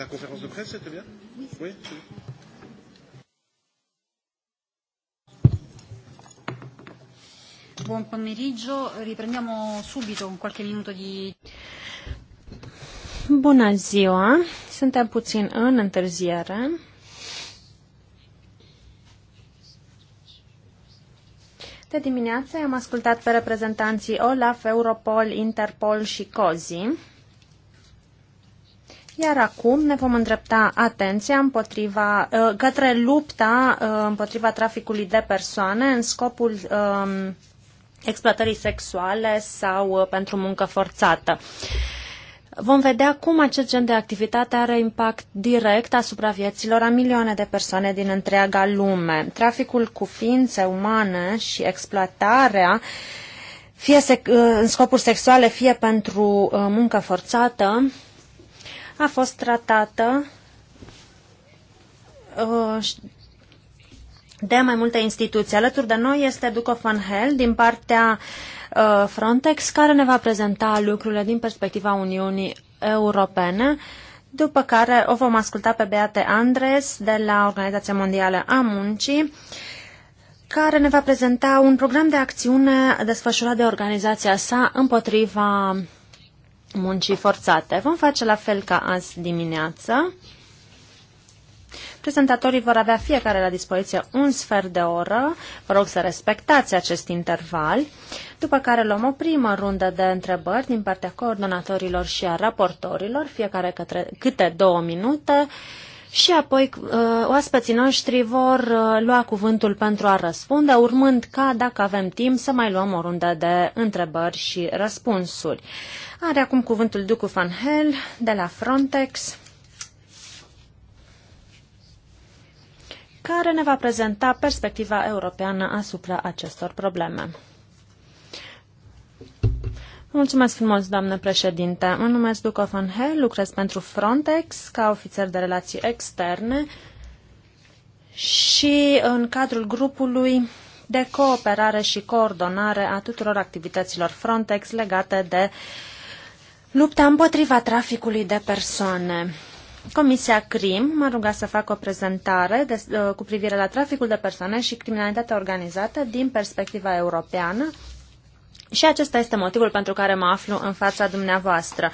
la conférence de presse, c'était bien Oui. oui Buon pomeriggio, riprendiamo subito un qualche minuto di... Bună ziua! Suntem puțin în întârziere. De dimineață am ascultat pe reprezentanții OLAF, Europol, Interpol și COSI. Iar acum ne vom îndrepta atenția împotriva, uh, către lupta uh, împotriva traficului de persoane în scopul um, exploatării sexuale sau uh, pentru muncă forțată. Vom vedea cum acest gen de activitate are impact direct asupra vieților a milioane de persoane din întreaga lume. Traficul cu ființe umane și exploatarea fie sec- în scopuri sexuale, fie pentru muncă forțată, a fost tratată uh, de mai multe instituții. Alături de noi este Duco van Hel din partea uh, Frontex, care ne va prezenta lucrurile din perspectiva Uniunii Europene, după care o vom asculta pe Beate Andres de la Organizația Mondială a Muncii, care ne va prezenta un program de acțiune desfășurat de organizația sa împotriva muncii forțate. Vom face la fel ca azi dimineață. Prezentatorii vor avea fiecare la dispoziție un sfert de oră. Vă rog să respectați acest interval, după care luăm o primă rundă de întrebări din partea coordonatorilor și a raportorilor, fiecare către, câte două minute și apoi uh, oaspeții noștri vor uh, lua cuvântul pentru a răspunde, urmând ca, dacă avem timp, să mai luăm o rundă de întrebări și răspunsuri. Are acum cuvântul Ducu Van Hel de la Frontex, care ne va prezenta perspectiva europeană asupra acestor probleme. Mulțumesc frumos, doamnă președinte. Mă numesc Duco von Hell, lucrez pentru Frontex ca ofițer de relații externe și în cadrul grupului de cooperare și coordonare a tuturor activităților Frontex legate de lupta împotriva traficului de persoane. Comisia CRIM m-a rugat să fac o prezentare de, uh, cu privire la traficul de persoane și criminalitatea organizată din perspectiva europeană și acesta este motivul pentru care mă aflu în fața dumneavoastră.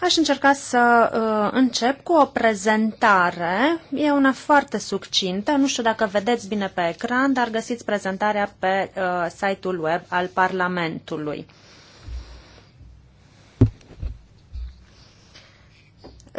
Aș încerca să uh, încep cu o prezentare. E una foarte succintă. Nu știu dacă vedeți bine pe ecran, dar găsiți prezentarea pe uh, site-ul web al Parlamentului.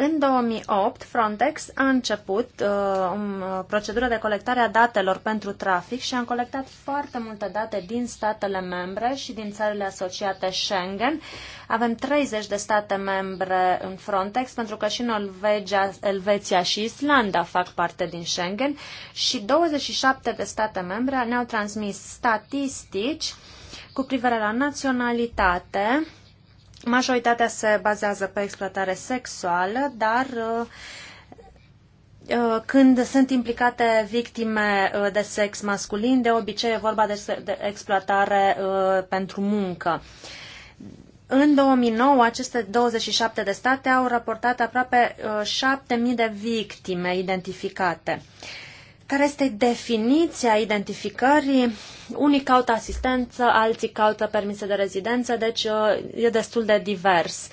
În 2008, Frontex a început uh, o um, procedură de colectare a datelor pentru trafic și am colectat foarte multe date din statele membre și din țările asociate Schengen. Avem 30 de state membre în Frontex, pentru că și Norvegia, Elveția și Islanda fac parte din Schengen și 27 de state membre ne-au transmis statistici cu privire la naționalitate, Majoritatea se bazează pe exploatare sexuală, dar uh, uh, când sunt implicate victime uh, de sex masculin, de obicei e vorba de exploatare pentru muncă. În 2009, aceste 27 de state au raportat aproape 7.000 de victime identificate care este definiția identificării. Unii caută asistență, alții caută permise de rezidență, deci uh, e destul de divers.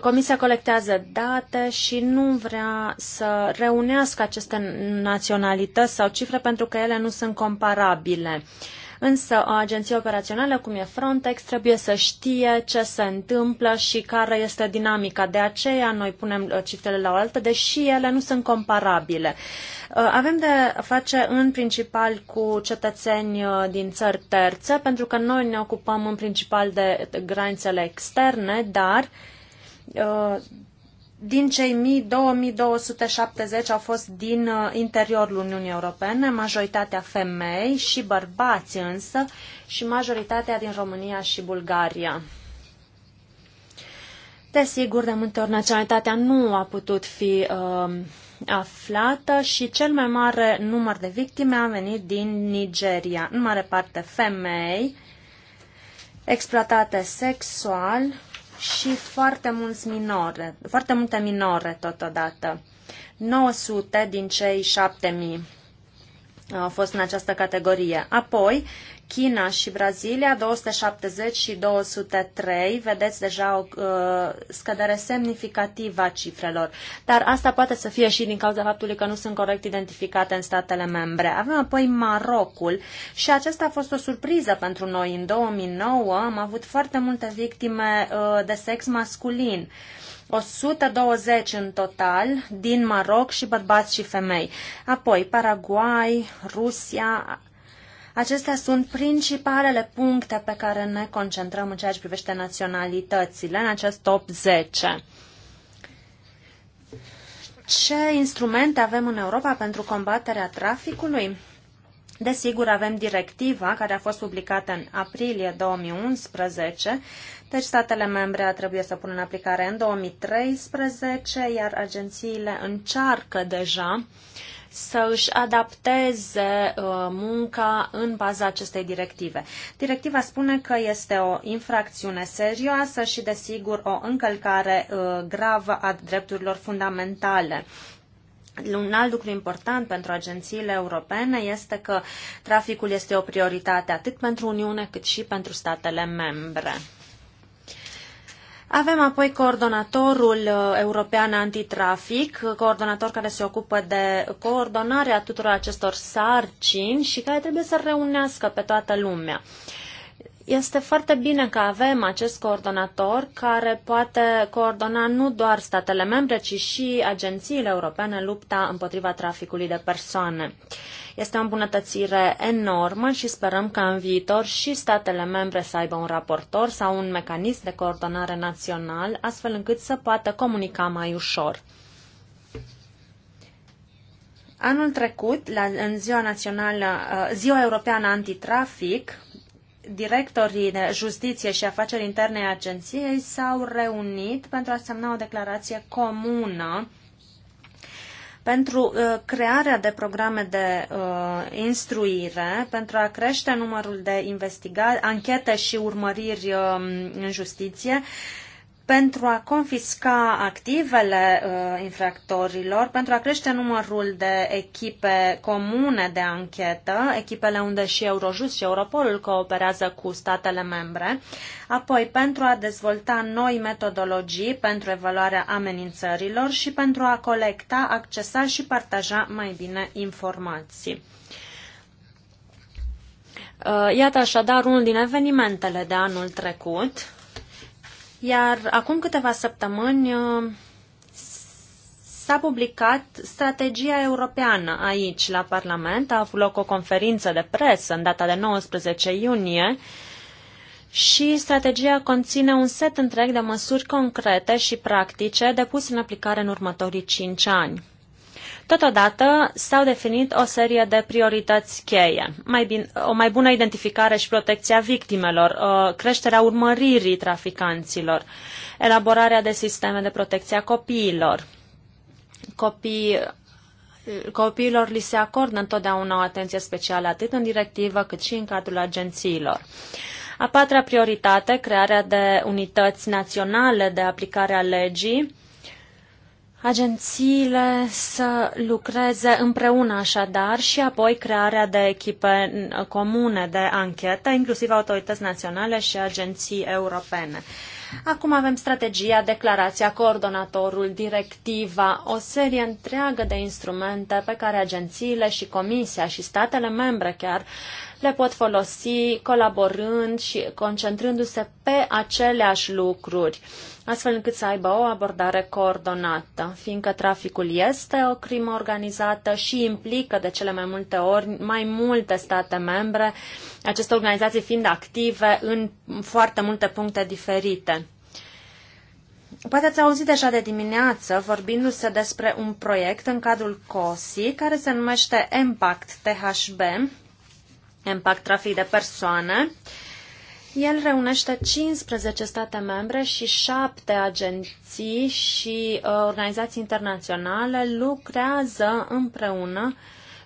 Comisia colectează date și nu vrea să reunească aceste naționalități sau cifre pentru că ele nu sunt comparabile. Uh, însă o agenție operațională cum e Frontex trebuie să știe ce se întâmplă și care este dinamica. De aceea noi punem cifrele la oaltă, deși ele nu sunt comparabile. Uh, avem de face în principal cu cetățeni uh, din țări terțe, pentru că noi ne ocupăm în principal de granițele externe, dar uh, din cei 1000, 2270 au fost din uh, interiorul Uniunii Europene, majoritatea femei și bărbați însă și majoritatea din România și Bulgaria. Desigur, de multe ori naționalitatea nu a putut fi uh, aflată și cel mai mare număr de victime a venit din Nigeria, în mare parte femei exploatate sexual și foarte, mulți minore, foarte multe minore totodată. 900 din cei 7000 au fost în această categorie. Apoi, China și Brazilia, 270 și 203, vedeți deja o uh, scădere semnificativă a cifrelor. Dar asta poate să fie și din cauza faptului că nu sunt corect identificate în statele membre. Avem apoi Marocul și acesta a fost o surpriză pentru noi. În 2009 am avut foarte multe victime uh, de sex masculin. Uh, 120 în total din Maroc și bărbați și femei. Apoi Paraguay, Rusia. Acestea sunt principalele puncte pe care ne concentrăm în ceea ce privește naționalitățile în acest top 10. Ce instrumente avem în Europa pentru combaterea traficului? Desigur, avem directiva care a fost publicată în aprilie 2011 deci statele membre trebuie să pună în aplicare în 2013, iar agențiile încearcă deja să își adapteze uh, munca în baza acestei directive. Directiva spune că este o infracțiune serioasă și, desigur, o încălcare uh, gravă a drepturilor fundamentale. Un alt lucru important pentru agențiile europene este că traficul este o prioritate atât pentru Uniune cât și pentru statele membre. Avem apoi coordonatorul uh, european antitrafic, uh, coordonator care se ocupă de coordonarea tuturor acestor sarcini și care trebuie să reunească pe toată lumea. Uh, este foarte bine că avem acest coordonator care poate coordona nu doar statele membre, ci și agențiile europene în lupta împotriva traficului de persoane. Este o îmbunătățire enormă și sperăm că în viitor și statele membre să aibă un raportor sau un mecanism de coordonare național, astfel încât să poată comunica mai ușor. Anul trecut, la, în Ziua, Națională, uh, Ziua Europeană Antitrafic, directorii de justiție și afaceri interne ai agenției s-au reunit pentru a semna o declarație comună pentru uh, crearea de programe de uh, instruire, pentru a crește numărul de investiga- anchete și urmăriri uh, în justiție, uh, pentru a confisca activele uh, infractorilor, pentru a crește numărul de echipe comune de anchetă, echipele unde și Eurojust și Europolul cooperează cu statele membre, apoi pentru a dezvolta noi metodologii pentru evaluarea amenințărilor și pentru a colecta, accesa și partaja mai bine informații. Uh, iată așadar unul din evenimentele de anul trecut iar acum câteva săptămâni uh, s-a publicat strategia europeană aici, la Parlament. A avut loc o conferință de presă în data de 19 iunie și strategia conține un set întreg de măsuri concrete și practice depuse în aplicare în următorii 5 ani. Totodată s-au definit o serie de priorități cheie. Mai bin, o mai bună identificare și protecția victimelor, creșterea urmăririi traficanților, elaborarea de sisteme de protecție a copiilor. Copii copiilor li se acordă întotdeauna o atenție specială atât în directivă cât și în cadrul agențiilor. A patra prioritate, crearea de unități naționale de aplicare a legii agențiile să lucreze împreună așadar și apoi crearea de echipe comune de anchetă, inclusiv autorități naționale și agenții europene. Acum avem strategia, declarația, coordonatorul, directiva, o serie întreagă de instrumente pe care agențiile și comisia și statele membre chiar le pot folosi colaborând și concentrându-se pe aceleași lucruri astfel încât să aibă o abordare coordonată, fiindcă traficul este o crimă organizată și implică de cele mai multe ori mai multe state membre, aceste organizații fiind active în foarte multe puncte diferite. Poate ați auzit deja de dimineață vorbindu-se despre un proiect în cadrul COSI care se numește Impact THB, Impact Trafic de Persoane, uh, el reunește 15 state membre și 7 agenții și uh, organizații internaționale lucrează împreună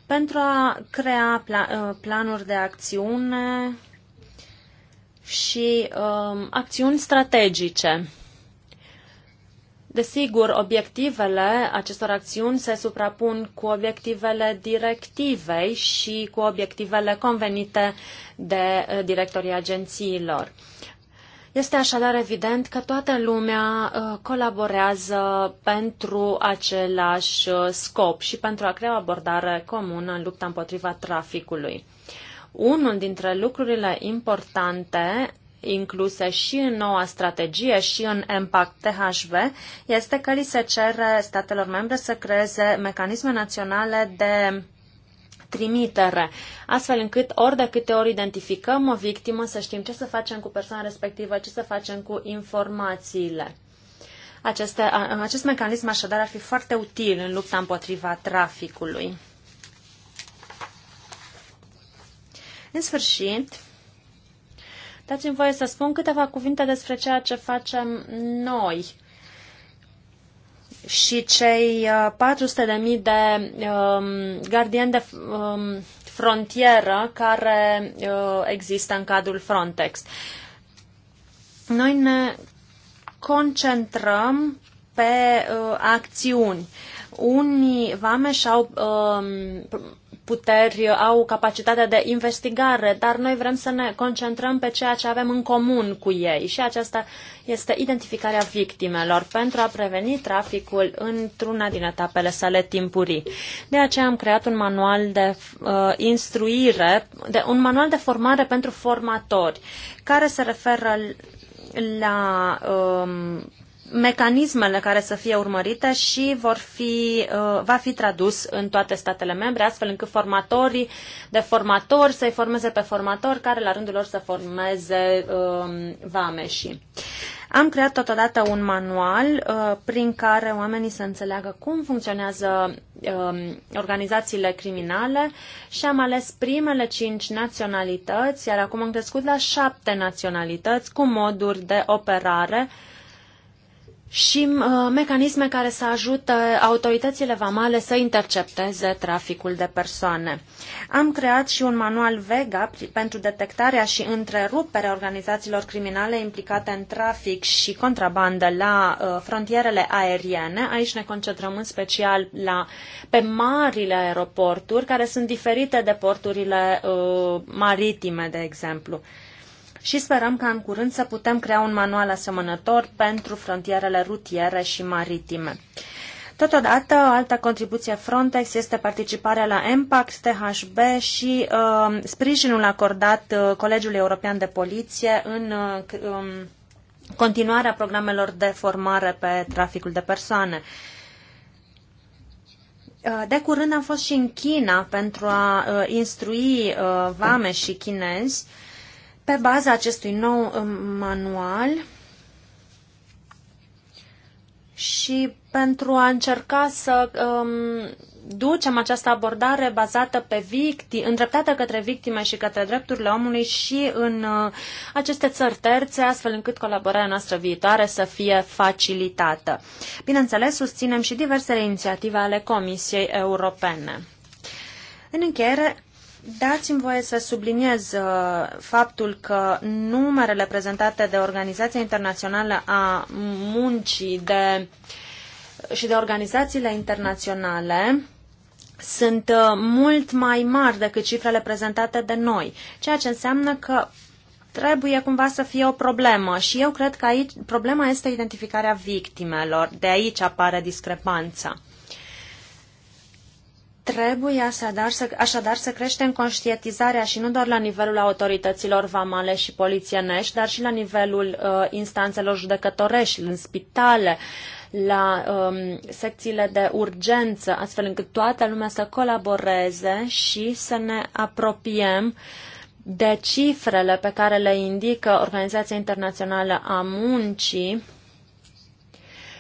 pentru a crea pla- uh, planuri de acțiune și uh, acțiuni strategice. Desigur, obiectivele acestor acțiuni se suprapun cu obiectivele directivei și cu obiectivele convenite de eh, directorii agențiilor. Este așadar evident că toată lumea eh, colaborează pentru același eh, scop și pentru a crea o abordare comună în lupta împotriva traficului. Unul dintre lucrurile importante incluse și în noua strategie și în Impact THV este că li se cere statelor membre să creeze mecanisme naționale de trimitere, astfel încât ori de câte ori identificăm o victimă să știm ce să facem cu persoana respectivă, ce să facem cu informațiile. Aceste, acest mecanism așadar ar fi foarte util în lupta împotriva traficului. În sfârșit, Dați-mi voie să spun câteva cuvinte despre ceea ce facem noi și cei 400.000 uh, de um, gardieni de um, frontieră care uh, există în cadrul Frontex. Noi ne concentrăm pe uh, acțiuni. Unii vame și-au uh, um, puteri au capacitatea de investigare, dar noi vrem să ne concentrăm pe ceea ce avem în comun cu ei și aceasta este identificarea victimelor pentru a preveni traficul într-una din etapele sale timpurii. De aceea am creat un manual de uh, instruire, de, un manual de formare pentru formatori care se referă la um, mecanismele care să fie urmărite și vor fi, uh, va fi tradus în toate statele membre, astfel încât formatorii de formatori să-i formeze pe formatori care la rândul lor să formeze um, vame. vameșii. Am creat totodată un manual uh, prin care oamenii să înțeleagă cum funcționează uh, organizațiile criminale și am ales primele cinci naționalități, iar acum am crescut la șapte naționalități cu moduri de operare uh, și uh, mecanisme care să ajute autoritățile vamale să intercepteze traficul de persoane. Am creat și un manual Vega pentru detectarea și întreruperea organizațiilor criminale implicate în trafic și contrabandă la uh, frontierele aeriene. Aici ne concentrăm în special la, pe marile aeroporturi, care sunt diferite de porturile uh, maritime, de exemplu. Uh, și sperăm ca în curând să putem crea un manual asemănător pentru frontierele rutiere și maritime. Totodată, o altă contribuție Frontex este participarea la Impact THB și uh, sprijinul acordat uh, Colegiului European de Poliție în uh, um, continuarea programelor de formare pe traficul de persoane. Uh, de curând am fost și în China pentru a uh, instrui uh, vame și chinezi uh, pe baza acestui nou um, manual și pentru a încerca să um, ducem această abordare bazată pe victime, îndreptată către victime și către drepturile omului și în uh, aceste țări terțe, astfel încât colaborarea noastră viitoare să fie facilitată. Bineînțeles, susținem și diversele inițiative ale Comisiei Europene. În încheiere, Dați-mi voie să subliniez uh, faptul că numerele prezentate de Organizația Internațională a Muncii de, și de organizațiile internaționale sunt uh, mult mai mari decât cifrele prezentate de noi, ceea ce înseamnă că trebuie cumva să fie o problemă și eu cred că aici problema este identificarea victimelor, de aici apare discrepanța. Trebuie așadar să, așadar să creștem conștientizarea și nu doar la nivelul autorităților vamale și polițienești, dar și la nivelul uh, instanțelor judecătorești, în spitale, la um, secțiile de urgență, astfel încât toată lumea să colaboreze și să ne apropiem de cifrele pe care le indică Organizația Internațională a Muncii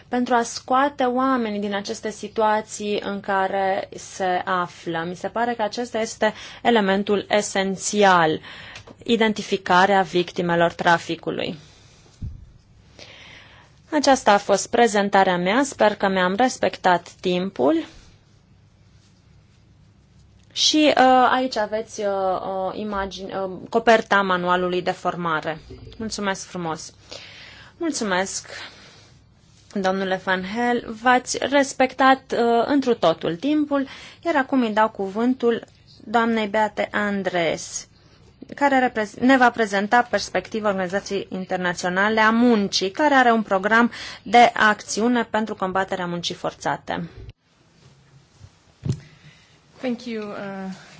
pentru a scoate oamenii din aceste situații în care se află. Mi se pare că acesta este elementul esențial, identificarea victimelor traficului. Aceasta a fost prezentarea mea, sper că mi-am respectat timpul. Și uh, aici aveți uh, imagine, uh, coperta manualului de formare. Mulțumesc frumos! Mulțumesc! Domnule Van Hel, v-ați respectat uh, întru totul timpul, iar acum îi dau cuvântul doamnei Beate Andres, care ne va prezenta perspectiva Organizației Internaționale a Muncii, care are un program de acțiune pentru combaterea muncii forțate. Thank you, uh,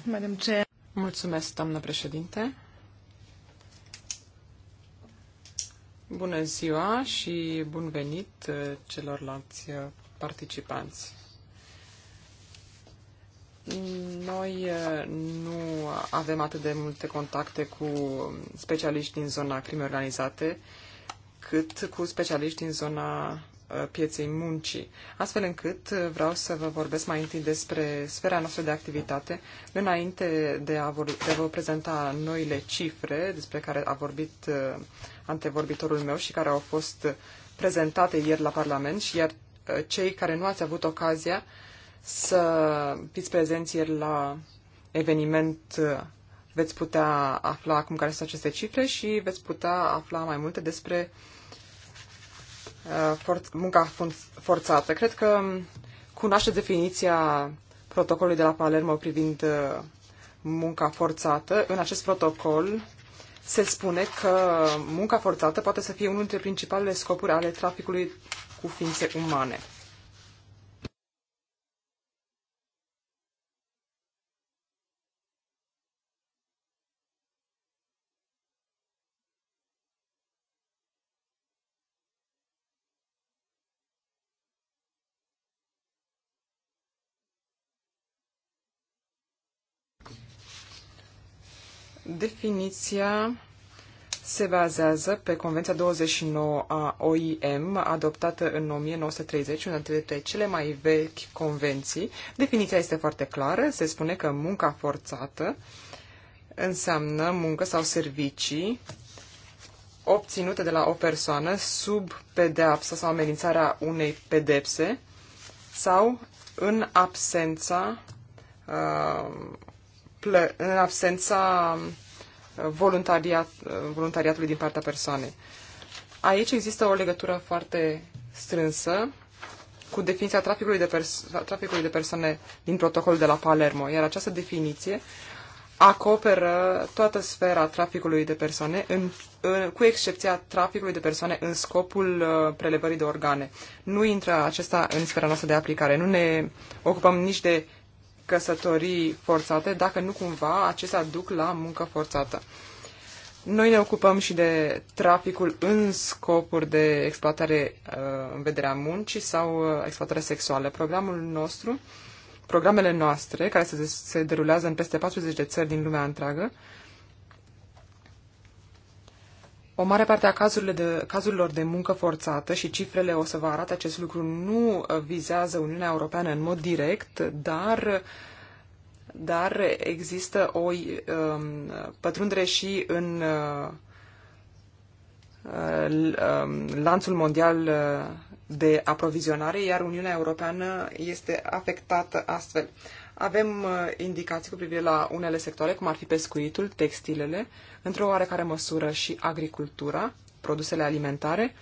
Madam Chair. Mulțumesc, doamnă președinte. Bună ziua și bun venit uh, celorlalți uh, participanți. Noi uh, nu avem atât de multe contacte cu specialiști din zona crimei organizate, cât cu specialiști din zona Uh, pieței muncii, astfel încât uh, vreau să vă vorbesc mai întâi despre sfera noastră de activitate, înainte de a, de vă prezenta noile cifre despre care a vorbit uh, antevorbitorul meu și care au fost prezentate ieri la Parlament, și iar cei care nu ați avut ocazia să fiți prezenți ieri la eveniment veți putea afla acum care sunt aceste cifre și veți putea afla mai multe despre uh, Uh, for- munca forțată. Cred că cunoaște definiția protocolului de la Palermo privind uh, munca forțată. În acest protocol se spune că munca forțată poate să fie unul dintre principalele scopuri ale traficului cu ființe umane. Definiția se bazează pe Convenția 29 a OIM, adoptată în 1930, una dintre cele mai vechi convenții. Definiția este foarte clară, se spune că munca forțată înseamnă muncă sau servicii obținute de la o persoană sub pedeapsa sau amenințarea unei pedepse sau în absența, uh, în absența voluntariat, voluntariatului din partea persoanei. Aici există o legătură foarte strânsă cu definiția traficului de, perso- traficului de persoane din protocolul de la Palermo, iar această definiție acoperă toată sfera traficului de persoane, în, în, cu excepția traficului de persoane în scopul uh, prelevării de organe. Nu intră acesta în sfera noastră de aplicare. Nu ne ocupăm nici de căsătorii forțate, dacă nu cumva acestea duc la muncă forțată. Noi ne ocupăm și de traficul în scopuri de exploatare uh, în vederea muncii sau uh, exploatare sexuală. Programul nostru, programele noastre, care se, se derulează în peste 40 de țări din lumea întreagă, o mare parte a cazurile de, cazurilor de muncă forțată și cifrele o să vă arate acest lucru nu uh, vizează Uniunea Europeană în mod direct, dar, dar există o um, pătrundere și în uh, uh um, lanțul mondial uh, de aprovizionare, iar Uniunea Europeană este afectată astfel. Avem uh, indicații cu privire la unele sectoare, cum ar fi pescuitul, textilele, într-o oarecare măsură și agricultura, produsele alimentare,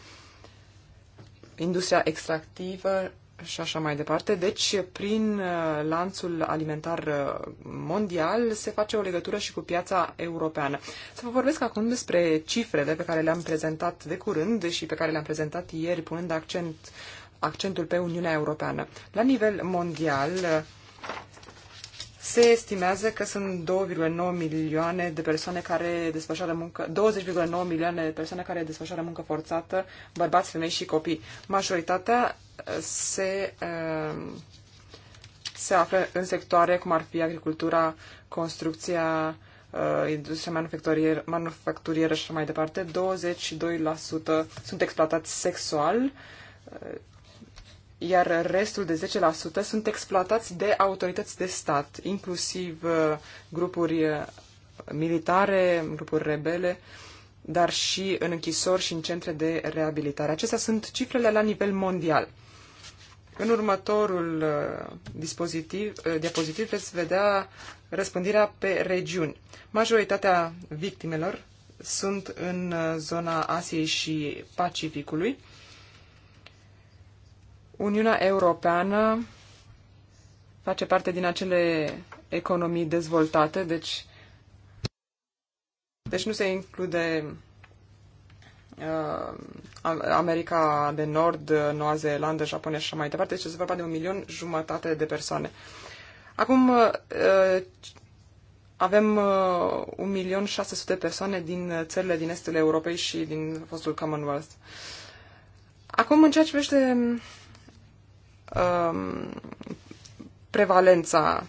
industria extractivă și așa mai departe. Deci, prin uh, lanțul alimentar uh, mondial se face o legătură și cu piața europeană. Să vă vorbesc acum despre cifrele pe care le-am prezentat de curând și pe care le-am prezentat ieri, punând accent, accentul pe Uniunea Europeană. La nivel mondial, se estimează că sunt 2,9 milioane de persoane care desfășoară muncă, 20,9 milioane de persoane care desfășoară muncă forțată, bărbați, femei și copii. Majoritatea uh, se, uh, se află în sectoare cum ar fi agricultura, construcția, uh, industria manufacturieră, manufacturieră și mai departe. 22% sunt exploatați sexual, iar restul de 10% sunt exploatați de autorități de stat, inclusiv uh, grupuri uh, militare, grupuri rebele, dar și în închisori și în centre de reabilitare. Acestea sunt cifrele la nivel mondial. În următorul uh, dispozitiv, diapozitiv veți vedea răspândirea pe regiuni. Majoritatea victimelor sunt în zona Asiei și Pacificului, Uniunea Europeană face parte din acele economii dezvoltate, deci, deci nu se include uh, America de Nord, Noua Zeelandă, Japonia și așa mai departe, deci se vorba de un milion jumătate de persoane. Acum uh, avem uh, un milion șase sute persoane din țările din estul Europei și din fostul Commonwealth. Acum, în ceea ce privește um, prevalența.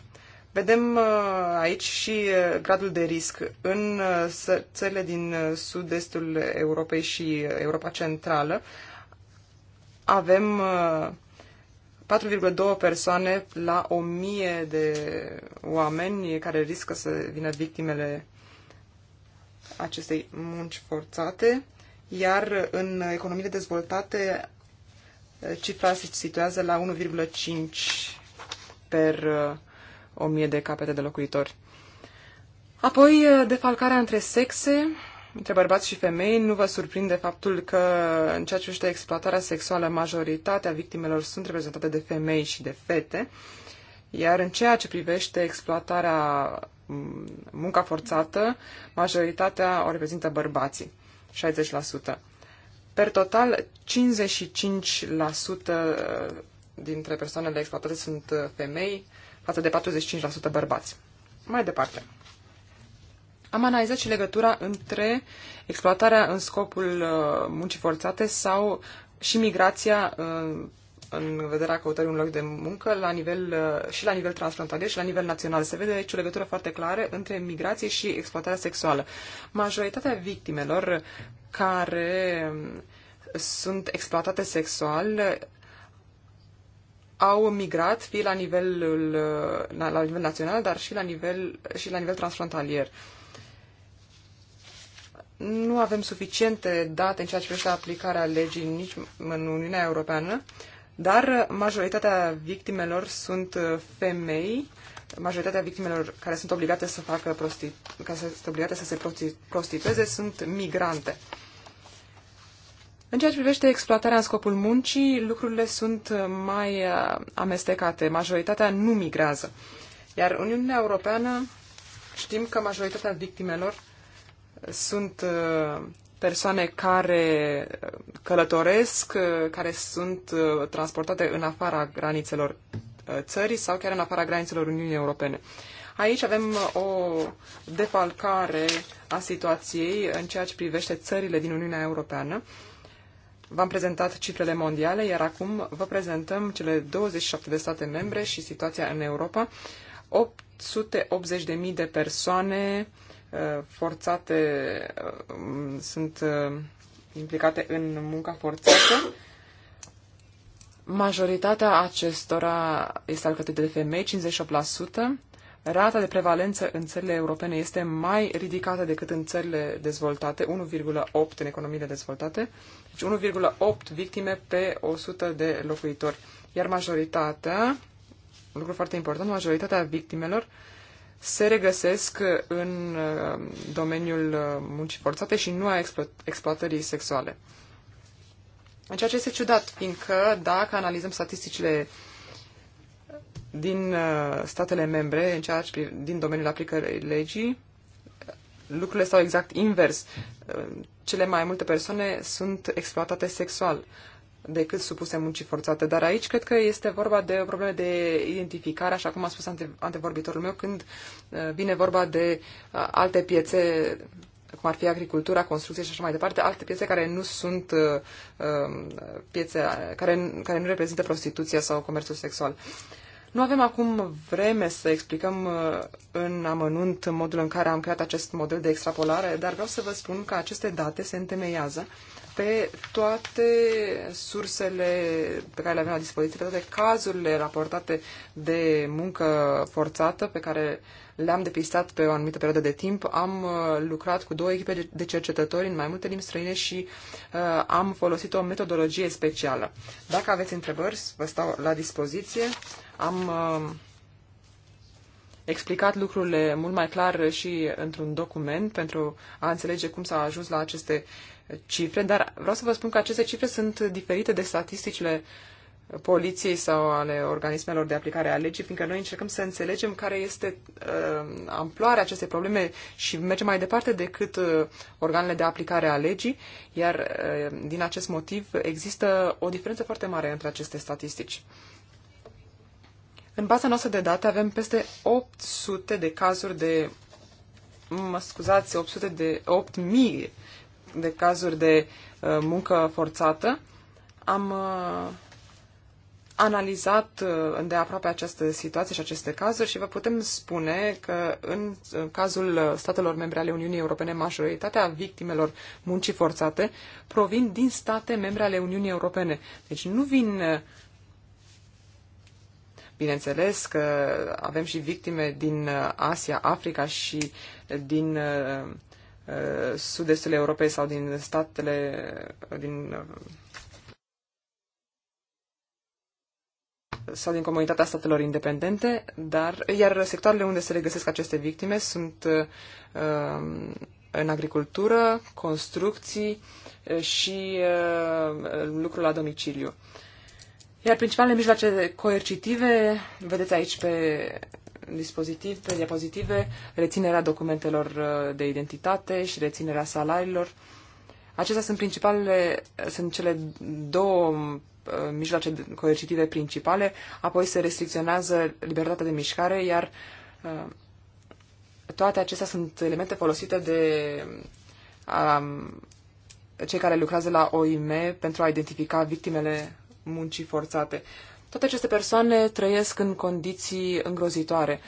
Vedem uh, aici și uh, gradul de risc în uh, țările din uh, sud-estul Europei și uh, Europa Centrală. Avem uh, 4,2 persoane la 1000 de oameni care riscă să vină victimele acestei munci forțate, iar în economiile dezvoltate Uh, cifra se situează la 1,5 per 1000 uh, de capete de locuitori. Apoi, uh, defalcarea între sexe, între bărbați și femei, nu vă surprinde faptul că, în ceea ce privește exploatarea sexuală, majoritatea victimelor sunt reprezentate de femei și de fete, iar în ceea ce privește exploatarea mm, munca forțată, majoritatea o reprezintă bărbații, 60%. Per total, 55% uh, dintre persoanele exploatate sunt uh, femei, față de 45% bărbați. Mai departe. Am analizat și legătura între exploatarea în scopul uh, muncii forțate sau și migrația în vederea căutării unui loc de muncă la nivel, uh, și la nivel transfrontalier și la nivel național. Se vede aici o legătură foarte clară între migrație și exploatarea sexuală. Majoritatea victimelor care um, sunt exploatate sexual uh, au migrat fie la nivelul uh, la nivel național, dar și la nivel, și la nivel transfrontalier nu avem suficiente date în ceea ce privește aplicarea legii nici în Uniunea Europeană dar majoritatea victimelor sunt uh, femei, majoritatea victimelor care sunt obligate să facă prosti, care sunt obligate să se prostitueze sunt migrante. În ceea ce privește exploatarea în scopul muncii, lucrurile sunt uh, mai uh, amestecate. Majoritatea nu migrează. Iar Uniunea Europeană știm că majoritatea victimelor sunt persoane care călătoresc, care sunt uh, transportate în afara granițelor uh, țării sau chiar în afara granițelor Uniunii Europene. Aici avem uh, o defalcare a situației în ceea ce privește țările din Uniunea Europeană. V-am prezentat cifrele mondiale, iar acum vă prezentăm cele 27 de state membre și situația în Europa. 880.000 de persoane uh, Uh, forțate, uh, sunt uh, implicate în munca forțată, majoritatea acestora este alcătuită de femei, 58%. Rata de prevalență în țările europene este mai ridicată decât în țările dezvoltate, 1,8 în economiile dezvoltate, deci 1,8 victime pe 100 de locuitori. Iar majoritatea, lucru foarte important, majoritatea victimelor uh, se regăsesc în uh, domeniul uh, muncii forțate și nu a explo- exploatării sexuale. Ceea ce este ciudat, fiindcă dacă analizăm statisticile din uh, statele membre în ceea ce, din domeniul aplicării legii, lucrurile stau exact invers. Cele mai multe persoane sunt exploatate sexual decât supuse muncii forțate. Dar aici cred că este vorba de o problemă de identificare, așa cum a spus ante, antevorbitorul meu, când uh, vine vorba de uh, alte piețe, cum ar fi agricultura, construcție și așa mai departe, alte piețe care nu sunt uh, um, piețe, care, care nu reprezintă prostituția sau comerțul sexual. Nu avem acum vreme să explicăm în amănunt modul în care am creat acest model de extrapolare, dar vreau să vă spun că aceste date se întemeiază uh, pe toate sursele pe care le avem la dispoziție, pe toate cazurile raportate de muncă forțată pe care le-am depistat pe o anumită perioadă de timp. Am uh, lucrat cu două echipe de cercetători în mai multe limbi străine și uh, am folosit o metodologie specială. Dacă aveți întrebări, vă stau la dispoziție. Am uh, explicat lucrurile mult mai clar și într-un document pentru a înțelege cum s-a ajuns la aceste uh, cifre, dar vreau să vă spun că aceste cifre sunt diferite de statisticile poliției sau ale organismelor de aplicare a legii, fiindcă noi încercăm să înțelegem care este uh, amploarea acestei probleme și mergem mai departe decât uh, organele de aplicare a legii, iar uh, din acest motiv există o diferență foarte mare între aceste statistici. În baza noastră de date avem peste 800 de cazuri de, mă scuzați, 800 de 8000 de cazuri de uh, muncă forțată, am uh, analizat de uh, îndeaproape această situație și aceste cazuri și vă putem spune că în, cazul statelor membre ale Uniunii Europene, majoritatea victimelor muncii forțate provin din state membre ale Uniunii Europene. Deci nu vin Bineînțeles că avem și victime din Asia, Africa și din Uh, sud-estul Europei sau din statele din uh, sau din comunitatea statelor independente, dar iar sectoarele unde se regăsesc aceste victime sunt uh, uh în agricultură, construcții și uh, lucrul la domiciliu. Iar principalele mijloace coercitive, vedeți aici pe dispozitive, diapozitive, reținerea documentelor uh, de identitate și reținerea salariilor. Acestea sunt principalele, sunt cele două uh, mijloace coercitive principale, apoi se restricționează libertatea de mișcare, iar uh, toate acestea sunt elemente folosite de um, cei care lucrează la OIM pentru a identifica victimele muncii forțate. Toate aceste persoane trăiesc în condiții îngrozitoare.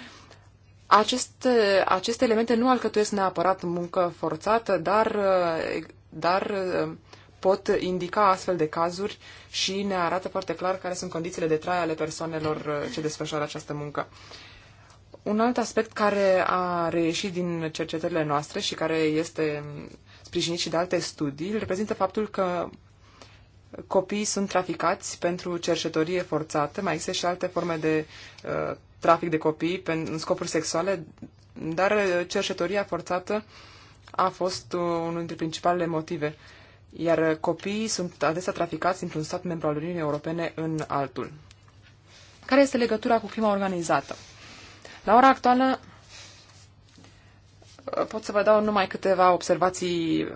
Aceste, aceste elemente nu alcătuiesc neapărat muncă forțată, dar, dar pot indica astfel de cazuri și ne arată foarte clar care sunt condițiile de trai ale persoanelor ce desfășoară această muncă. Un alt aspect care a reieșit din cercetările noastre și care este sprijinit și de alte studii, reprezintă faptul că copiii sunt traficați pentru cercetorie forțată, mai există și alte forme de uh, trafic de copii în scopuri sexuale, dar uh, cercetoria forțată a fost uh, unul dintre principalele motive. Iar uh, copiii sunt adesea traficați dintr-un stat membru al Uniunii Europene în altul. Care este legătura cu crima organizată? La ora actuală pot să vă dau numai câteva observații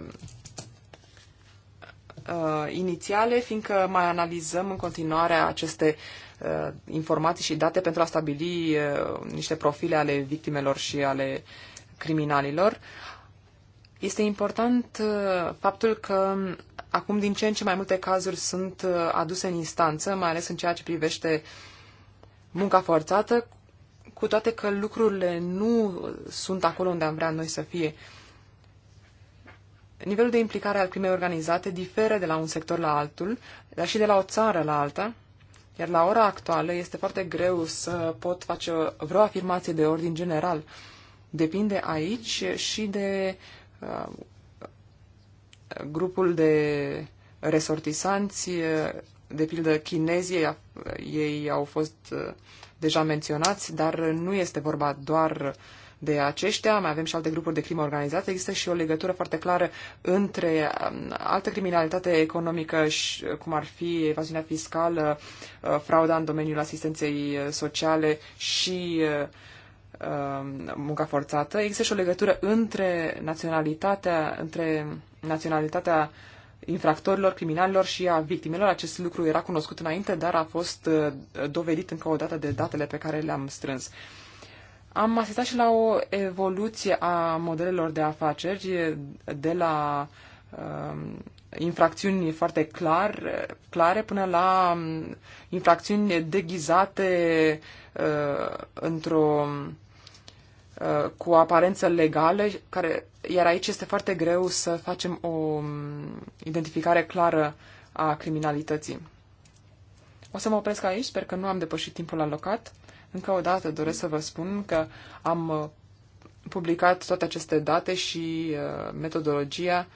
uh, inițiale, fiindcă mai analizăm în continuare aceste uh, informații și date pentru a stabili uh, niște profile ale victimelor și ale criminalilor. Este important uh, faptul că acum din ce în ce mai multe cazuri sunt uh, aduse în instanță, mai ales în ceea ce privește munca forțată, cu toate că lucrurile nu sunt acolo unde am vrea noi să fie. Uh, Nivelul de implicare al crimei organizate diferă de la un sector la altul, dar și de la o țară la alta, iar la ora actuală este foarte greu să pot face vreo afirmație de ordin general. Depinde aici și de uh, grupul de resortisanți, de pildă chinezii, uh, ei au fost uh, deja menționați, dar nu este vorba doar uh, de aceștia, mai avem și alte grupuri de crimă organizată, există și o legătură foarte clară între um, altă criminalitate economică, cum ar fi evaziunea fiscală, uh, frauda în domeniul asistenței uh, sociale și uh, um, munca forțată. Există și o legătură între naționalitatea, între naționalitatea infractorilor, criminalilor și a victimelor. Acest lucru era cunoscut înainte, dar a fost dovedit încă o dată de datele pe care le-am strâns. Am asistat și la o evoluție a modelelor de afaceri de la um, infracțiuni foarte clar, clare până la um, infracțiuni deghizate uh, într-o uh, cu aparență legală, care, iar aici este foarte greu să facem o um, identificare clară a criminalității. O să mă opresc aici, sper că nu am depășit timpul alocat. Încă o dată doresc să vă spun că am uh, publicat toate aceste date și uh, metodologia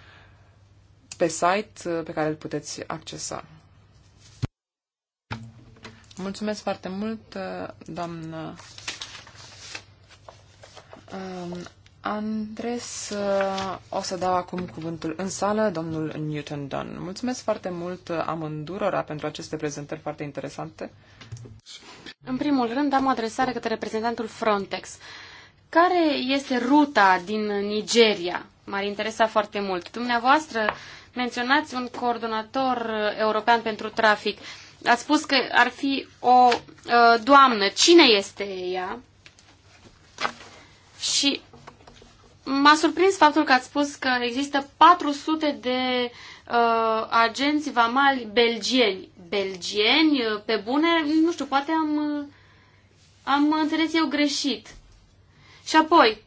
pe site uh, pe care îl puteți accesa. Mulțumesc foarte mult, doamnă um, Andres. O să dau acum cuvântul în sală, domnul Newton Dunn. Mulțumesc foarte mult amândurora pentru aceste prezentări foarte interesante. În primul rând, am o adresare către reprezentantul Frontex. Care este ruta din Nigeria? M-ar interesa foarte mult. Dumneavoastră menționați un coordonator european pentru trafic. a spus că ar fi o uh, doamnă. Cine este ea? Și m-a surprins faptul că ați spus că există 400 de uh, agenți vamali belgieni belgieni, uh, pe bune, nu știu, poate am, uh, am înțeles eu greșit. Și apoi,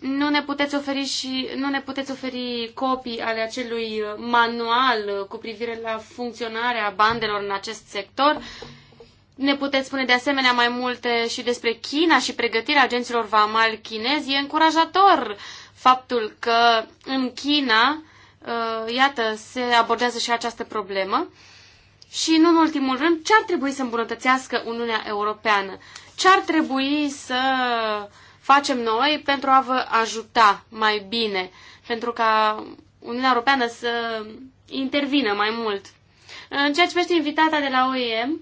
nu ne puteți oferi și nu ne puteți oferi copii ale acelui uh, manual cu privire la funcționarea bandelor în acest sector. Ne puteți spune de asemenea mai multe și despre China și pregătirea agenților vamal chinezi. E încurajator faptul că în China, iată, se abordează și această problemă. Și, nu în ultimul rând, ce ar trebui să îmbunătățească Uniunea Europeană? Ce ar trebui să facem noi pentru a vă ajuta mai bine? Pentru ca Uniunea Europeană să intervină mai mult. În ceea ce vește invitata de la OEM,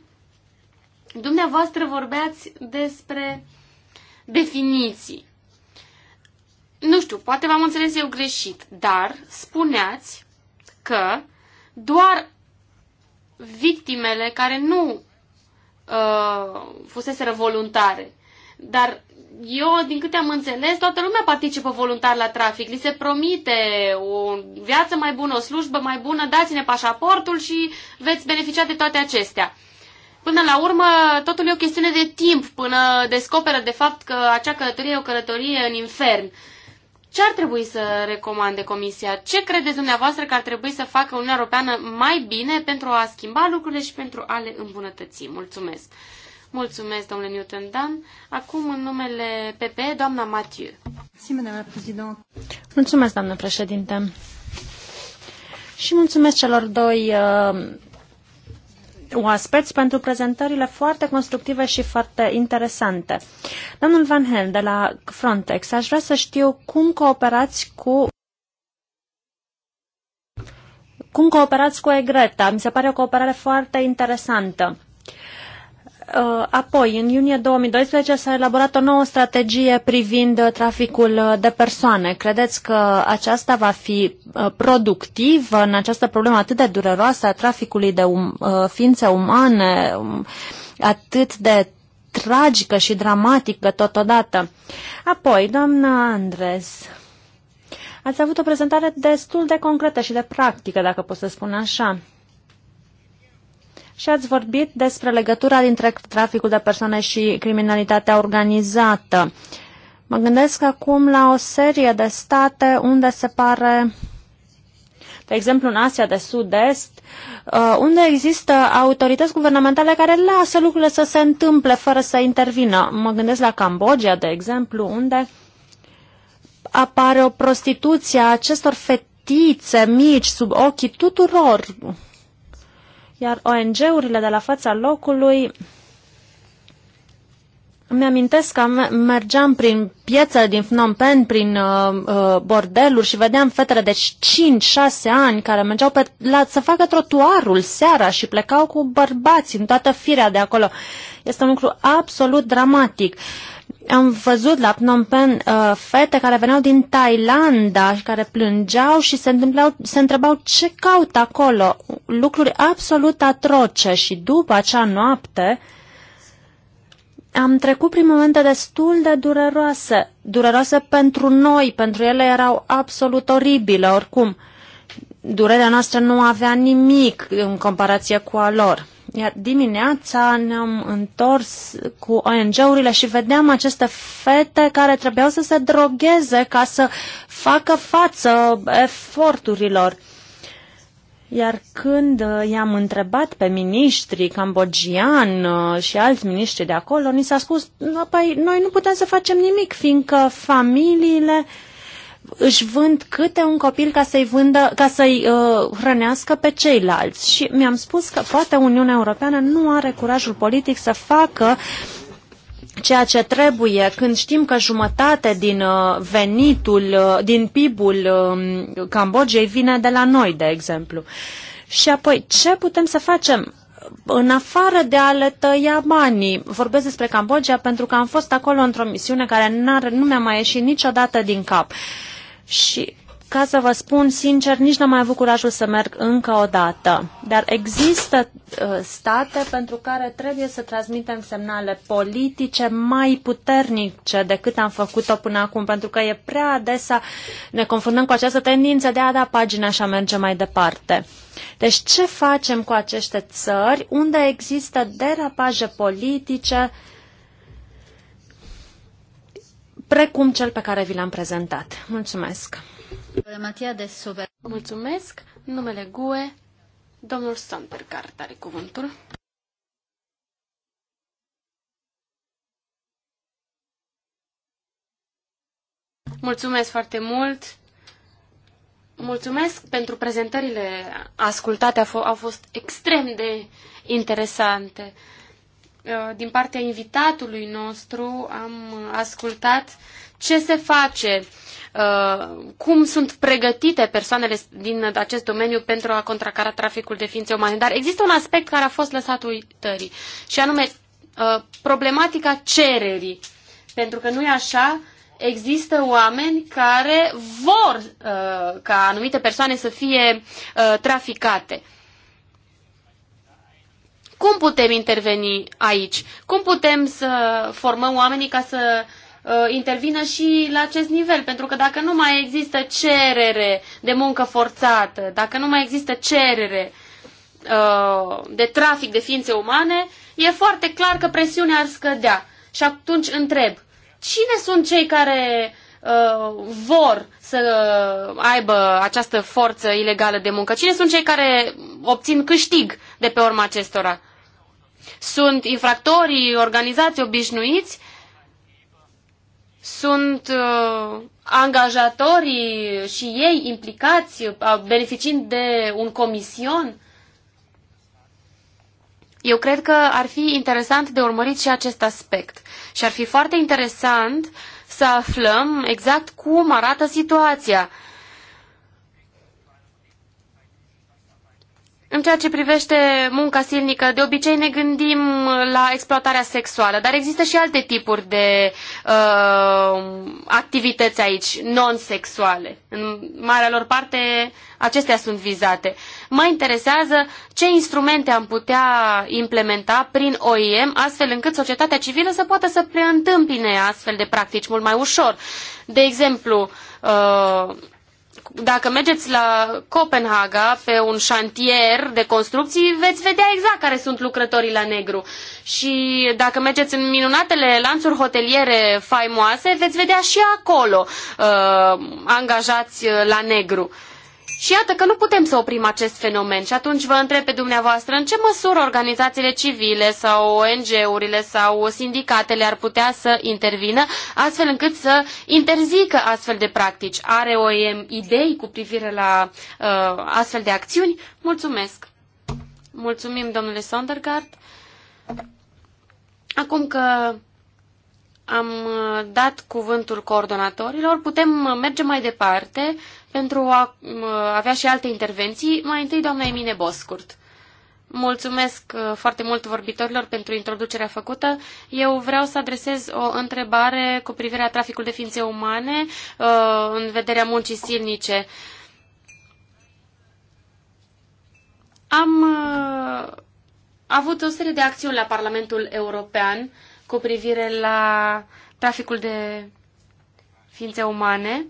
dumneavoastră vorbeați despre definiții. Nu știu, poate v-am înțeles eu greșit, dar spuneați că doar victimele care nu uh, fuseseră voluntare. Dar eu, din câte am înțeles, toată lumea participă voluntar la trafic. Li se promite o viață mai bună, o slujbă mai bună, dați-ne pașaportul și veți beneficia de toate acestea. Până la urmă, totul e o chestiune de timp până descoperă de fapt că acea călătorie e o călătorie în infern. Uh, ce ar trebui să recomande Comisia? Ce credeți dumneavoastră că ar trebui să facă Uniunea Europeană mai bine pentru a schimba lucrurile și pentru a le îmbunătăți? Mulțumesc! Mulțumesc, domnule Newton Dan. Acum, în numele PP, doamna Mathieu. Mulțumesc, doamnă președinte. Și mulțumesc celor doi uh, oaspeți pentru prezentările foarte constructive și foarte interesante. Domnul Van Hel de la Frontex, aș vrea să știu cum cooperați cu cum cooperați cu Egreta? Mi se pare o cooperare foarte interesantă. Uh, apoi, în iunie 2012 s-a elaborat o nouă strategie privind uh, traficul uh, de persoane. Credeți că aceasta va fi productivă în această problemă atât de dureroasă a traficului de um, ființe umane, um, atât de tragică și dramatică totodată? Apoi, doamna Andres, ați avut o prezentare destul de concretă și de practică, dacă pot să spun așa și ați vorbit despre legătura dintre traficul de persoane și criminalitatea organizată. Mă gândesc acum la o serie de state unde se pare, de exemplu în Asia de Sud-Est, uh, unde există autorități guvernamentale care lasă lucrurile să se întâmple fără să intervină. Mă gândesc la Cambodgia, de exemplu, unde apare o prostituție a acestor fetițe mici sub ochii tuturor iar ONG-urile de la fața locului îmi amintesc că mergeam prin piața din Phnom Penh, prin uh, uh, bordeluri și vedeam fetele de 5-6 ani care mergeau pe, la, să facă trotuarul seara și plecau cu bărbați în toată firea de acolo. Este un lucru absolut dramatic. Uh, am văzut la Phnom Penh uh, fete care veneau din Thailanda și care plângeau și se, întâmplau, se întrebau ce caut acolo. Lucruri absolut atroce și după acea noapte am trecut prin momente destul de dureroase. Dureroase pentru noi, pentru ele erau absolut oribile oricum. Durerea noastră nu avea nimic în comparație cu a lor. Iar dimineața ne-am întors cu ONG-urile și vedeam aceste fete care trebuiau să se drogheze ca să facă față eforturilor. Iar când uh, i-am întrebat pe ministrii cambogian uh, și alți miniștri de acolo, ni s-a spus, păi noi nu putem să facem nimic, fiindcă familiile uh, își vând câte un copil ca să-i, vândă, ca să-i uh, hrănească pe ceilalți. Și mi-am spus că poate Uniunea Europeană nu are curajul politic să facă ceea ce trebuie când știm că jumătate din uh, venitul, uh, din PIB-ul um, Cambodgiei vine de la noi, de exemplu. Și apoi, ce putem să facem? în afară de a le tăia banii. Vorbesc despre Cambodgia pentru că am fost acolo într-o misiune care nu mi-a mai ieșit niciodată din cap. Uh, și ca să vă spun sincer, nici n-am mai avut curajul să merg încă o dată. Dar există uh, state pentru care trebuie să transmitem semnale politice mai puternice decât am făcut-o până acum, pentru că e prea adesea ne confundăm cu această tendință de a da pagina și a merge mai departe. Deci ce facem cu aceste țări unde există derapaje politice uh, precum cel pe care vi l-am prezentat. Mulțumesc! Mulțumesc! Numele GUE, domnul Sondergaard are cuvântul. Mulțumesc foarte mult! Mulțumesc pentru prezentările ascultate, au fost extrem de interesante. Uh, din partea invitatului nostru am ascultat ce se face, uh, cum sunt pregătite persoanele din acest domeniu pentru a contracara traficul de ființe umane. Dar există un aspect care a fost lăsat uitării și anume uh, problematica cererii. Pentru că nu e așa, există oameni care vor ca anumite persoane să fie traficate. Cum putem interveni aici? Cum putem să formăm oamenii ca să uh, intervină și la acest nivel, pentru că dacă nu mai există cerere de muncă forțată, dacă nu mai există cerere uh, de trafic de ființe umane, e foarte clar că presiunea ar scădea. Și atunci întreb, cine sunt cei care uh, vor să aibă această forță ilegală de muncă? Cine sunt cei care obțin câștig de pe urma acestora? Sunt infractorii organizați obișnuiți, sunt uh, angajatorii și ei implicați, uh, beneficiind de un comision. Eu cred că ar fi interesant de urmărit și acest aspect. Și ar fi foarte interesant să aflăm exact cum arată situația. Uh, În ceea ce privește munca silnică, de obicei ne gândim la exploatarea sexuală, dar există și alte tipuri de uh, activități aici, non-sexuale. În marea lor parte, acestea sunt vizate. Mă interesează ce instrumente am putea implementa prin OIM, astfel încât societatea civilă să poată să preîntâmpine astfel de practici mult mai ușor. De exemplu, uh, dacă mergeți la Copenhaga pe un șantier de construcții, veți vedea exact care sunt lucrătorii la negru. Și dacă mergeți în minunatele lanțuri hoteliere faimoase, veți vedea și acolo uh, angajați la negru. Uh, și iată că nu putem să oprim acest fenomen și atunci vă întreb pe dumneavoastră în ce măsură organizațiile civile sau ONG-urile sau sindicatele ar putea să intervină astfel încât să interzică astfel de practici. Are OEM idei cu privire la uh, astfel de acțiuni? Mulțumesc! Mulțumim, domnule Sondergaard. Acum că am uh, dat cuvântul coordonatorilor, putem uh, merge mai departe pentru a uh, avea și alte intervenții. Mai întâi, doamna Emine Boscurt. Mulțumesc foarte mult vorbitorilor pentru introducerea făcută. Eu vreau să adresez o întrebare cu privire la traficul de ființe umane în vederea muncii silnice. Am avut o serie de acțiuni la Parlamentul European uh, cu privire la traficul de ființe umane.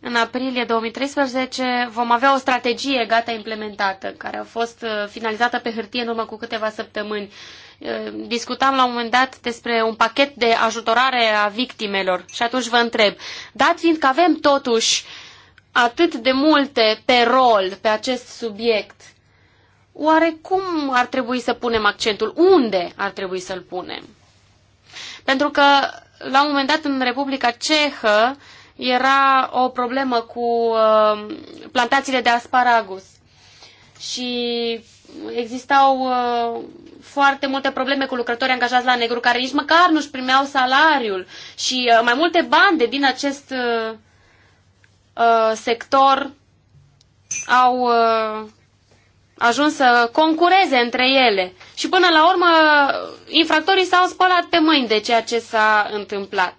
În aprilie 2013 vom avea o strategie gata implementată, care a fost uh, finalizată pe hârtie în urmă cu câteva săptămâni. Uh, discutam la un moment dat despre un pachet de ajutorare a victimelor și atunci vă întreb, dat fiind că avem totuși atât de multe pe rol pe acest subiect, oare cum ar trebui să punem accentul? Unde ar trebui să-l punem? Pentru că, la un moment dat, în Republica Cehă era o problemă cu uh, plantațiile de asparagus și existau uh, foarte multe probleme cu lucrători angajați la negru care nici măcar nu-și primeau salariul și uh, mai multe bande din acest uh, uh, sector au uh, ajuns să concureze între ele. Și până la urmă, infractorii s-au spălat pe mâini de ceea ce s-a întâmplat.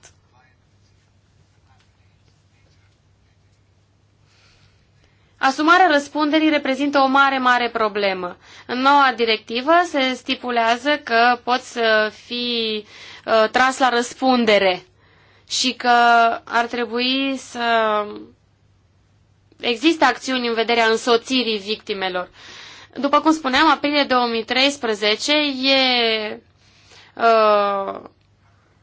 Asumarea răspunderii reprezintă o mare, mare problemă. În noua directivă se stipulează că poți să fii uh, tras la răspundere și că ar trebui să există acțiuni în vederea însoțirii victimelor. După cum spuneam, aprilie 2013 e uh,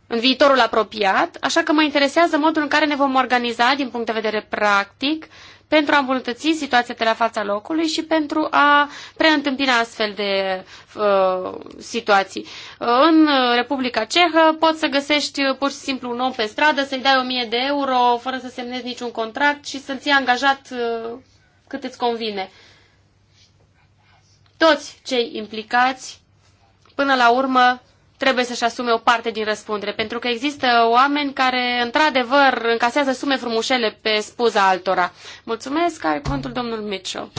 în viitorul apropiat, așa că mă interesează modul în care ne vom organiza din punct de vedere practic pentru a îmbunătăți situația de la fața locului și pentru a preîntâmpina astfel de uh, situații. Uh, în Republica Cehă poți să găsești pur și simplu un om pe stradă, să-i dai 1000 de euro fără să semnezi niciun contract și să-ți iei angajat uh, cât îți convine. Uh, toți cei implicați, până la urmă, trebuie să-și asume o parte din răspundere, pentru că există oameni care, într-adevăr, încasează sume frumușele pe spuza altora. Mulțumesc, are cuvântul domnul Mitchell.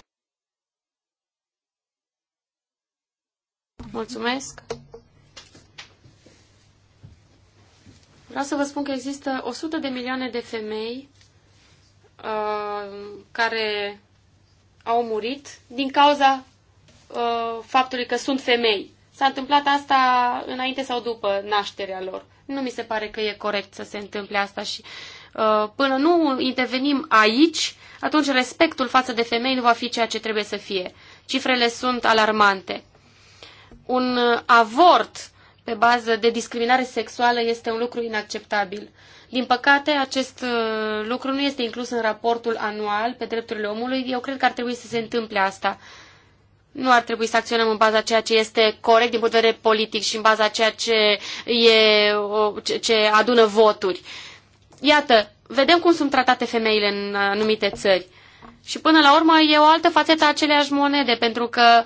Mulțumesc. Vreau să vă spun că există 100 de milioane de femei uh, care au murit din cauza Uh, faptului că sunt femei. S-a întâmplat asta înainte sau după nașterea lor. Nu mi se pare că e corect să se întâmple asta și uh, până nu intervenim aici, atunci respectul față de femei nu va fi ceea ce trebuie să fie. Cifrele sunt alarmante. Un uh, avort pe bază de discriminare sexuală este un lucru inacceptabil. Din păcate, acest lucru nu este inclus în raportul anual pe drepturile omului. Eu cred că ar trebui să se întâmple asta nu ar trebui să acționăm în baza ceea ce este corect din punct de vedere politic și în baza ceea ce, e, ce adună voturi. Iată, vedem cum sunt tratate femeile în anumite țări. Și până la urmă e o altă fațetă a aceleași monede, pentru că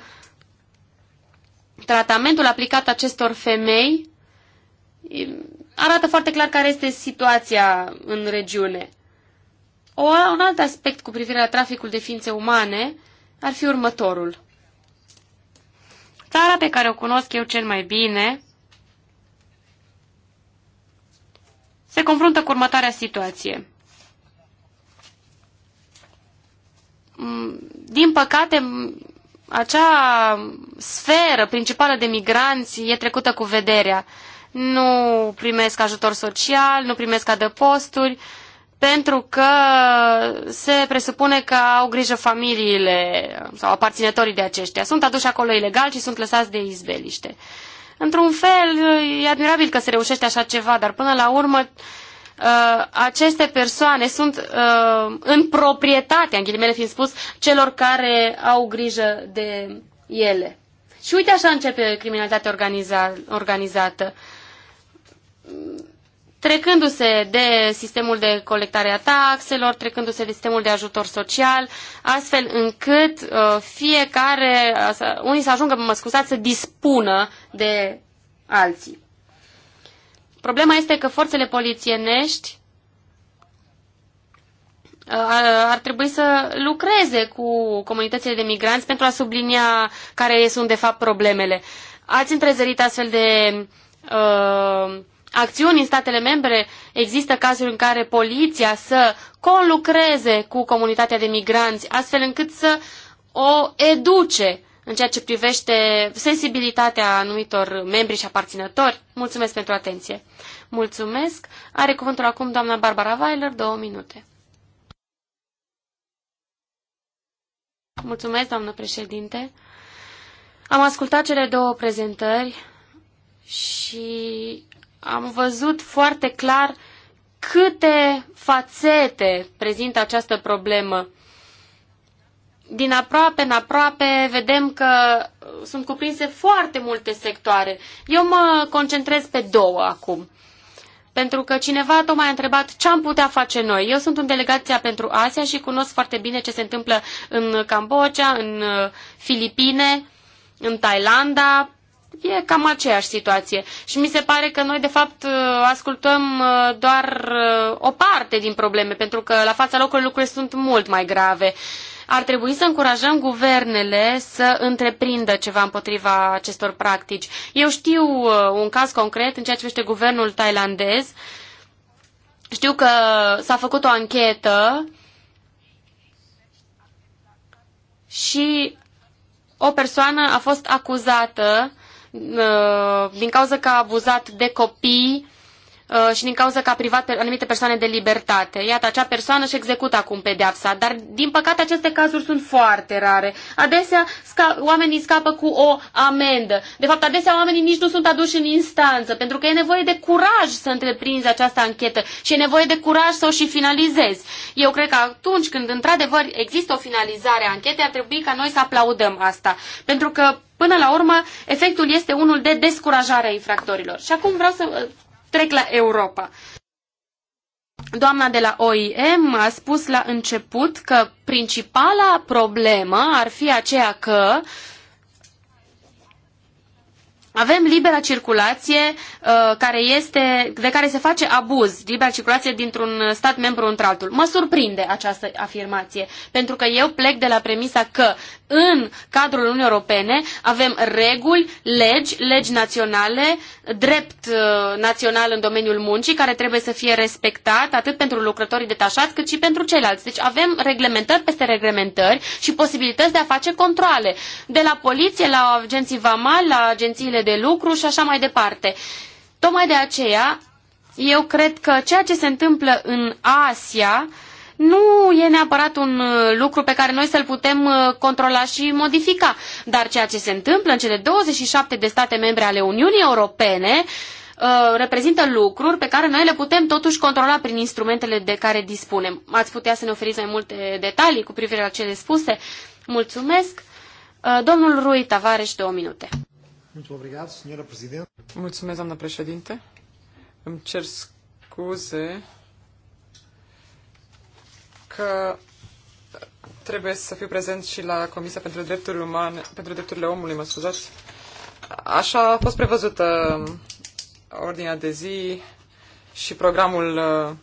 tratamentul aplicat acestor femei arată foarte clar care este situația în regiune. O, un alt aspect cu privire la traficul de ființe umane ar fi următorul. Țara pe care o cunosc eu cel mai bine se confruntă cu următoarea situație. Mm, din păcate, acea sferă principală de migranți e trecută cu vederea. Nu primesc ajutor social, nu primesc adăposturi, posturi pentru că se presupune că au grijă familiile sau aparținătorii de aceștia. Sunt aduși acolo ilegal și sunt lăsați de izbeliște. Într-un fel, e admirabil că se reușește așa ceva, dar până la urmă uh, aceste persoane sunt uh, în proprietate, în ghilimele fiind spus, celor care au grijă de ele. Și uite așa începe criminalitatea organiza organizată trecându-se de sistemul de colectare a taxelor, trecându-se de sistemul de ajutor social, astfel încât uh, fiecare, unii să ajungă, mă scuzați, să dispună de alții. Problema este că forțele polițienești uh, ar trebui să lucreze cu comunitățile de migranți pentru a sublinia care sunt de fapt problemele. Ați întrezărit astfel de uh, acțiuni în statele membre, există cazuri în care poliția să conlucreze cu comunitatea de migranți, astfel încât să o educe în ceea ce privește sensibilitatea anumitor membri și aparținători. Mulțumesc pentru atenție. Mulțumesc. Are cuvântul acum doamna Barbara Weiler, două minute. Mulțumesc, doamnă președinte. Am ascultat cele două prezentări și am văzut foarte clar câte fațete prezintă această problemă. Din aproape în aproape vedem că sunt cuprinse foarte multe sectoare. Eu mă concentrez pe două acum. Pentru că cineva tocmai a întrebat ce am putea face noi. Eu sunt în delegația pentru Asia și cunosc foarte bine ce se întâmplă în Cambodgia, în uh, Filipine, în Thailanda, e cam aceeași situație. Și mi se pare că noi, de fapt, uh, ascultăm uh, doar uh, o parte din probleme, pentru că la fața locului lucrurile sunt mult mai grave. Ar trebui să încurajăm guvernele să întreprindă ceva împotriva acestor practici. Eu știu un caz concret în ceea ce privește guvernul tailandez. Știu că s-a făcut o anchetă și o persoană a fost acuzată Uh, din cauza că a abuzat de copii Uh, și din cauza că a privat anumite persoane de libertate. Iată, acea persoană și execută acum pedeapsa, dar din păcate aceste cazuri sunt foarte rare. Adesea sca- oamenii scapă cu o amendă. De fapt, adesea oamenii nici nu sunt aduși în instanță, pentru că e nevoie de curaj să întreprinzi această anchetă și e nevoie de curaj să o și finalizezi. Eu cred că atunci când într-adevăr există o finalizare a anchetei, ar trebui ca noi să aplaudăm asta, pentru că Până la urmă, efectul este unul de descurajare a infractorilor. Și acum vreau să trec la Europa. Doamna de la OIM a spus la început că principala problemă ar fi aceea că avem libera circulație uh, care este, de care se face abuz, libera circulație dintr-un stat membru într-altul. Mă surprinde această afirmație, pentru că eu plec de la premisa că în cadrul Uniunii Europene avem reguli, legi, legi naționale, drept uh, național în domeniul muncii, care trebuie să fie respectat atât pentru lucrătorii detașați cât și pentru ceilalți. Deci avem reglementări peste reglementări și posibilități de a face controle, de la poliție, la agenții VAMAL, la agențiile de lucru și așa mai departe. Tocmai de aceea, eu cred că ceea ce se întâmplă în Asia, uh, nu e neapărat un uh, lucru pe care noi să-l putem uh, controla și modifica. Dar ceea ce se întâmplă în cele 27 de state membre ale Uniunii Europene uh, reprezintă lucruri pe care noi le putem totuși controla prin instrumentele de care dispunem. Ați putea să ne oferiți mai multe detalii cu privire la cele spuse? Mulțumesc! Domnul Rui Tavares, două minute. Mulțumesc, doamnă președinte. Îmi cer scuze că trebuie să fiu prezent și la Comisia pentru Drepturi Umane, pentru Drepturile Omului, mă scuzați. Așa a fost prevăzută ordinea de zi și programul uh,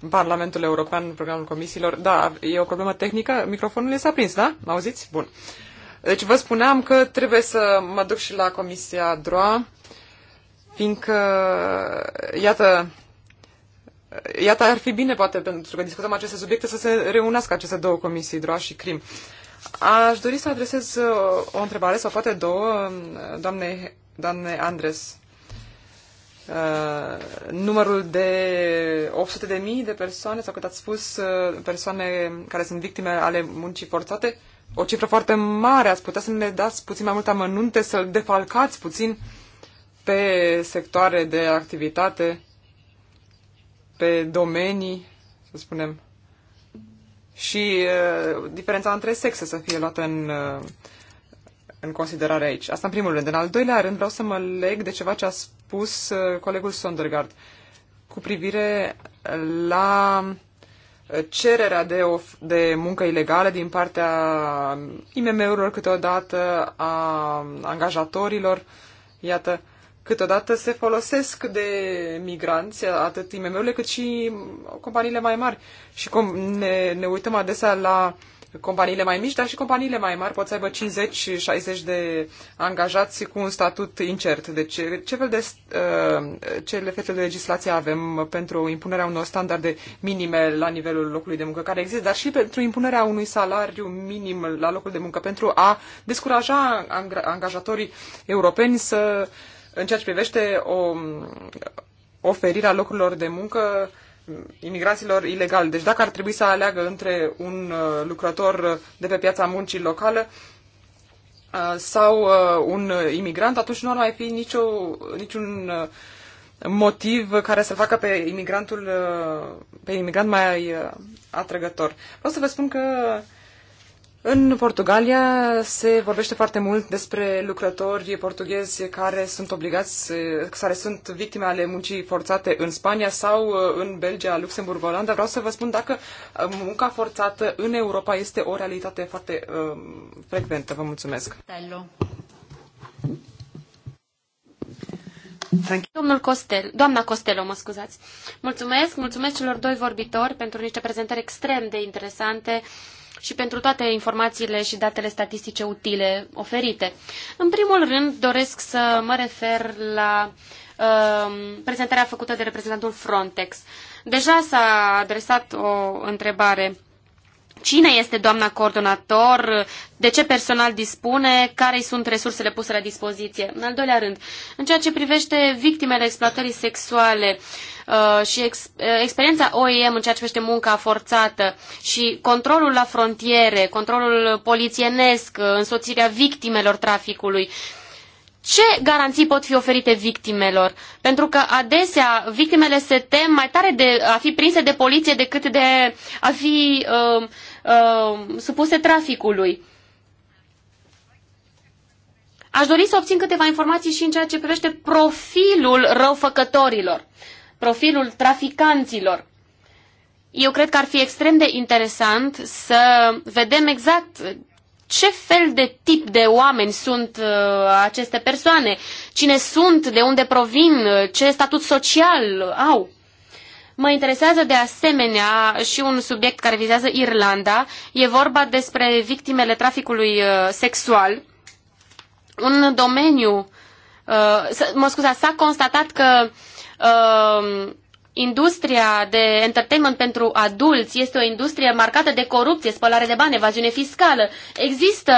în Parlamentul European, programul comisiilor. Da, e o problemă tehnică. Microfonul este aprins, da? Mă auziți? Bun. Deci vă spuneam că trebuie să mă duc și la Comisia DROA, fiindcă, iată, Iată, ar fi bine, poate, pentru că discutăm aceste subiecte, să se reunească aceste două comisii, DROA și CRIM. Aș dori să adresez uh, o întrebare, sau poate două, uh, doamne, doamne Andres. Uh, numărul de 800 de mii de persoane, sau cât ați spus, uh, persoane care sunt victime ale muncii forțate, o cifră foarte mare. Ați putea să ne dați puțin mai multe amănunte, să-l defalcați puțin pe sectoare de activitate pe domenii, să spunem, și uh, diferența între sexe să fie luată în, uh, în considerare aici. Asta în primul rând. În al doilea rând vreau să mă leg de ceva ce a spus uh, colegul Sondergaard cu privire la uh, cererea de, of- de muncă ilegală din partea IMM-urilor câteodată, a angajatorilor. Iată, uh, câteodată se folosesc de migranți, atât IMM-urile cât și companiile mai mari. Și cum ne, ne uităm adesea la companiile mai mici, dar și companiile mai mari pot să aibă 50-60 de angajați cu un statut incert. Deci ce fel de, uh, ce fel de legislație avem pentru impunerea unor standarde minime la nivelul locului de muncă care există, dar și pentru impunerea unui salariu minim la locul de muncă pentru a descuraja angajatorii europeni să în ceea ce privește o, oferirea locurilor de muncă imigranților ilegali. Deci dacă ar trebui să aleagă între un uh, lucrător de pe piața muncii locală uh, sau uh, un imigrant, atunci nu ar mai fi nicio, niciun motiv care să facă pe imigrantul pe imigrant mai atrăgător. Vreau să vă spun că în Portugalia se vorbește foarte mult despre lucrători portughezi care sunt obligați, care sunt victime ale muncii forțate în Spania sau uh, în Belgia, Luxemburg, Olanda. Vreau să vă spun dacă uh, munca forțată în Europa este o realitate foarte uh, frecventă. Vă mulțumesc. Hello. Domnul Costel, doamna Costello, mă scuzați. Mulțumesc, mulțumesc celor doi vorbitori pentru niște prezentări extrem de interesante. Uh, și pentru toate informațiile și datele statistice utile oferite. În primul rând, doresc să mă refer la uh, prezentarea făcută de reprezentantul Frontex. Deja s-a adresat o întrebare cine este doamna coordonator, de ce personal dispune, care sunt resursele puse la dispoziție. În al doilea rând, în ceea ce privește victimele exploatării sexuale uh, și ex, uh, experiența OIM în ceea ce privește munca forțată și controlul la frontiere, controlul polițienesc, uh, însoțirea victimelor traficului, uh, ce garanții pot fi oferite victimelor? Pentru că adesea victimele se tem mai tare de a fi prinse de poliție decât de a fi uh, uh, supuse traficului. Aș dori să obțin câteva informații și în ceea ce privește profilul răufăcătorilor, profilul traficanților. Eu cred că ar fi extrem de interesant să vedem exact ce fel de tip de oameni sunt uh, aceste persoane, cine sunt, de unde provin, ce statut social au. Mă interesează de asemenea și un subiect care vizează Irlanda. E vorba despre victimele traficului uh, sexual. Un domeniu, uh, mă scuza, s-a constatat că uh, Industria de entertainment pentru adulți este o industrie marcată de corupție, spălare de bani, evaziune fiscală. Există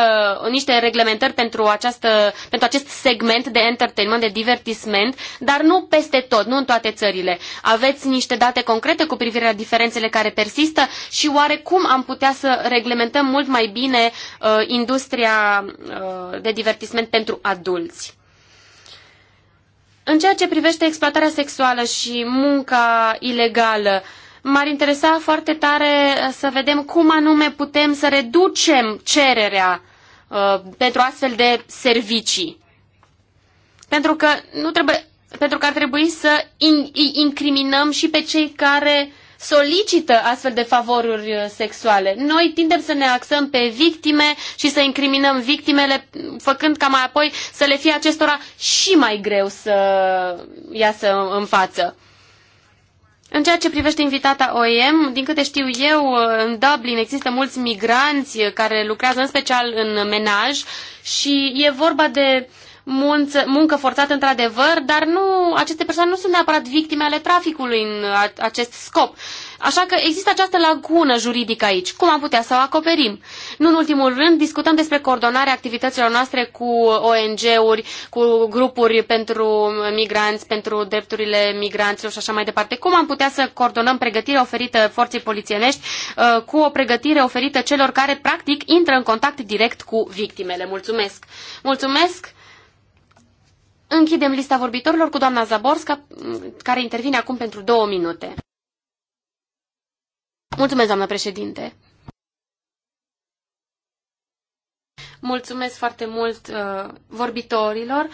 niște reglementări pentru, această, pentru acest segment de entertainment, de divertisment, dar nu peste tot, nu în toate țările. Aveți niște date concrete cu privire la diferențele care persistă și oare cum am putea să reglementăm mult mai bine uh, industria uh, de divertisment pentru adulți? În ceea ce privește exploatarea sexuală și munca ilegală, m-ar interesa foarte tare uh, să vedem cum anume putem să reducem cererea uh, pentru astfel de servicii. Pentru că, nu trebuie, pentru că ar trebui să in, incriminăm și pe cei care uh, solicită astfel de favoruri uh, sexuale. Noi tindem să ne axăm pe victime și să incriminăm victimele, făcând ca mai apoi să le fie acestora și mai greu să iasă în față. În ceea ce privește invitata OEM, din câte știu eu, uh, în Dublin există mulți migranți care lucrează în special în menaj și e vorba de uh, munță, muncă forțată într-adevăr, dar nu, aceste persoane nu sunt neapărat victime ale traficului în acest scop. Așa că există această lagună juridică aici. Cum am putea să o acoperim? Nu în ultimul rând, discutăm despre coordonarea activităților noastre cu ONG-uri, cu grupuri pentru migranți, pentru drepturile migranților și așa mai departe. Cum am putea să coordonăm pregătirea oferită forței polițienești uh, cu o pregătire oferită celor care, practic, intră în contact direct cu victimele? Mulțumesc! Mulțumesc! Închidem lista vorbitorilor cu doamna Zaborska, care intervine acum pentru două minute. Mulțumesc, doamnă președinte. Mulțumesc foarte mult uh, vorbitorilor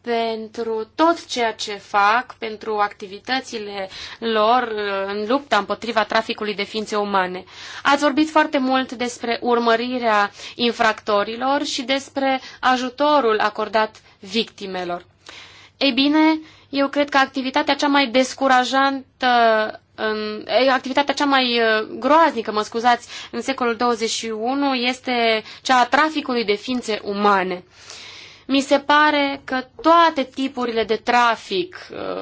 pentru tot ceea ce fac, pentru activitățile lor uh, în lupta împotriva traficului de ființe umane. Ați vorbit foarte mult despre urmărirea infractorilor și despre ajutorul acordat victimelor. Ei bine, eu cred că activitatea cea mai descurajantă, în, activitatea cea mai groaznică, mă scuzați, în secolul 21 este cea a traficului de ființe umane. Mi se pare că toate tipurile de trafic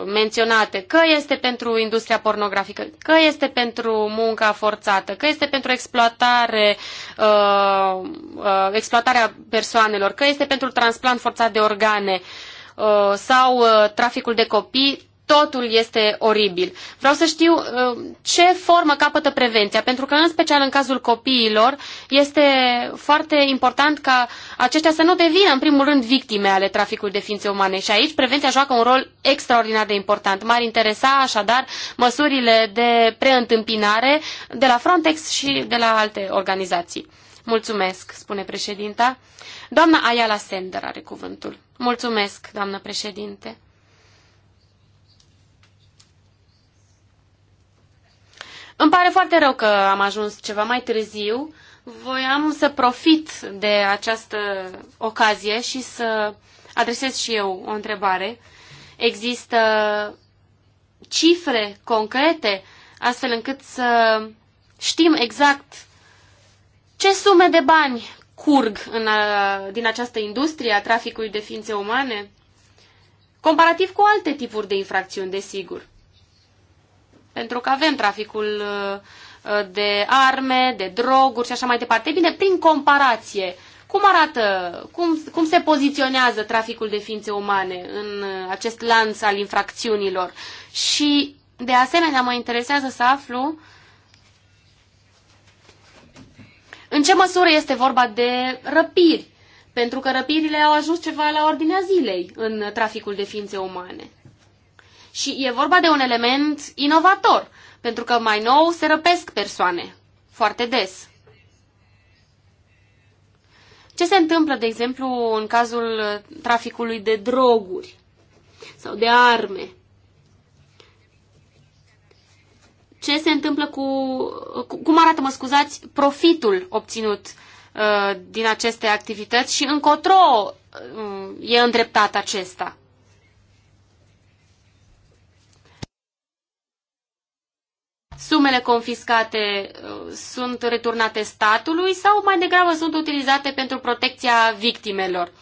menționate, că este pentru industria pornografică, că este pentru munca forțată, că este pentru exploatare, uh, uh, exploatarea persoanelor, că este pentru transplant forțat de organe, uh, Uh, sau uh, traficul de copii, totul este oribil. Vreau să știu uh, ce formă capătă prevenția, pentru că în special în cazul copiilor este foarte important ca aceștia să nu devină în primul rând victime ale traficului de ființe umane și aici prevenția joacă un rol extraordinar de important. M-ar interesa așadar măsurile de preîntâmpinare de la Frontex și de la alte organizații. Mulțumesc, spune președinta. Doamna Ayala Sender are cuvântul. Mulțumesc, doamnă președinte. Îmi pare foarte rău că am ajuns ceva mai târziu. Voiam să profit de această ocazie și să adresez și eu o întrebare. Există cifre concrete astfel încât să știm exact ce sume de bani curg în, din această industrie a traficului de ființe umane, comparativ cu alte tipuri de infracțiuni, desigur. Pentru că avem traficul de arme, de droguri și așa mai departe. Bine, prin comparație, cum arată, cum, cum se poziționează traficul de ființe umane în acest lanț al infracțiunilor? Și, de asemenea, mă interesează să aflu uh, În ce măsură este vorba de răpiri? Pentru că răpirile au ajuns ceva la ordinea zilei în traficul de ființe umane. Și e vorba de un element inovator, pentru că mai nou se răpesc persoane, foarte des. Ce se întâmplă, de exemplu, în cazul traficului de droguri sau de arme? ce se întâmplă cu, cu cum arată, mă scuzați, profitul obținut uh, din aceste activități și încotro uh, e îndreptat acesta. Sumele confiscate uh, sunt returnate statului sau mai degrabă sunt utilizate pentru protecția victimelor.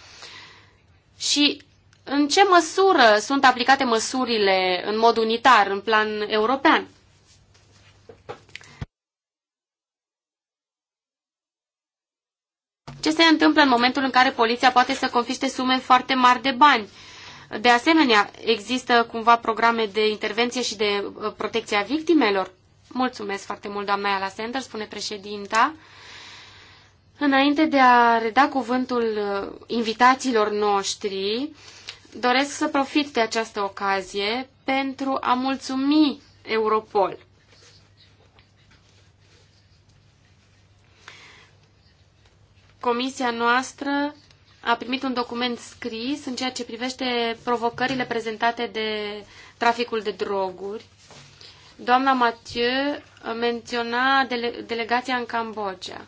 Și în ce măsură sunt aplicate măsurile în mod unitar, în plan european? Ce se întâmplă în momentul în care poliția poate să confiște sume foarte mari de bani? De asemenea, există cumva programe de intervenție și de uh, protecție a victimelor? Mulțumesc foarte mult, doamna Ayala Sender, spune președinta. Înainte de a reda cuvântul uh, invitațiilor noștri, doresc să profit de această ocazie pentru a mulțumi Europol comisia noastră a primit un document scris în ceea ce privește provocările prezentate de traficul de droguri. Doamna Mathieu menționa dele delegația în Cambodgia.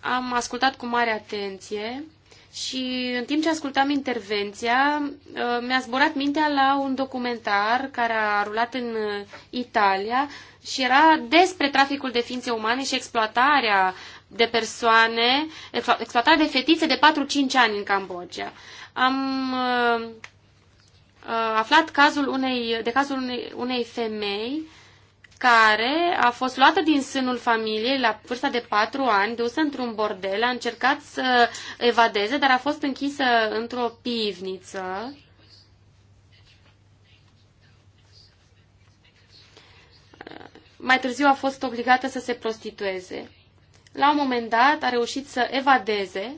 Am ascultat cu mare atenție și în timp ce ascultam intervenția, uh, mi-a zburat mintea la un documentar care a rulat în uh, Italia și era despre traficul de ființe umane și exploatarea de persoane, exploatare de fetițe de 4-5 ani în Cambodgia. Am uh, uh, aflat cazul unei, de cazul unei, unei femei care a fost luată din sânul familiei la vârsta de 4 ani, dusă într-un bordel, a încercat să evadeze, dar a fost închisă într-o pivniță. Mai târziu a fost obligată să se prostitueze la un moment dat a reușit să evadeze,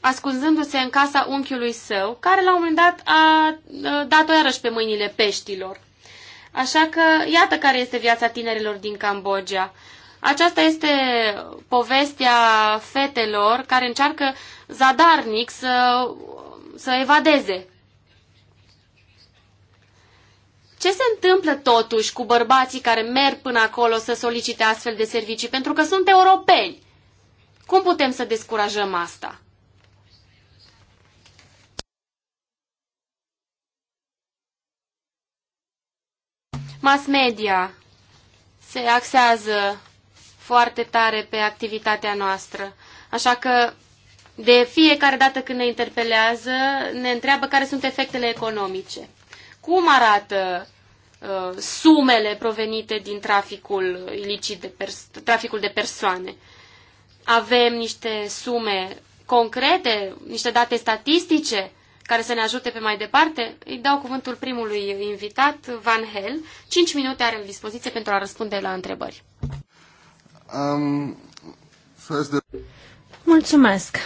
ascunzându-se în casa unchiului său, care la un moment dat a dat-o iarăși pe mâinile peștilor. Așa că iată care este viața tinerilor din Cambodgia. Aceasta este povestea fetelor care încearcă zadarnic să, să evadeze ce se întâmplă totuși cu bărbații care merg până acolo să solicite astfel de servicii pentru că sunt europeni? Cum putem să descurajăm asta? Mass media se axează foarte tare pe activitatea noastră, așa că de fiecare dată când ne interpelează, ne întreabă care sunt efectele economice cum arată uh, sumele provenite din traficul ilicit de traficul de persoane. Avem niște sume concrete, niște date statistice care să ne ajute pe mai departe. Îi dau cuvântul primului invitat, Van Hel. Cinci minute are la dispoziție pentru a răspunde la întrebări. Um, de... Mulțumesc.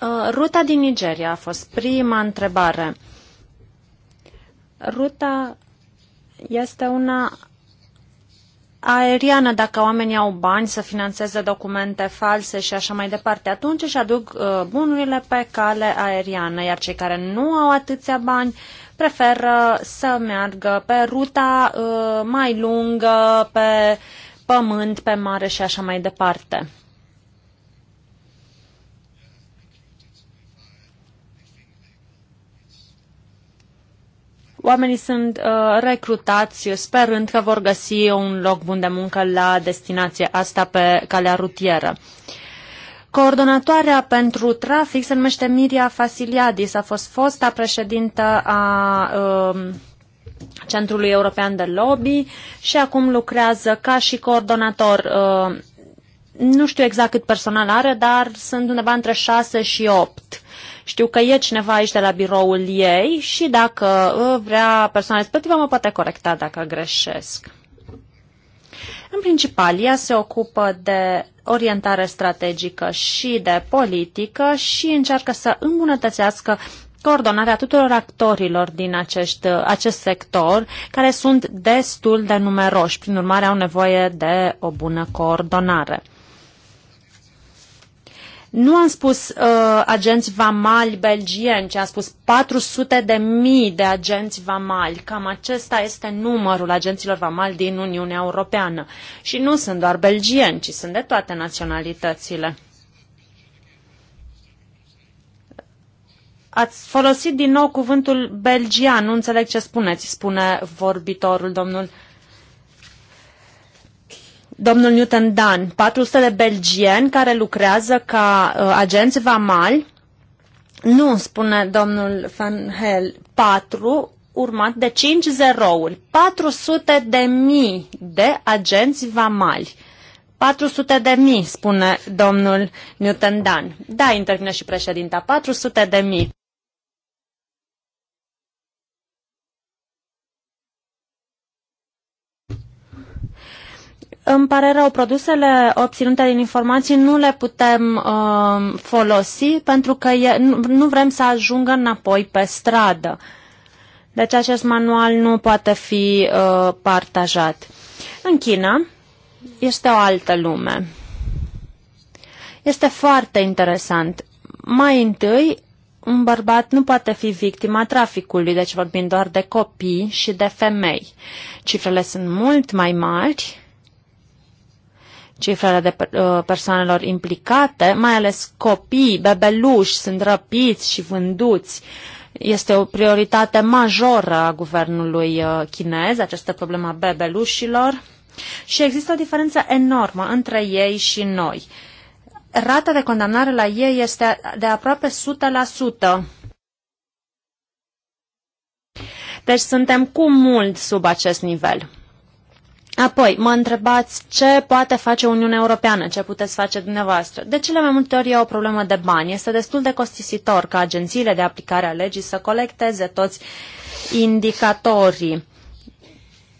Uh, ruta din Nigeria a fost prima întrebare. Ruta este una aeriană, dacă oamenii au bani să financeze documente false și așa mai departe, atunci își aduc uh, bunurile pe cale aeriană, iar cei care nu au atâția bani preferă să meargă pe ruta uh, mai lungă, pe pământ, pe mare și așa mai departe. Oamenii sunt uh, recrutați sperând că vor găsi un loc bun de muncă la destinație asta pe calea rutieră. Coordonatoarea pentru trafic se numește Miria Fasiliadis, a fost fosta președintă a uh, Centrului European de Lobby și acum lucrează ca și coordonator. Uh, nu știu exact cât personal are, dar sunt undeva între 6 și 8 știu că e cineva aici de la biroul ei și dacă uh, vrea persoana respectivă mă poate corecta dacă greșesc. În principal, ea se ocupă de orientare strategică și de politică și încearcă să îmbunătățească coordonarea tuturor actorilor din acești, uh, acest sector, care sunt destul de numeroși, prin urmare au nevoie de o bună coordonare. Nu am spus uh, agenți vamali belgieni, ci am spus 400 de mii de agenți vamali. Cam acesta este numărul agenților vamali din Uniunea Europeană. Și nu sunt doar belgieni, ci sunt de toate naționalitățile. Ați folosit din nou cuvântul belgian, nu înțeleg ce spuneți, spune vorbitorul domnul domnul Newton Dan, 400 de belgieni care lucrează ca uh, agenți vamali. Nu, spune domnul Van Hel, 4 urmat de 5 zerouri. 400 de mii de agenți vamali. 400 de mii, spune domnul Newton Dan. Da, intervine și președinta, 400 de mii. Îmi pare rău, produsele obținute din informații nu le putem uh, folosi pentru că e, nu, nu vrem să ajungă înapoi pe stradă. Deci acest manual nu poate fi uh, partajat. În China este o altă lume. Este foarte interesant. Mai întâi, un bărbat nu poate fi victima traficului, deci vorbim doar de copii și de femei. Cifrele sunt mult mai mari cifrele de uh, persoanelor implicate, mai ales copii, bebeluși sunt răpiți și vânduți. Este o prioritate majoră a guvernului uh, chinez, această problemă a bebelușilor. Și există o diferență enormă între ei și noi. Rata de condamnare la ei este de aproape 100%. Deci suntem cu mult sub acest nivel. Apoi, mă întrebați ce poate face Uniunea Europeană, ce puteți face dumneavoastră. De cele mai multe ori e o problemă de bani. Este destul de costisitor ca agențiile de aplicare a legii să colecteze toți indicatorii.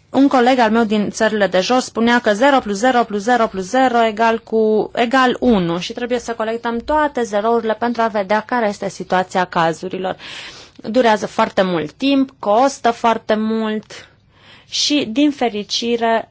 Un coleg al meu din țările de jos spunea că 0 plus 0 plus 0 plus 0 egal, cu, egal 1 și trebuie să colectăm toate zerourile pentru a vedea care este situația cazurilor. Durează foarte mult timp, costă foarte mult și, din fericire,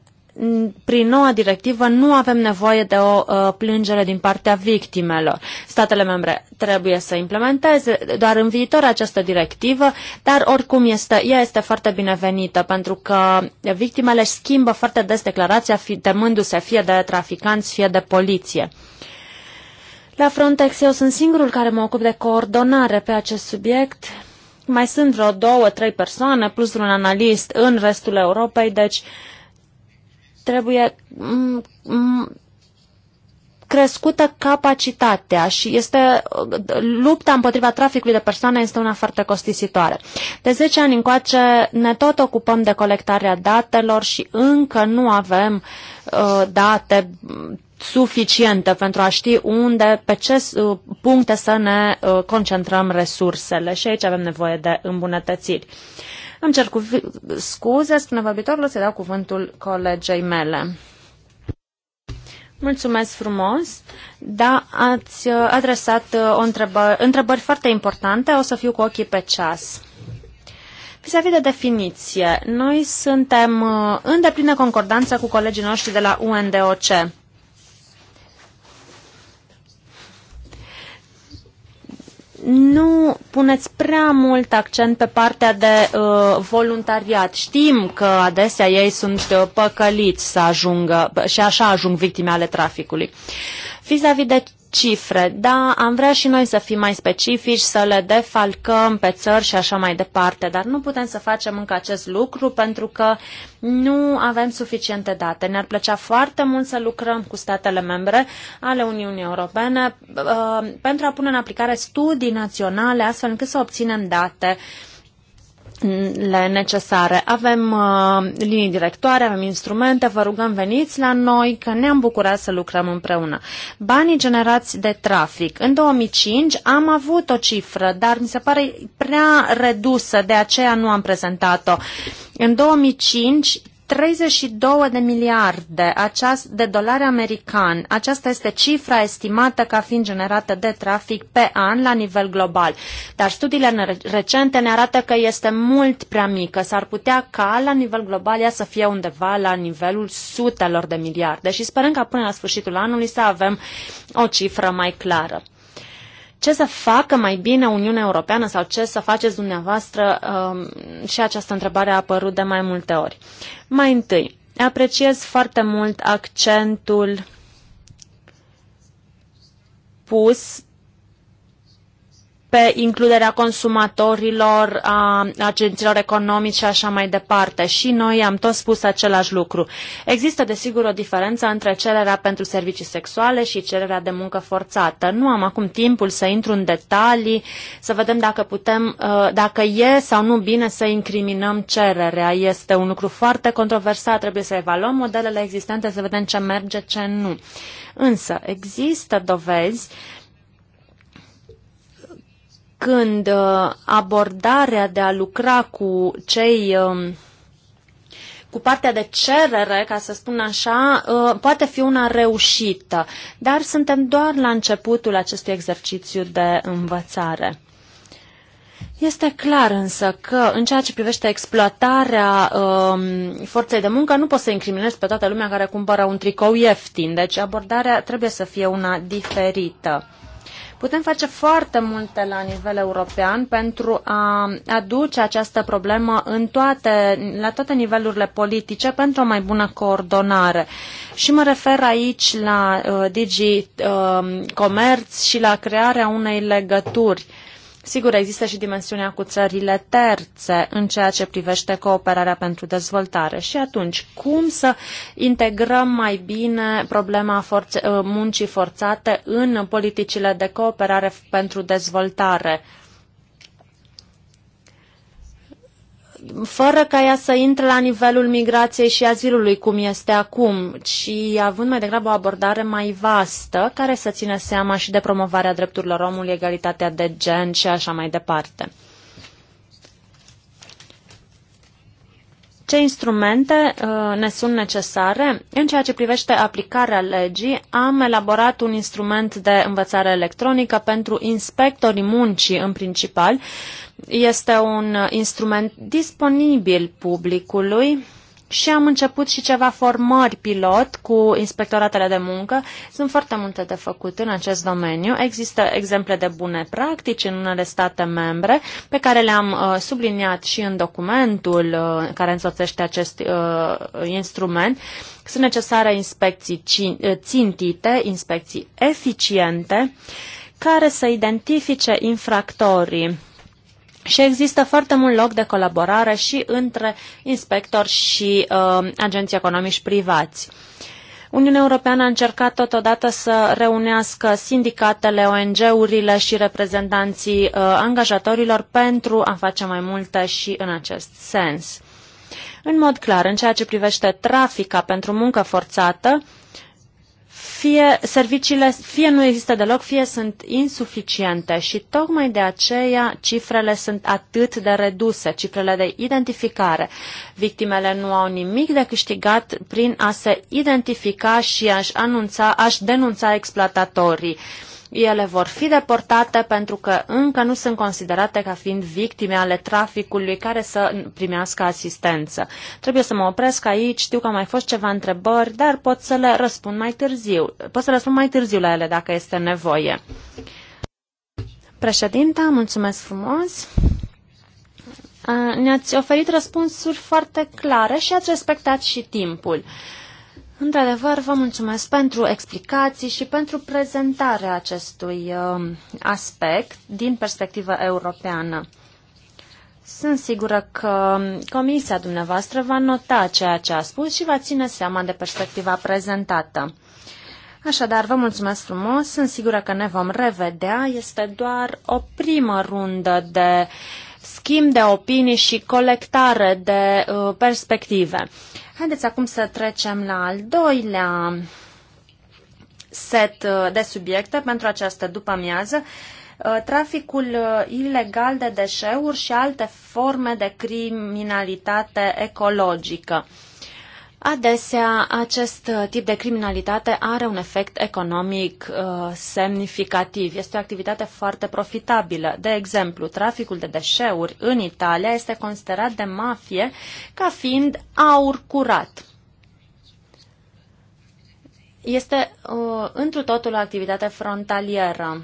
prin noua directivă nu avem nevoie de o uh, plângere din partea victimelor. Statele membre trebuie să implementeze doar în viitor această directivă, dar oricum este, ea este foarte binevenită pentru că victimele își schimbă foarte des declarația fi, temându-se fie de traficanți, fie de poliție. La Frontex eu sunt singurul care mă ocup de coordonare pe acest subiect mai sunt vreo două, trei persoane, plus un analist în restul Europei, deci trebuie crescută capacitatea și este lupta împotriva traficului de persoane este una foarte costisitoare. De 10 ani încoace ne tot ocupăm de colectarea datelor și încă nu avem uh, date suficientă pentru a ști unde, pe ce uh, puncte să ne uh, concentrăm resursele și aici avem nevoie de îmbunătățiri. Îmi cer cu scuze, spune vorbitorul, să dau cuvântul colegei mele. Mulțumesc frumos. Da, ați uh, adresat o întrebă, întrebări foarte importante. O să fiu cu ochii pe ceas. vis a -vis de definiție, noi suntem în deplină concordanță cu colegii noștri de la UNDOC. nu puneți prea mult accent pe partea de uh, voluntariat. Știm că adesea ei sunt uh, păcăliți să ajungă și așa ajung victime ale traficului. Vis-a-vis -vis de cifre, da, am vrea și noi să fim mai specifici, să le defalcăm pe țări și așa mai departe, dar nu putem să facem încă acest lucru pentru că nu avem suficiente date. Ne-ar plăcea foarte mult să lucrăm cu statele membre ale Uniunii Europene uh, pentru a pune în aplicare studii naționale astfel încât să obținem date uh, le necesare. Avem uh, linii directoare, avem instrumente, vă rugăm veniți la noi că ne-am bucurat să lucrăm împreună. Banii generați de trafic. În 2005 am avut o cifră, dar mi se pare prea redusă, de aceea nu am prezentat-o. În 2005 32 de miliarde de dolari americani. Aceasta este cifra estimată ca fiind generată de trafic pe an la nivel global. Dar studiile recente ne arată că este mult prea mică. S-ar putea ca la nivel global ea să fie undeva la nivelul sutelor de miliarde și sperăm ca până la sfârșitul anului să avem o cifră mai clară ce să facă mai bine Uniunea Europeană sau ce să faceți dumneavoastră? Um, și această întrebare a apărut de mai multe ori. Mai întâi, apreciez foarte mult accentul pus pe includerea consumatorilor, a agenților economice și așa mai departe. Și noi am tot spus același lucru. Există, desigur, o diferență între cererea pentru servicii sexuale și cererea de muncă forțată. Nu am acum timpul să intru în detalii, să vedem dacă putem, uh, dacă e sau nu bine să incriminăm cererea. Este un lucru foarte controversat, trebuie să evaluăm modelele existente, să vedem ce merge, ce nu. Însă, există dovezi când uh, abordarea de a lucra cu cei um, cu partea de cerere, ca să spun așa, uh, poate fi una reușită, dar suntem doar la începutul acestui exercițiu de învățare. Este clar însă că în ceea ce privește exploatarea um, forței de muncă nu poți să incriminezi pe toată lumea care cumpără un tricou ieftin, deci abordarea trebuie să fie una diferită. Putem face foarte multe la nivel european pentru a aduce această problemă în toate, la toate nivelurile politice pentru o mai bună coordonare. Și mă refer aici la uh, Digi uh, Comerț și la crearea unei legături uh, Sigur, există și dimensiunea cu țările terțe în ceea ce privește cooperarea pentru dezvoltare. Și atunci, cum să integrăm mai bine problema forțe, muncii forțate în politicile de cooperare pentru dezvoltare? fără ca ea să intre la nivelul migrației și azilului, cum este acum, ci având mai degrabă o abordare mai vastă, care să țină seama și de promovarea drepturilor omului, egalitatea de gen și așa mai departe. Ce instrumente uh, ne sunt necesare? În ceea ce privește aplicarea legii, am elaborat un instrument de învățare electronică pentru inspectorii muncii în principal, uh, este un instrument disponibil publicului și am început și ceva formări pilot cu inspectoratele de muncă. Sunt foarte multe de făcut în acest domeniu. Există exemple de bune practici în unele state membre pe care le-am uh, subliniat și în documentul uh, care însoțește acest uh, instrument. Sunt necesare inspecții țintite, inspecții eficiente care să identifice infractorii și există foarte mult loc de colaborare și între inspectori și uh, agenții economici privați. Uniunea Europeană a încercat totodată să reunească sindicatele, ONG-urile și reprezentanții uh, angajatorilor pentru a face mai multe și în acest sens. În mod clar, în ceea ce privește trafica pentru muncă forțată, fie serviciile fie nu există deloc, fie sunt insuficiente și tocmai de aceea cifrele sunt atât de reduse, cifrele de identificare. Victimele nu au nimic de câștigat prin a se identifica și a-și anunța, a-și denunța exploatatorii. Uh, ele vor fi deportate pentru că încă nu sunt considerate ca fiind victime ale traficului care să primească asistență. Trebuie să mă opresc aici, știu că au mai fost ceva întrebări, dar pot să le răspund mai târziu. Pot să răspund mai târziu la ele dacă este nevoie. Președinta, mulțumesc frumos. Ne-ați oferit răspunsuri foarte clare și ați respectat și timpul. Într-adevăr, vă mulțumesc pentru explicații și pentru prezentarea acestui um, aspect din perspectivă europeană. Sunt sigură că um, comisia dumneavoastră va nota ceea ce a spus și va ține seama de perspectiva prezentată. Așadar, vă mulțumesc frumos, sunt sigură că ne vom revedea. Este doar o primă rundă de schimb de opinii și colectare de uh, perspective. Haideți acum să trecem la al doilea set uh, de subiecte pentru această după-amiază, uh, traficul uh, ilegal de deșeuri și alte forme de criminalitate ecologică. Adesea, acest uh, tip de criminalitate are un efect economic uh, semnificativ. Este o activitate foarte profitabilă. De exemplu, traficul de deșeuri în Italia este considerat de mafie ca fiind aur curat. Este uh, întru totul o activitate frontalieră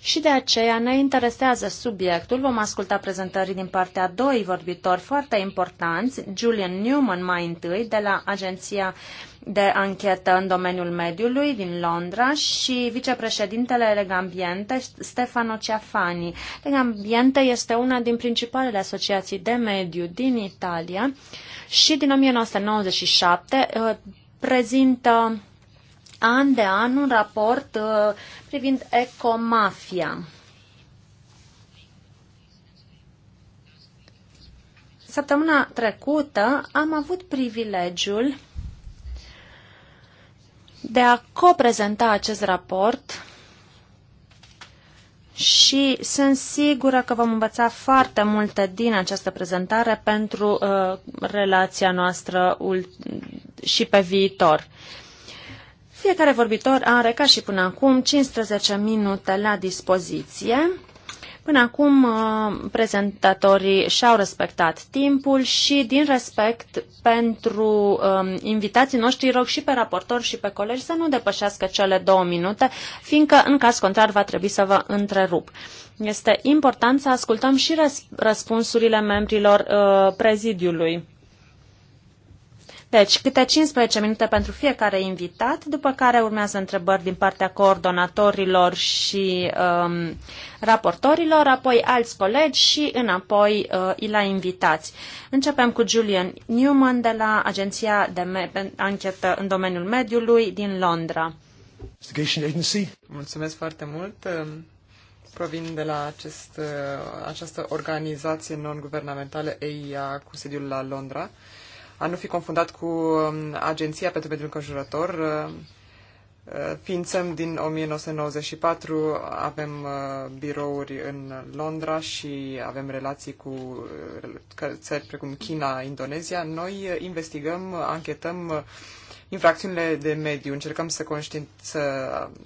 și de aceea ne interesează subiectul. Vom asculta prezentări din partea a doi vorbitori foarte importanți, Julian Newman mai întâi de la Agenția de anchetă în domeniul mediului din Londra și vicepreședintele Legambiente, Stefano Ciafani. Legambiente este una din principalele asociații de mediu din Italia și din 1997 uh, prezintă an de an un raport uh, privind ecomafia. Săptămâna trecută am avut privilegiul de a coprezenta acest raport și sunt sigură că vom învăța foarte multe din această prezentare pentru uh, relația noastră și pe viitor. Uh, fiecare vorbitor are, ca și până acum, 15 minute la dispoziție. Până acum, uh, prezentatorii și-au respectat timpul și, din respect pentru um, invitații noștri, rog și pe raportori și pe colegi să nu depășească cele două minute, fiindcă, în caz contrar, va trebui să vă întrerup. Este important să ascultăm și răspunsurile membrilor uh, prezidiului. Deci, câte 15 minute pentru fiecare invitat, după care urmează întrebări din partea coordonatorilor și um, raportorilor, apoi alți colegi și înapoi uh, la invitați. Începem cu Julian Newman de la Agenția de Anchetă în domeniul mediului din Londra. Mulțumesc foarte mult um, provin de la acest, uh, această organizație non-guvernamentală EIA cu sediul la Londra a nu fi confundat cu um, Agenția pentru Mediul Înconjurător. Uh, uh, ființăm din 1994, avem uh, birouri în Londra și avem relații cu țări precum China, Indonezia. Noi investigăm, anchetăm infracțiunile de mediu. Încercăm să, conștient, să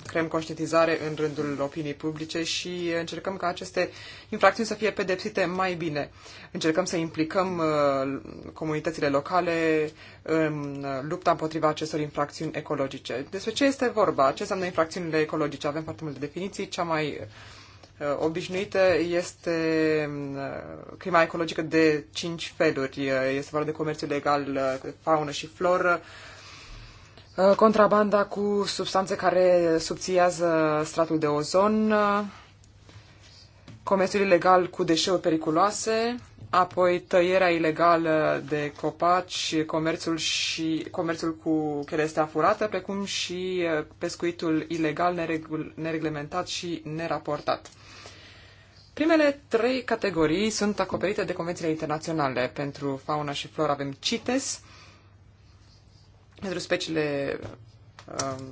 creăm conștientizare în rândul opiniei publice și încercăm ca aceste infracțiuni să fie pedepsite mai bine. Încercăm să implicăm uh, comunitățile locale în uh, lupta împotriva acestor infracțiuni ecologice. Despre ce este vorba? Ce înseamnă infracțiunile ecologice? Avem foarte multe definiții. Cea mai uh, obișnuită este crima ecologică de cinci feluri. Este vorba de comerț ilegal, faună și floră, Uh, contrabanda cu substanțe care subțiază stratul de ozon, uh, comerțul ilegal cu deșeuri periculoase, apoi tăierea ilegală de copaci, comerțul, și, comerțul cu cherestea furată, precum și uh, pescuitul ilegal, neregul, nereglementat și neraportat. Primele trei categorii sunt acoperite de convențiile internaționale. Pentru fauna și flora. avem CITES, pentru speciile um,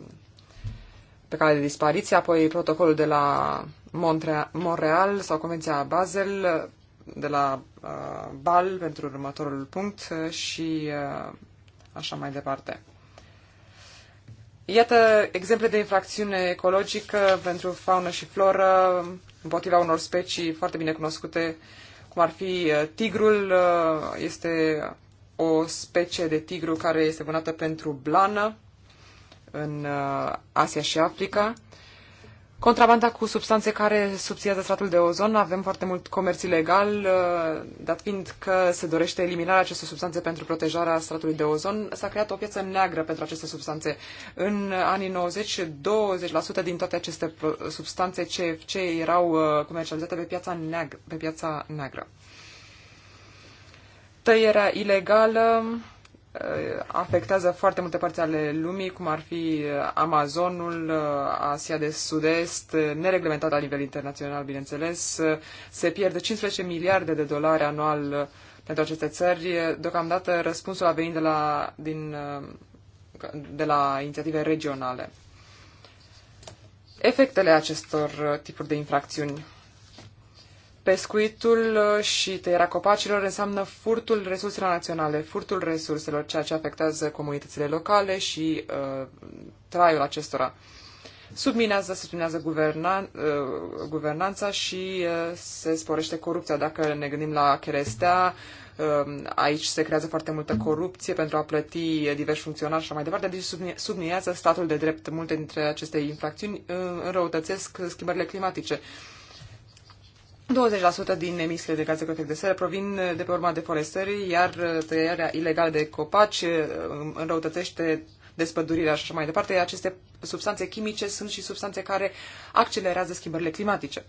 pe cale de dispariție, apoi protocolul de la Montreal, Montreal sau Convenția Basel de la uh, BAL pentru următorul punct și uh, așa mai departe. Iată exemple de infracțiune ecologică pentru faună și floră împotriva unor specii foarte bine cunoscute, cum ar fi uh, tigrul, uh, este o specie de tigru care este vânată pentru blană în uh, Asia și Africa. Contrabanda cu substanțe care subțiază stratul de ozon, avem foarte mult comerț ilegal, uh, dat fiind că se dorește eliminarea acestor substanțe pentru protejarea stratului de ozon, s-a creat o piață neagră pentru aceste substanțe. În anii 90, 20% din toate aceste substanțe CFC erau uh, comercializate pe piața neagră. Pe piața neagră tăierea ilegală uh, afectează foarte multe părți ale lumii, cum ar fi uh, Amazonul, uh, Asia de Sud-Est, nereglementat la nivel internațional, bineînțeles. Se pierde 15 miliarde de dolari anual pentru aceste țări. Deocamdată răspunsul a venit de la, din, de la inițiative regionale. Efectele acestor tipuri de infracțiuni Pescuitul uh, și tăierea copacilor înseamnă furtul resurselor naționale, furtul resurselor, ceea ce afectează comunitățile locale și uh, traiul acestora. Subminează, subminează guvernan, uh, guvernanța și uh, se sporește corupția. Dacă ne gândim la cherestea, uh, aici se creează foarte multă corupție pentru a plăti diversi funcționari și mai departe, deci subminează statul de drept. Multe dintre aceste infracțiuni uh, înrăutățesc schimbările climatice. Uh, 20% din emisiile de gaze cu efect de seră provin eh, de pe urma deforestării, iar eh, tăierea ilegală de copaci eh, înrăutățește despădurirea și așa mai departe. Aceste substanțe chimice sunt și substanțe care accelerează schimbările climatice.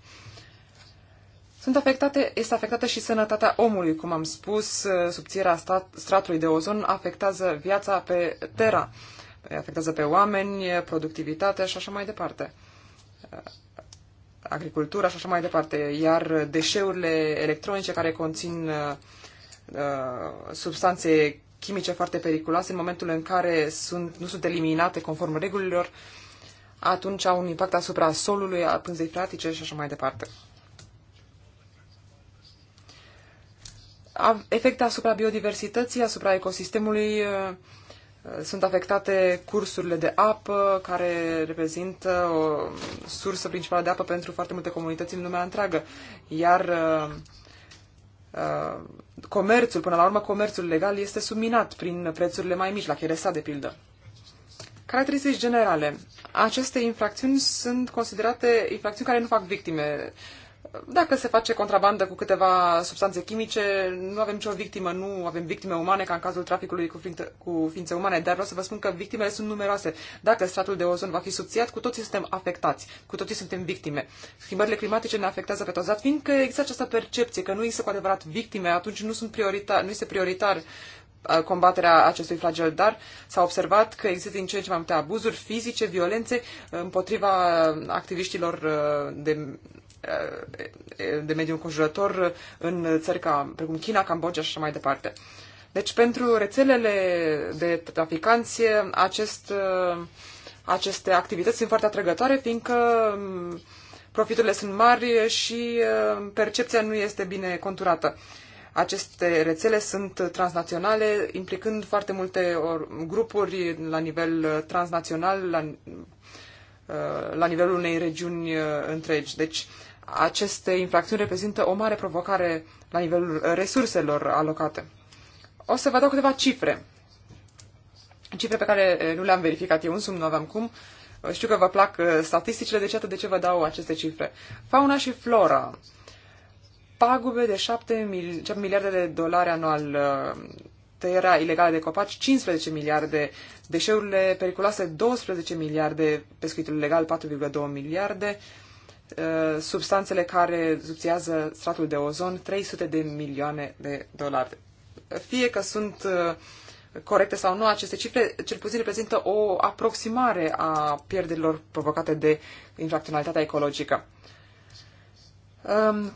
Sunt afectate, este afectată și sănătatea omului, cum am spus, subțirea stat, stratului de ozon afectează viața pe Terra, afectează pe oameni, productivitatea și așa mai departe agricultura și așa mai departe, iar deșeurile electronice care conțin uh, uh, substanțe chimice foarte periculoase, în momentul în care sunt, nu sunt eliminate conform regulilor, atunci au un impact asupra solului, a pânzei practice și așa mai departe. Efecte asupra biodiversității, asupra ecosistemului uh, sunt afectate cursurile de apă, care reprezintă o sursă principală de apă pentru foarte multe comunități în lumea întreagă. Iar uh, uh, comerțul, până la urmă, comerțul legal este subminat prin prețurile mai mici, la cheresa, de pildă. Caracteristici generale. Aceste infracțiuni sunt considerate infracțiuni care nu fac victime. Dacă se face contrabandă cu câteva substanțe chimice, nu avem nicio victimă, nu avem victime umane, ca în cazul traficului cu, ființe, cu ființe umane, dar vreau să vă spun că victimele sunt numeroase. Dacă stratul de ozon va fi subțiat, cu toții suntem afectați, cu toții suntem victime. Schimbările climatice ne afectează pe toți, dar fiindcă există această percepție că nu există cu adevărat victime, atunci nu, sunt prioritar, nu este prioritar uh, combaterea acestui flagel, dar s-a observat că există din ce în ce mai multe abuzuri fizice, violențe împotriva activiștilor uh, de Eh, de mediu înconjurător în țări ca, precum China, Cambodgia și așa mai departe. Deci pentru rețelele de traficanți acest, eh, aceste activități sunt foarte atrăgătoare, fiindcă mm, profiturile sunt mari și eh, percepția nu este bine conturată. Aceste rețele sunt transnaționale, implicând foarte multe grupuri la nivel transnațional, la, la nivelul unei regiuni întregi. Deci aceste infracțiuni reprezintă o mare provocare la nivelul resurselor alocate. O să vă dau câteva cifre. Cifre pe care eh, nu le-am verificat eu însumi, nu aveam cum. Eh, știu că vă plac eh, statisticile, deci atât de ce vă dau aceste cifre. Fauna și flora. Pagube de 7 miliarde de dolari anual tăierea ilegală de copaci 15 miliarde, deșeurile periculoase 12 miliarde, pescuitul ilegal 4,2 miliarde, Uh, substanțele care subțiază stratul de ozon 300 de milioane de dolari. Fie că sunt uh, corecte sau nu aceste cifre, cel puțin reprezintă o aproximare a pierderilor provocate de infracționalitatea ecologică. Um,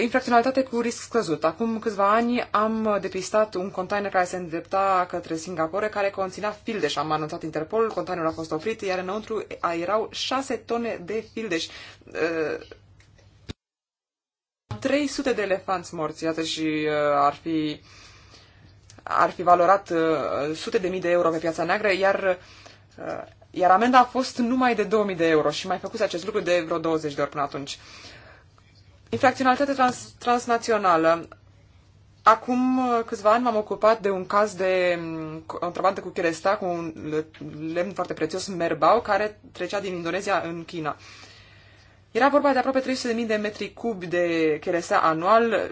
infracționalitate cu risc scăzut. Acum câțiva ani am depistat un container care se îndrepta către Singapore, care conținea fildeș. Am anunțat Interpol, containerul a fost oprit, iar înăuntru erau șase tone de fildeș. 300 uh, de elefanți morți, iată, și uh, ar fi ar fi valorat uh, sute de mii de euro pe piața neagră, iar iar amenda a fost numai de 2000 de euro și mai făcut acest lucru de vreo 20 de ori până atunci. Uh, Infracționalitate trans- transnațională. Acum uh, câțiva ani m-am ocupat de un caz de contrabandă mm, cu cheresta, cu un lemn foarte prețios, merbau, care trecea din Indonezia în China. Era vorba de aproape 300.000 de metri cubi de cheresta anual,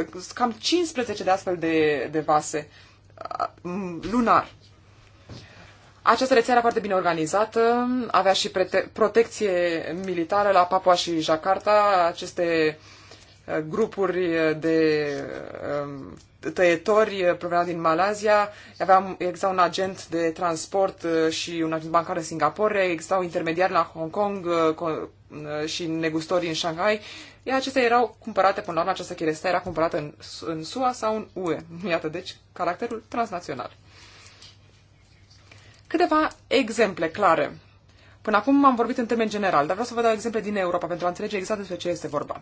uh, cam 15 de astfel de, de vase uh, lunar. Această rețea era foarte bine organizată, avea și protecție militară la Papua și Jakarta, aceste uh, grupuri de um, tăietori proveneau din Malazia, aveam, exista un agent de transport uh, și un agent bancar în Singapore, existau intermediari la Hong Kong uh, și negustori în Shanghai. Iar acestea erau cumpărate, până la urmă, această chirestea era cumpărată în, în SUA sau în UE. Iată, deci, caracterul transnațional. Câteva exemple clare. Până acum am vorbit în termeni general, dar vreau să vă dau exemple din Europa pentru a înțelege exact despre ce este vorba.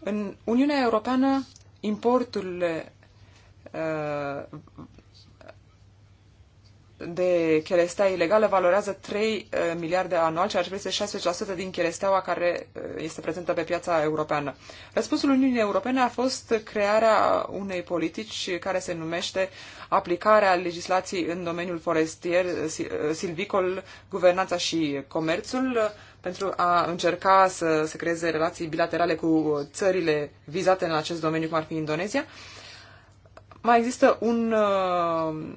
În Uniunea Europeană, importurile uh, de cherestea ilegală valorează 3 eh, miliarde anual, ceea ce este 16% din cheresteaua care eh, este prezentă pe piața europeană. Răspunsul Uniunii Europene a fost crearea unei politici care se numește aplicarea legislației în domeniul forestier, eh, silvicol, guvernanța și comerțul pentru a încerca să se creeze relații bilaterale cu țările vizate în acest domeniu, cum ar fi Indonezia. Mai există un uh,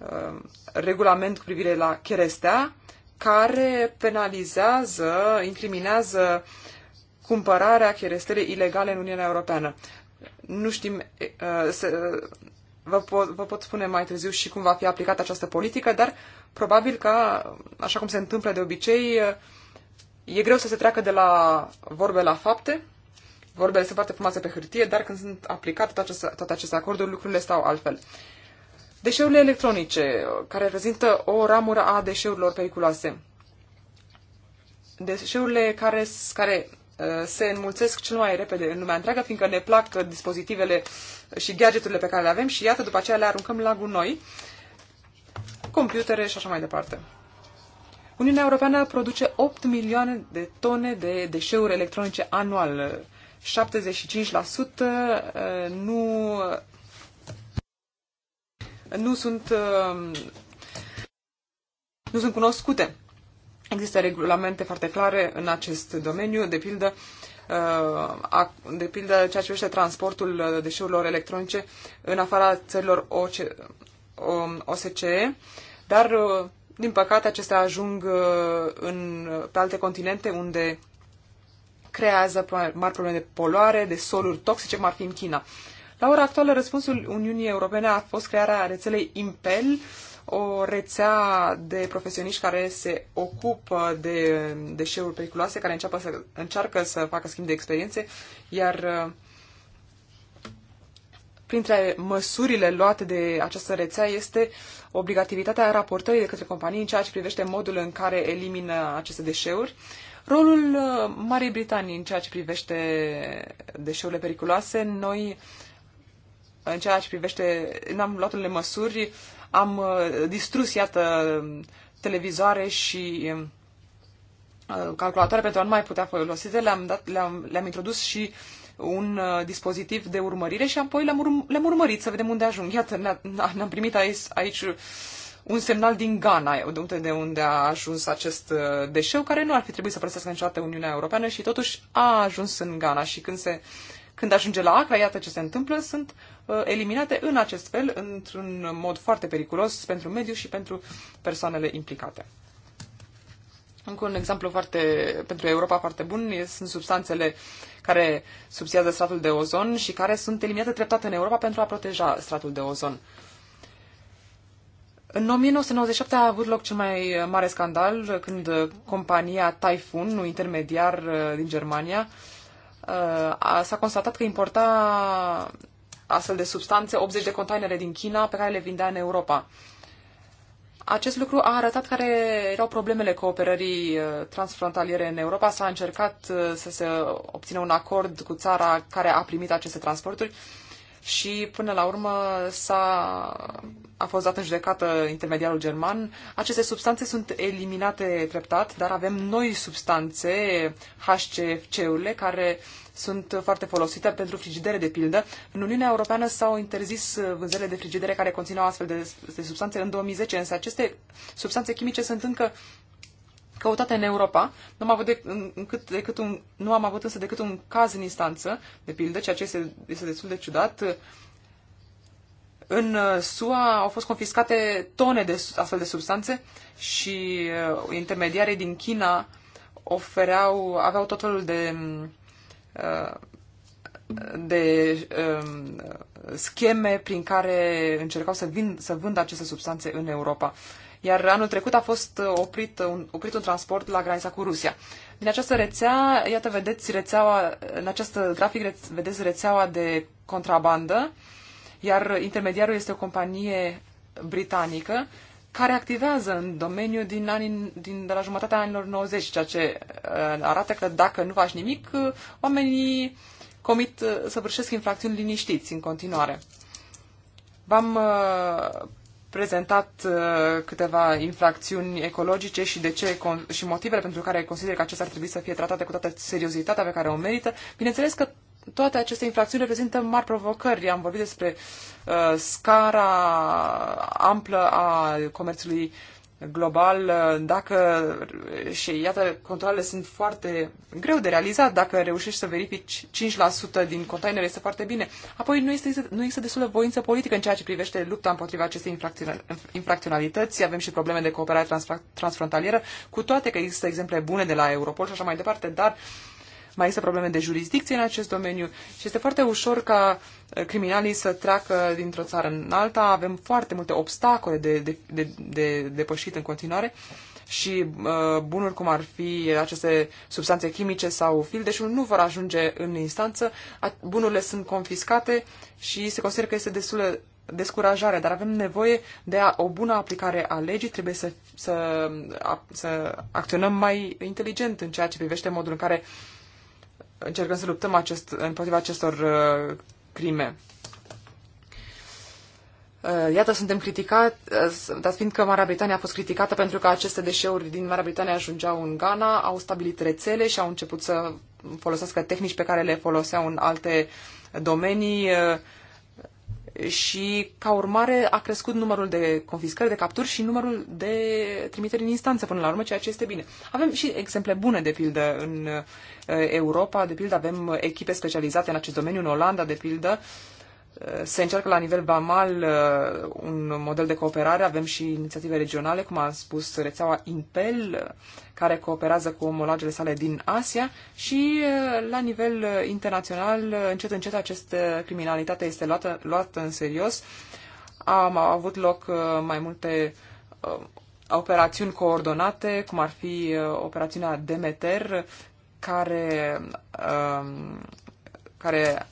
Um, regulament cu privire la cherestea, care penalizează, incriminează cumpărarea cherestelei ilegale în Uniunea Europeană. Nu știm, uh, se, vă, pot, vă pot spune mai târziu și cum va fi aplicată această politică, dar probabil că, așa cum se întâmplă de obicei, e greu să se treacă de la vorbe la fapte. Vorbele sunt foarte frumoase pe hârtie, dar când sunt aplicate toate aceste, toate aceste acorduri, lucrurile stau altfel. Deșeurile electronice, care reprezintă o ramură a deșeurilor periculoase. Deșeurile care, care uh, se înmulțesc cel mai repede în lumea întreagă, fiindcă ne plac dispozitivele și gadgeturile pe care le avem și iată, după aceea le aruncăm la gunoi, computere și așa mai departe. Uniunea Europeană produce 8 milioane de tone de deșeuri electronice anual. 75% uh, nu nu sunt, um, nu sunt cunoscute. Există regulamente foarte clare în acest domeniu, de pildă, uh, de pildă ceea ce privește transportul uh, deșeurilor electronice în afara țărilor OSCE, um, dar uh, din păcate acestea ajung în, pe alte continente unde creează mari probleme de poluare, de soluri toxice, cum ar fi în China. La ora actuală, răspunsul Uniunii Europene a fost crearea rețelei Impel, o rețea de profesioniști care se ocupă de deșeuri periculoase, care înceapă să, încearcă să facă schimb de experiențe, iar uh, printre măsurile luate de această rețea este obligativitatea raportării de către companii în ceea ce privește modul în care elimină aceste deșeuri, rolul uh, Marii Britanii în ceea ce privește deșeurile periculoase, noi în ceea ce privește, n-am luat unele măsuri, am uh, distrus, iată, televizoare și uh, calculatoare pentru a nu mai putea folosi, le-am, dat, le-am, le-am introdus și un uh, dispozitiv de urmărire și apoi le-am, urm- le-am urmărit să vedem unde ajung. Iată, ne-am primit aici, aici un semnal din Ghana, de unde, de unde a ajuns acest deșeu, care nu ar fi trebuit să părăsească niciodată Uniunea Europeană și totuși a ajuns în Ghana. Și când se uh, când ajunge la Acra, iată ce se întâmplă, sunt uh, eliminate în acest fel, într-un mod foarte periculos pentru mediu și pentru persoanele implicate. Încă un exemplu foarte, pentru Europa foarte bun sunt substanțele care subțiază stratul de ozon și care sunt eliminate treptat în Europa pentru a proteja stratul de ozon. În 1997 a avut loc cel mai mare scandal când compania Typhoon, un intermediar uh, din Germania, s-a constatat că importa astfel de substanțe 80 de containere din China pe care le vindea în Europa. Acest lucru a arătat care erau problemele cooperării uh, transfrontaliere în Europa. S-a încercat uh, să se obțină un acord cu țara care a primit aceste transporturi și până la urmă s-a, a fost dat în judecată intermediarul german. Aceste substanțe sunt eliminate treptat, dar avem noi substanțe, HCFC-urile, care sunt foarte folosite pentru frigidere, de pildă. În Uniunea Europeană s-au interzis vânzările de frigidere care conțineau astfel de, de substanțe în 2010, însă aceste substanțe chimice sunt încă căutate în Europa. Nu am avut, de, încât, decât un, nu am avut însă decât un caz în instanță, de pildă, ceea ce este, este destul de ciudat. În uh, SUA au fost confiscate tone de astfel de substanțe și uh, intermediarii din China ofereau, aveau tot felul de mm, uh, de um, scheme prin care încercau să, vin, să vândă aceste substanțe în Europa iar anul trecut a fost oprit un, oprit un transport la granița cu Rusia. Din această rețea, iată, vedeți rețeaua, în acest grafic vedeți rețeaua de contrabandă, iar intermediarul este o companie britanică care activează în domeniu din anii, din, de la jumătatea anilor 90, ceea ce uh, arată că dacă nu faci nimic, uh, oamenii comit, uh, săvârșesc infracțiuni liniștiți în continuare. V-am prezentat uh, câteva infracțiuni ecologice și de ce și motivele pentru care consider că acestea ar trebui să fie tratate cu toată seriozitatea pe care o merită. Bineînțeles că toate aceste infracțiuni reprezintă mari provocări. Am vorbit despre uh, scara amplă a comerțului uh, global, uh, dacă, și iată, controlele sunt foarte greu de realizat, dacă reușești să verifici 5% din containere este foarte bine. Apoi nu există, nu există destulă de voință politică în ceea ce privește lupta împotriva acestei infracționalități, avem și probleme de cooperare transfrontalieră, cu toate că există exemple bune de la Europol și așa mai departe, dar uh, mai există probleme de jurisdicție în acest domeniu și este foarte ușor ca uh, criminalii să treacă dintr-o țară în alta. Avem foarte multe obstacole de, de, de, de depășit în continuare și uh, bunuri cum ar fi aceste substanțe chimice sau fildeșul deci nu vor ajunge în instanță. Bunurile sunt confiscate și se consideră că este destul de descurajare, dar avem nevoie de a, o bună aplicare a legii, trebuie să, să, a, să acționăm mai inteligent în ceea ce privește modul în care încercăm să luptăm acest, împotriva acestor uh, crime. Uh, iată, suntem criticați, uh, dar fiindcă Marea Britanie a fost criticată pentru că aceste deșeuri din Marea Britanie ajungeau în Ghana, au stabilit rețele și au început să folosească tehnici pe care le foloseau în alte domenii. Uh, și, ca urmare, a crescut numărul de confiscări, de capturi și numărul de trimiteri în instanță până la urmă, ceea ce este bine. Avem și exemple bune, de pildă, în uh, Europa. De pildă, avem echipe specializate în acest domeniu, în Olanda, de pildă, uh, se încearcă la nivel vamal uh, un model de cooperare. Avem și inițiative regionale, cum a spus, rețeaua Impel, uh, care cooperează cu omologele sale din Asia și uh, la nivel internațional, încet, încet, această criminalitate este luată, luată în serios. Am, avut loc mai multe operațiuni coordonate, cum ar fi operațiunea Demeter, care, care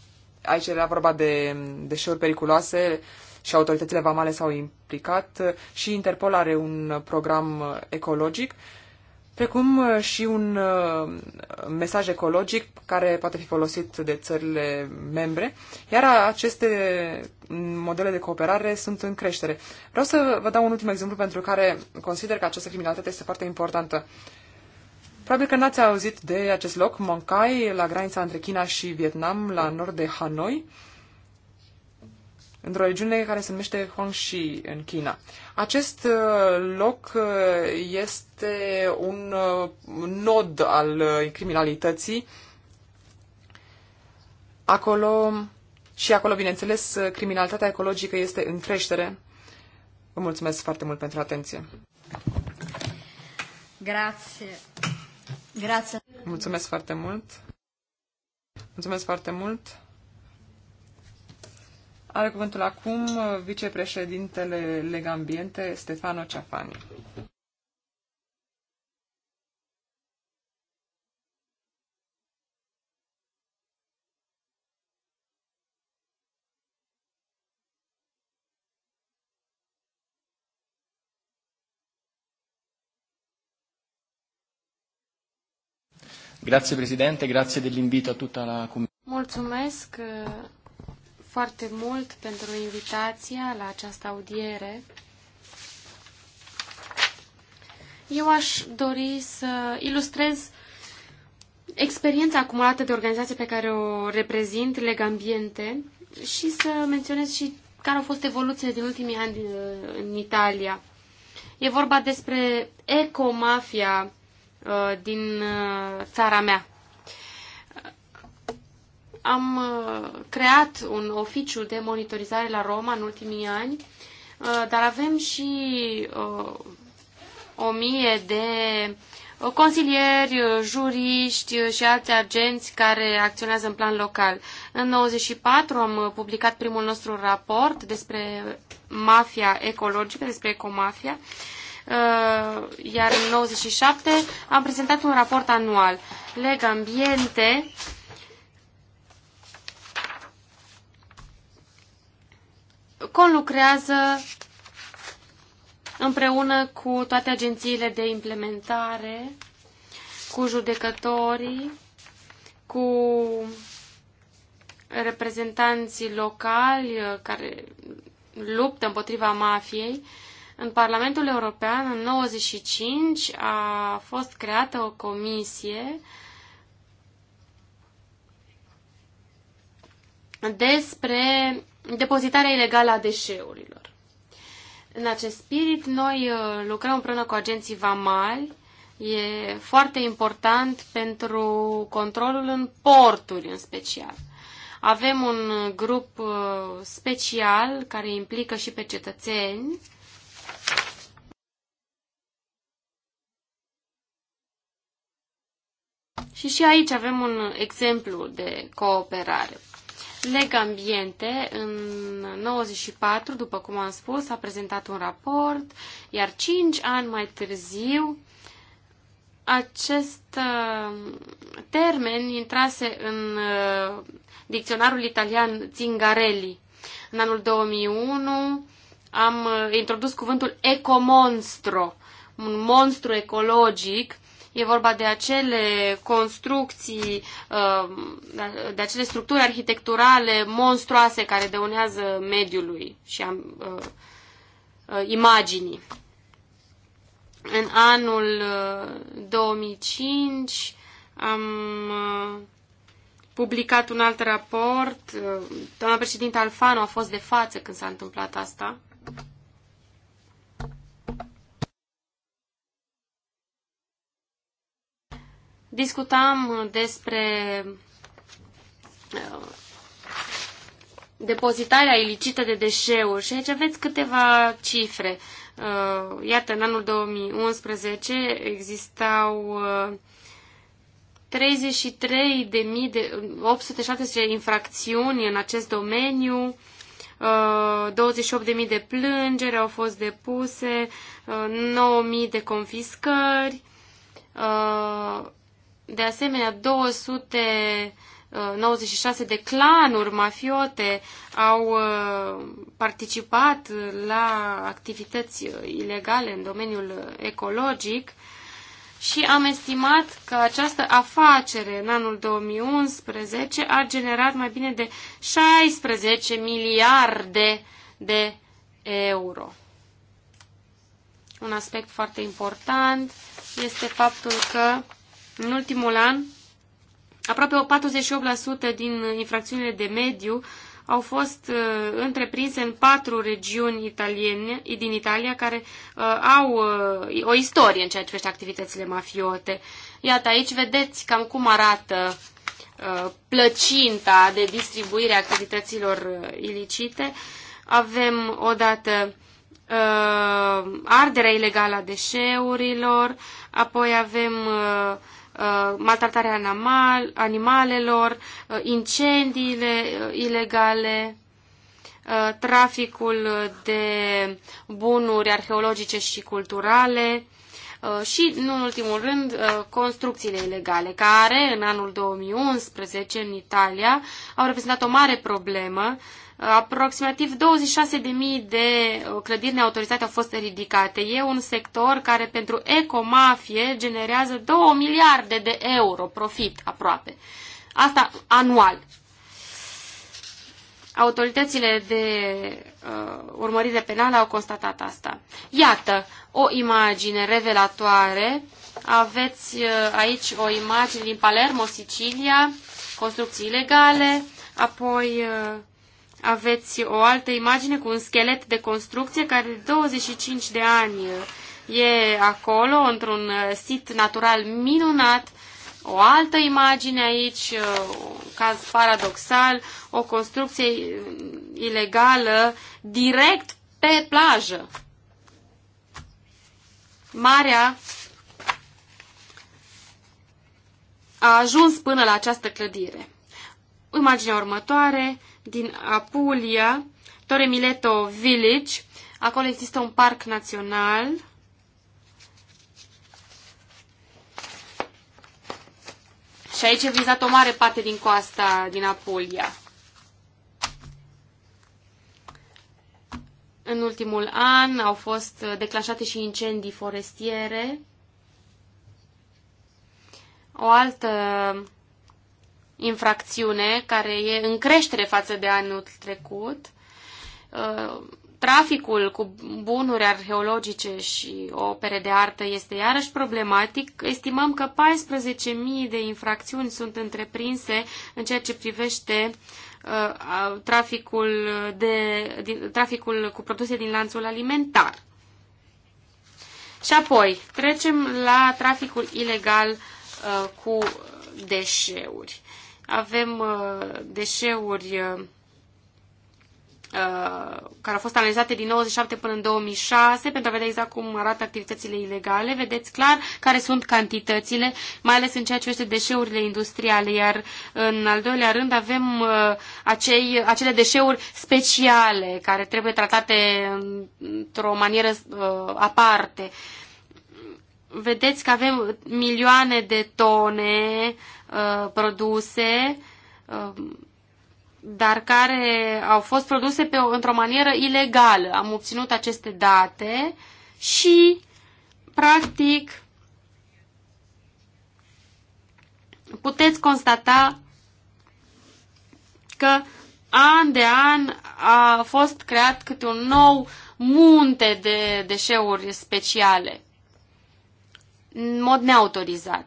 aici era vorba de deșeuri periculoase și autoritățile vamale s-au implicat și Interpol are un program ecologic, precum și un uh, mesaj ecologic care poate fi folosit de țările membre, iar aceste modele de cooperare sunt în creștere. Vreau să vă dau un ultim exemplu pentru care consider că această criminalitate este foarte importantă. Uh, Probabil că n-ați auzit de acest loc, Moncai, la granița între China și Vietnam, la nord de Hanoi, într-o regiune care se numește Huangshi, în China. Acest uh, loc uh, este un uh, nod al criminalității. Acolo și acolo, bineînțeles, criminalitatea ecologică este în creștere. Vă mulțumesc foarte mult pentru atenție. Grazie. Mulțumesc foarte mult. Mulțumesc foarte mult. Are cuvântul acum vicepreședintele Legambiente, Stefano Ciafani. Grazie Presidente, grazie dell'invito a tutta la Mulțumesc uh, foarte mult pentru invitația la această audiere. Eu aș dori să ilustrez experiența acumulată de organizație pe care o reprezint, Legambiente, și să menționez și care au fost evoluțiile din ultimii ani uh, în Italia. E vorba despre ecomafia Uh, din uh, țara mea. Am uh, creat un oficiu de monitorizare la Roma în ultimii ani, dar avem și o mie de consilieri, juriști și alți agenți care acționează în plan local. În 94 am publicat primul nostru raport despre mafia ecologică, despre ecomafia, Uh, iar în 97 am prezentat un raport anual. Leg Ambiente conlucrează împreună cu toate agențiile de implementare, cu judecătorii, cu reprezentanții locali uh, care luptă împotriva mafiei în Parlamentul European, în 95, a fost creată o comisie despre depozitarea ilegală a deșeurilor. În acest spirit, noi uh, lucrăm împreună cu agenții vamali. E foarte important pentru controlul în porturi, în special. Avem un grup uh, special care implică și pe cetățeni Și și aici avem un exemplu de cooperare. Lega Ambiente, în 94, după cum am spus, a prezentat un raport, iar 5 ani mai târziu, acest uh, termen intrase în uh, dicționarul italian Zingarelli. În anul 2001 am uh, introdus cuvântul ecomonstro, un monstru ecologic E vorba de acele construcții, uh, de acele structuri arhitecturale monstruoase care dăunează mediului și uh, uh, imaginii. În anul 2005 am publicat un alt raport. Doamna președinte Alfano a fost de față când s-a întâmplat asta. discutam despre uh, depozitarea ilicită de deșeuri și aici aveți câteva cifre. Uh, iată, în anul 2011 existau 33.870 uh, de, 870 infracțiuni în acest domeniu, 28.000 de plângeri au fost depuse, 9.000 de confiscări, de asemenea 296 uh, de clanuri mafiote au uh, participat la activități uh, ilegale în domeniul ecologic și am estimat că această afacere în anul 2011 a generat mai bine de 16 miliarde de euro. Un aspect foarte important este faptul că în ultimul an, aproape 48% din infracțiunile de mediu au fost uh, întreprinse în patru regiuni italiene, din Italia care uh, au uh, o istorie în ceea ce privește activitățile mafiote. Iată, aici vedeți cam cum arată uh, plăcinta de distribuire a activităților uh, ilicite. Avem odată uh, arderea ilegală a deșeurilor, apoi avem uh, Uh, maltratarea animal, animalelor, uh, incendiile uh, ilegale, traficul de bunuri arheologice și culturale și, nu în ultimul rând, construcțiile ilegale, care în anul 2011 în Italia au reprezentat o mare problemă Aproximativ 26.000 de uh, clădiri neautorizate au fost ridicate. E un sector care pentru ecomafie generează 2 miliarde de euro profit aproape. Asta anual. Autoritățile de uh, urmărire penală au constatat asta. Iată o imagine revelatoare. Aveți uh, aici o imagine din Palermo, Sicilia, construcții ilegale, apoi... Uh, aveți o altă imagine cu un schelet de construcție care de 25 de ani e acolo, într-un uh, sit natural minunat. O altă imagine aici, uh, un caz paradoxal, o construcție uh, ilegală direct pe plajă. Marea a ajuns până la această clădire. Imaginea următoare din Apulia, Torre Mileto Village. Acolo există un parc național. Și aici e vizat o mare parte din coasta din Apulia. În ultimul an au fost declanșate și incendii forestiere. O altă infracțiune care e în creștere față de anul trecut. Uh, traficul cu bunuri arheologice și opere de artă este iarăși problematic. Estimăm că 14.000 de infracțiuni sunt întreprinse în ceea ce privește uh, traficul, de, traficul cu produse din lanțul alimentar. Și apoi trecem la traficul ilegal uh, cu deșeuri. Avem uh, deșeuri uh, uh, care au fost analizate din 97 până în 2006 pentru a vedea exact cum arată activitățile ilegale. Vedeți clar care sunt cantitățile, mai ales în ceea ce este deșeurile industriale, iar în al doilea rând avem acei, acele deșeuri speciale care trebuie tratate într-o manieră aparte vedeți că avem milioane de tone uh, produse, uh, dar care au fost produse pe, într-o manieră ilegală. Am obținut aceste date și, practic, puteți constata că an de an a fost creat câte un nou munte de deșeuri speciale în mod neautorizat.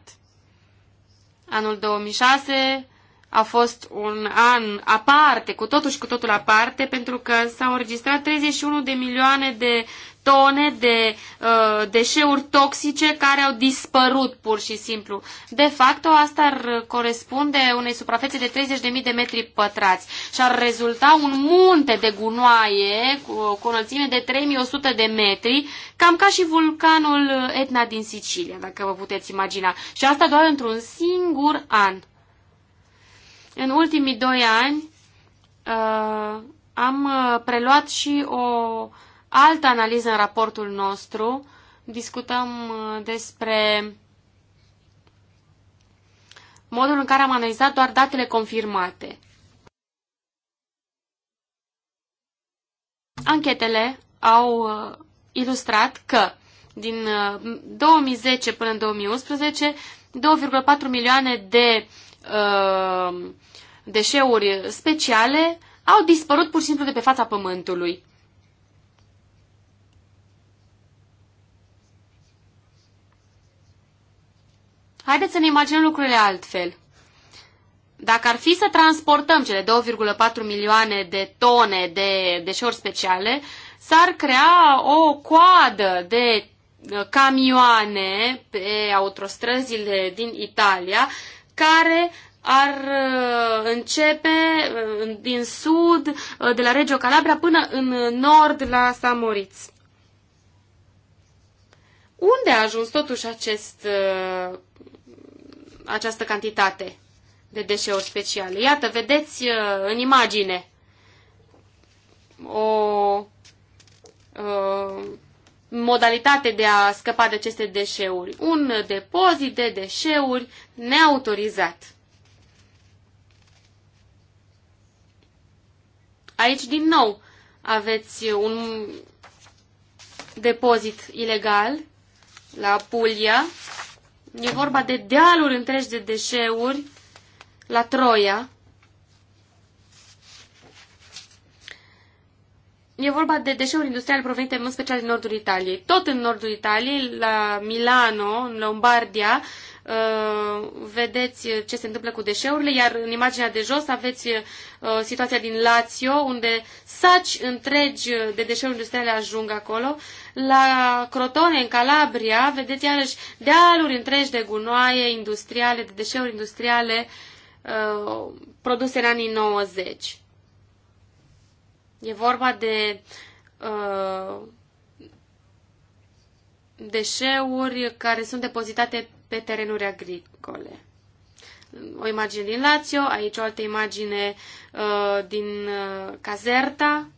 Anul 2006 a fost un an aparte, cu totul și cu totul aparte, pentru că s-au înregistrat 31 de milioane de tone de uh, deșeuri toxice care au dispărut pur și simplu. De fapt, asta ar corespunde unei suprafețe de 30.000 de metri pătrați și ar rezulta un munte de gunoaie cu o înălțime de 3.100 de metri, cam ca și vulcanul Etna din Sicilia, dacă vă puteți imagina. Și asta doar într-un singur an. În ultimii doi ani uh, am uh, preluat și o altă analiză în raportul nostru. Discutăm uh, despre modul în care am analizat doar datele confirmate. Anchetele au uh, ilustrat că din 2010 uh, până în 2011, 2,4 milioane de uh, deșeuri speciale au dispărut pur și simplu de pe fața pământului. Haideți să ne imaginăm lucrurile altfel. Dacă ar fi să transportăm cele 2,4 milioane de tone de deșeuri speciale, s-ar crea o coadă de uh, camioane pe autostrăzile din Italia care ar uh, începe uh, din sud, de la Regio Calabria, până în nord, la Samoritz. Unde a ajuns totuși acest această cantitate de deșeuri speciale. Iată, vedeți uh, în imagine o uh, modalitate de a scăpa de aceste deșeuri. Un depozit de deșeuri neautorizat. Aici, din nou, aveți un depozit ilegal la Puglia, E vorba de dealuri întregi de deșeuri la Troia. E vorba de deșeuri industriale provenite în special din nordul Italiei. Tot în nordul Italiei, la Milano, în Lombardia, Uh, vedeți ce se întâmplă cu deșeurile, iar în imaginea de jos aveți uh, situația din Lazio, unde saci întregi de deșeuri industriale ajung acolo. La Crotone, în Calabria, vedeți iarăși dealuri întregi de gunoaie industriale, de deșeuri industriale uh, produse în anii 90. E vorba de deșeuri care sunt depozitate pe terenuri agricole. O imagine din Lazio, aici o altă imagine uh, din uh, Caserta.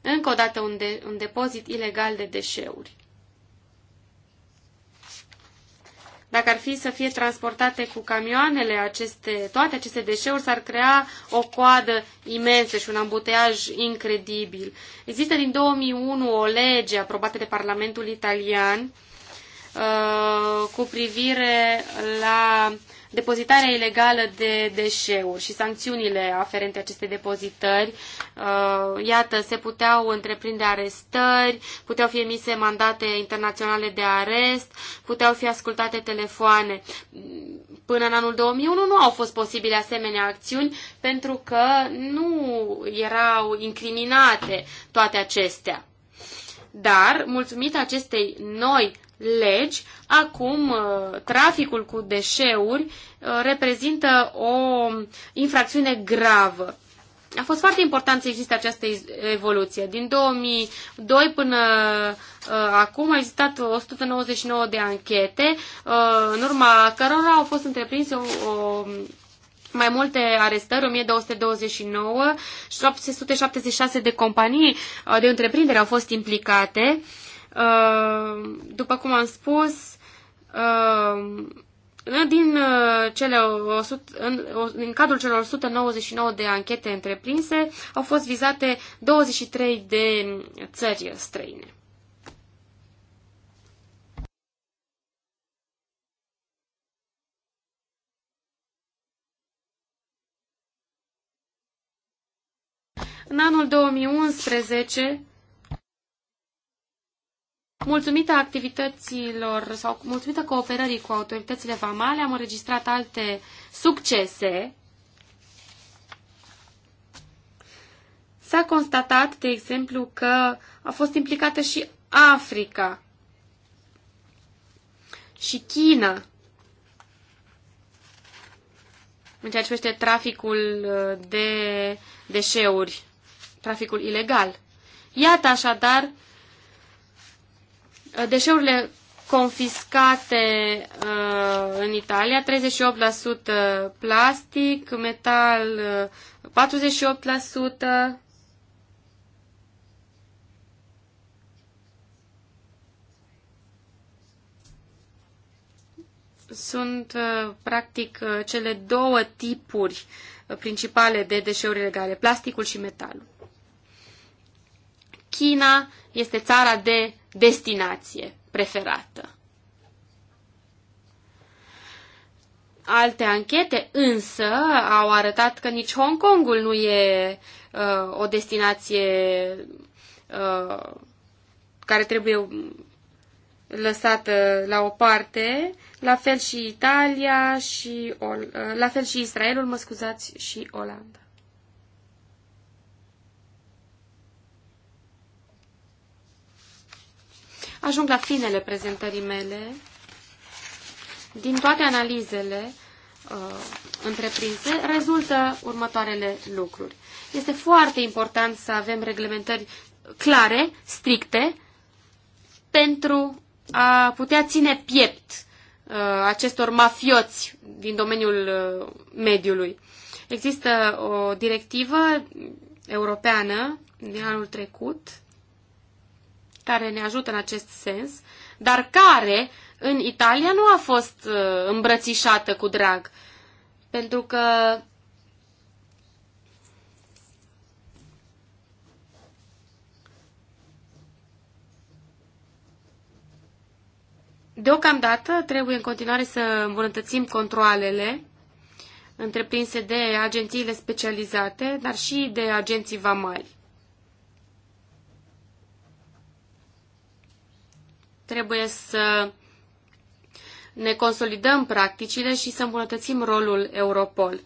Încă o dată un, de, un depozit ilegal de deșeuri. Dacă ar fi să fie transportate cu camioanele aceste, toate aceste deșeuri, s-ar crea o coadă imensă și un ambuteaj incredibil. Există din 2001 o lege aprobată de Parlamentul Italian Uh, cu privire la depozitarea ilegală de deșeuri și sancțiunile aferente acestei depozitări. Uh, iată, se puteau întreprinde arestări, puteau fi emise mandate internaționale de arest, puteau fi ascultate telefoane. Până în anul 2001 nu au fost posibile asemenea acțiuni pentru că nu erau incriminate toate acestea. Dar, mulțumită acestei noi legi, acum uh, traficul cu deșeuri uh, reprezintă o infracțiune gravă. A fost foarte important să existe această evoluție. Din 2002 până uh, acum au existat 199 de anchete, uh, în urma cărora au fost întreprinse o, o mai multe arestări, 1229 și 776 de companii de întreprindere au fost implicate. Uh, Uh, după cum am spus, uh, din, uh, cele 100, în, în cadrul celor 199 de anchete întreprinse au fost vizate 23 de țări străine. În anul 2011, Mulțumită activităților sau mulțumită cooperării cu autoritățile vamale am înregistrat alte succese. S-a constatat, de exemplu, că a fost implicată și Africa și China în ceea ce privește traficul uh, de deșeuri, traficul ilegal. Iată așadar Uh, deșeurile confiscate uh, în Italia, 38% plastic, metal uh, 48%, Sunt, uh, practic, uh, cele două tipuri principale de deșeuri legale, plasticul și metalul. China este țara de destinație preferată. Alte anchete însă au arătat că nici Hong Kongul nu e uh, o destinație uh, care trebuie lăsată la o parte, la fel și Italia și uh, la fel și Israelul, mă scuzați, și Olanda. Ajung la finele prezentării mele. Din toate analizele uh, întreprinse rezultă următoarele lucruri. Este foarte important să avem reglementări clare, stricte, pentru a putea ține piept uh, acestor mafioți din domeniul uh, mediului. Există o directivă europeană din anul trecut care ne ajută în acest sens, dar care în Italia nu a fost uh, îmbrățișată cu drag. Pentru că Deocamdată trebuie în continuare să îmbunătățim controalele întreprinse de agențiile specializate, dar și de agenții vamali. Trebuie să ne consolidăm practicile și să îmbunătățim rolul Europol.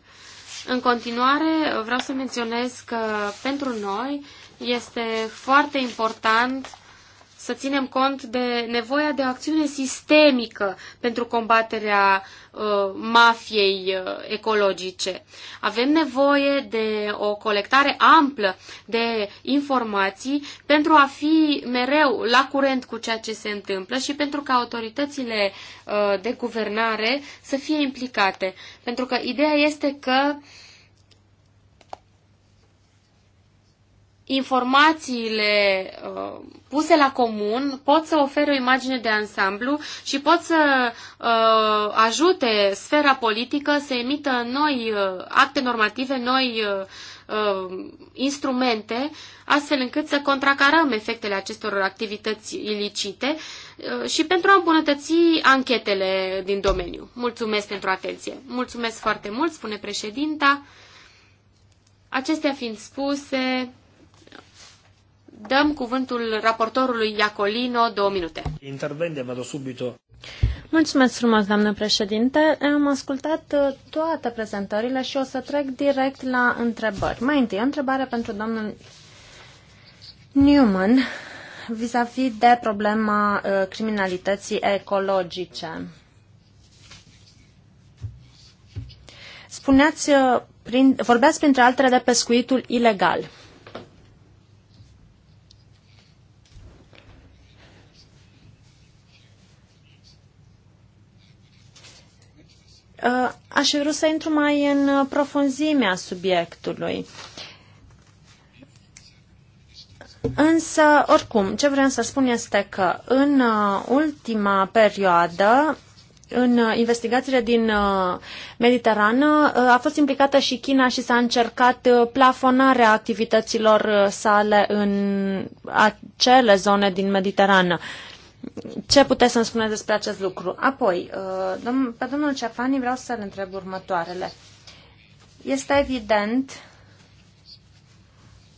În continuare, vreau să menționez că pentru noi este foarte important să ținem cont de nevoia de o acțiune sistemică pentru combaterea uh, mafiei uh, ecologice. Avem nevoie de o colectare amplă de informații pentru a fi mereu la curent cu ceea ce se întâmplă și pentru ca autoritățile uh, de guvernare să fie implicate. Pentru că ideea este că uh, informațiile uh, puse la comun pot să ofere o imagine de ansamblu și pot să uh, ajute sfera politică să emită noi uh, acte normative, noi uh, uh, instrumente, astfel încât să contracarăm efectele acestor activități ilicite uh, și pentru a îmbunătăți anchetele din domeniu. Mulțumesc pentru atenție. Mulțumesc foarte mult, spune președinta. Acestea fiind spuse, Dăm cuvântul raportorului Iacolino, două minute. Intervende, vă subito. Mulțumesc frumos, doamnă președinte. Am ascultat uh, toate prezentările și o să trec direct la întrebări. Mai întâi, o întrebare pentru domnul Newman vis-a-vis -vis de problema uh, criminalității ecologice. Spuneați, uh, prin, vorbeați printre altele de pescuitul ilegal. Uh, aș vrea să intru mai în uh, profunzimea subiectului. Însă, oricum, ce vreau să spun este că în uh, ultima perioadă, în investigațiile din Mediterană a fost implicată și China și s-a încercat plafonarea activităților sale în acele zone din Mediterană. Ce puteți să-mi spuneți despre acest lucru? Apoi, uh, pe domnul Cefani vreau să-l întreb următoarele. Este evident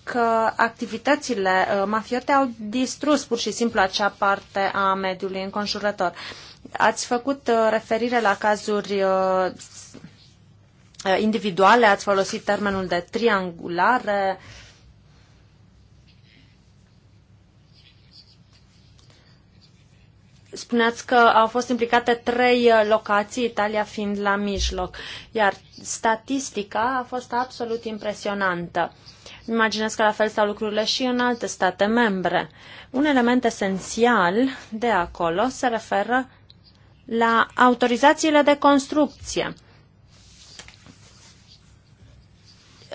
că activitățile uh, mafiote au distrus pur și simplu acea parte a mediului înconjurător. Ați făcut uh, referire la cazuri individuale, ați folosit termenul de triangulare, Spuneați că au fost implicate trei uh, locații, Italia fiind la mijloc, iar statistica a fost absolut impresionantă. Imaginez că la fel stau lucrurile și în alte state membre. Un element esențial de acolo se referă la autorizațiile de construcție.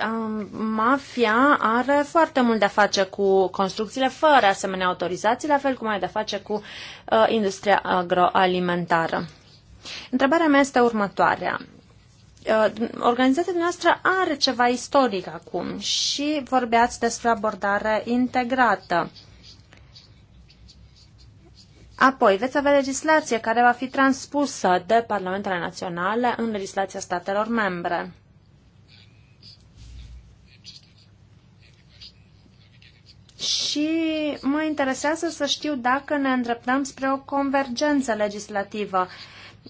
Um, mafia are foarte mult de-a face cu construcțiile fără asemenea autorizații, la fel cum are de-a face cu uh, industria agroalimentară. Întrebarea mea este următoarea. Uh, organizația noastră are ceva istoric acum și vorbeați despre abordare integrată. Apoi, veți avea legislație care va fi transpusă de Parlamentele Naționale în legislația statelor membre. și mă interesează să știu dacă ne îndreptăm spre o convergență legislativă,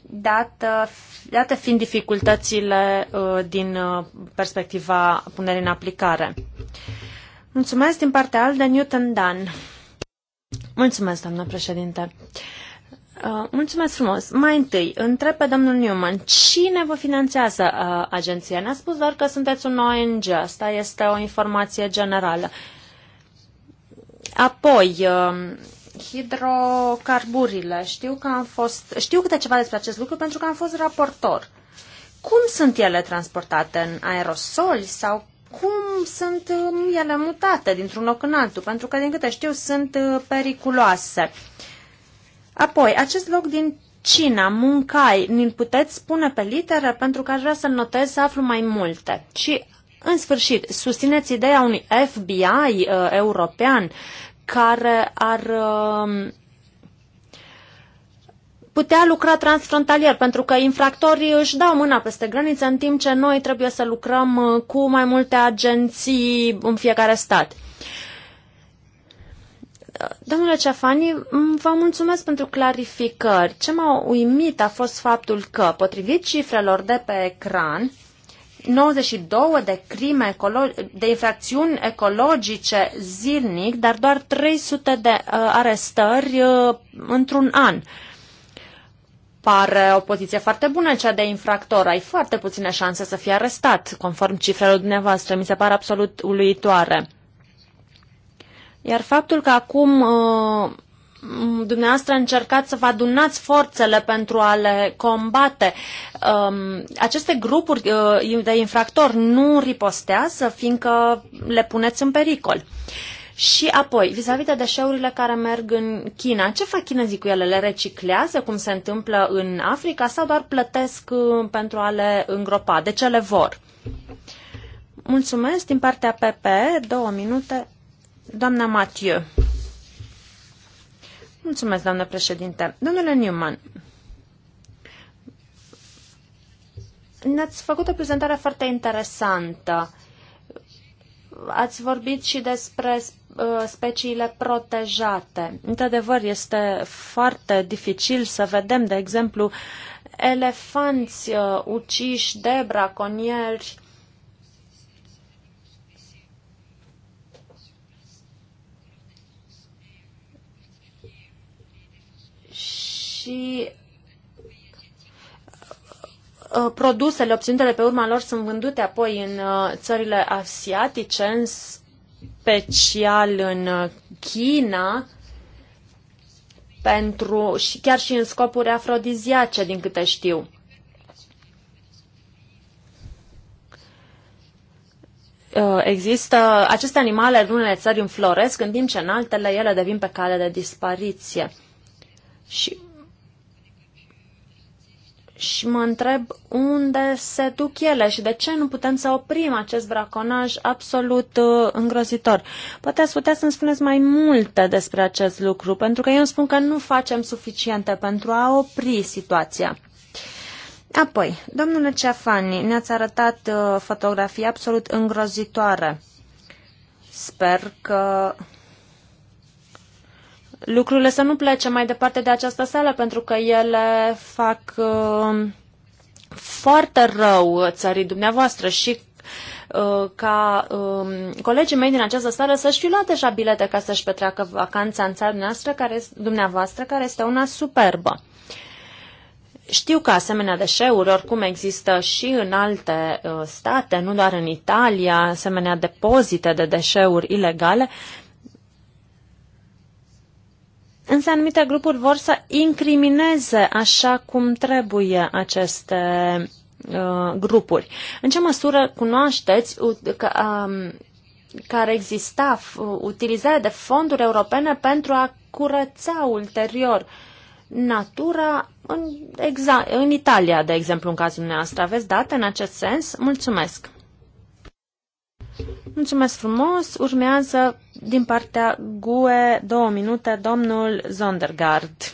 dată, dată fiind dificultățile uh, din uh, perspectiva punerii în aplicare. Mulțumesc din partea al de Newton Dan. Mulțumesc, doamnă președinte. Uh, mulțumesc frumos. Mai întâi, întreb pe domnul Newman, cine vă finanțează uh, agenția? Ne-a spus doar că sunteți un ONG, asta este o informație generală. Uh, Apoi, um, hidrocarburile. Știu că am fost, știu câte ceva despre acest lucru pentru că am fost raportor. Cum sunt ele transportate în aerosoli sau cum sunt um, ele mutate dintr-un loc în altul? Pentru că, din câte știu, sunt uh, periculoase. Apoi, acest loc din Cina, Muncai, ni-l puteți spune pe literă pentru că aș vrea să-l notez să aflu mai multe. Și în sfârșit, susțineți ideea unui FBI uh, european care ar uh, putea lucra transfrontalier, pentru că infractorii își dau mâna peste graniță, în timp ce noi trebuie să lucrăm uh, cu mai multe agenții în fiecare stat. Domnule Ceafani, vă mulțumesc pentru clarificări. Ce m-a uimit a fost faptul că, potrivit cifrelor de pe ecran, 92 de crime de infracțiuni ecologice zilnic, dar doar 300 de uh, arestări uh, într-un an. Pare o poziție foarte bună cea de infractor. Ai foarte puține șanse să fii arestat, conform cifrelor dumneavoastră. Mi se pare absolut uluitoare. Iar faptul că acum uh, dumneavoastră încercați să vă adunați forțele pentru a le combate. Um, aceste grupuri uh, de infractori nu ripostează, fiindcă le puneți în pericol. Și apoi, vis-a-vis -vis de deșeurile care merg în China, ce fac chinezii cu ele? Le reciclează, cum se întâmplă în Africa, sau doar plătesc uh, pentru a le îngropa? De ce le vor? Mulțumesc din partea PP, două minute, doamna Mathieu. Mulțumesc, doamnă președinte. Domnule Newman, ne-ați făcut o prezentare foarte interesantă. Ați vorbit și despre uh, speciile protejate. Într-adevăr, este foarte dificil să vedem, de exemplu, elefanți uh, uciși de braconieri și ă, produsele obținute pe urma lor sunt vândute apoi în ă, țările asiatice, în special în ă, China, pentru, și chiar și în scopuri afrodiziace, din câte știu. Există aceste animale în unele țări înfloresc, în timp ce în altele ele devin pe cale de dispariție. Și și mă întreb unde se duc ele și de ce nu putem să oprim acest braconaj absolut uh, îngrozitor. Poate ați putea să-mi spuneți mai multe despre acest lucru, pentru că eu îmi spun că nu facem suficiente pentru a opri situația. Apoi, domnule Ceafani, ne-ați arătat uh, fotografii absolut îngrozitoare. Sper că lucrurile să nu plece mai departe de această sală, pentru că ele fac uh, foarte rău țării dumneavoastră și uh, ca um, colegii mei din această sală să-și fi luat deja bilete ca să-și petreacă vacanța în țara noastră, care, dumneavoastră, care este una superbă. Știu că asemenea deșeuri oricum există și în alte uh, state, nu doar în Italia, asemenea depozite de deșeuri ilegale, Însă anumite grupuri vor să incrimineze așa cum trebuie aceste uh, grupuri. În ce măsură cunoașteți că, um, care exista utilizarea de fonduri europene pentru a curăța ulterior natura în, exa- în Italia, de exemplu, în cazul dumneavoastră? Aveți date în acest sens? Mulțumesc! Mulțumesc frumos. Urmează din partea GUE două minute domnul Zondergaard.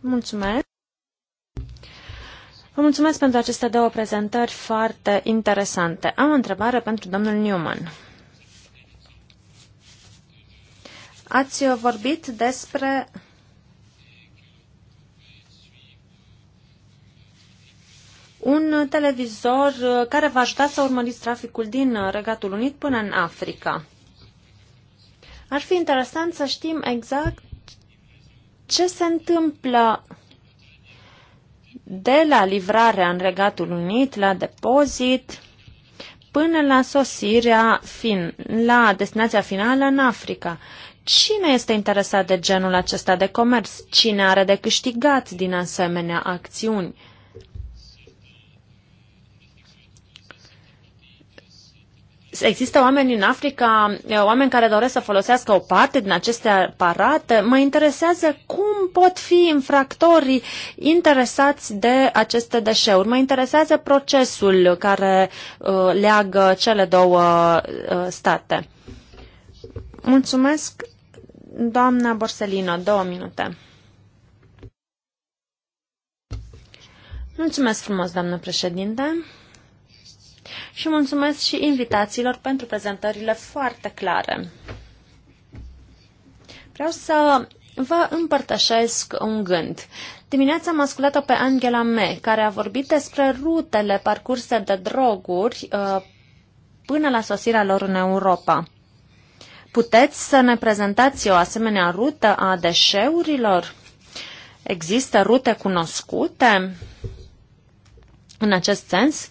Mulțumesc. Vă mulțumesc pentru aceste două prezentări foarte interesante. Am o întrebare pentru domnul Newman. Ați vorbit despre un televizor uh, care va ajuta să urmăriți traficul din uh, Regatul Unit până în Africa. Ar fi interesant să știm exact ce se întâmplă de la livrarea în Regatul Unit, la depozit, până la sosirea fin, la destinația finală în Africa. Cine este interesat de genul acesta de comerț? Cine are de câștigat din asemenea acțiuni? Există oameni în Africa, eh, oameni care doresc să folosească o parte din aceste aparate. Mă interesează cum pot fi infractorii interesați de aceste deșeuri. Mă interesează procesul care uh, leagă cele două uh, state. Mulțumesc, doamna Borsellino. Două minute. Mulțumesc frumos, doamnă președinte și mulțumesc și invitațiilor pentru prezentările foarte clare. Vreau să vă împărtășesc un gând. Dimineața am ascultat-o pe Angela Me, care a vorbit despre rutele parcurse de droguri uh, până la sosirea lor în Europa. Puteți să ne prezentați o asemenea rută a deșeurilor? Există rute cunoscute în acest sens?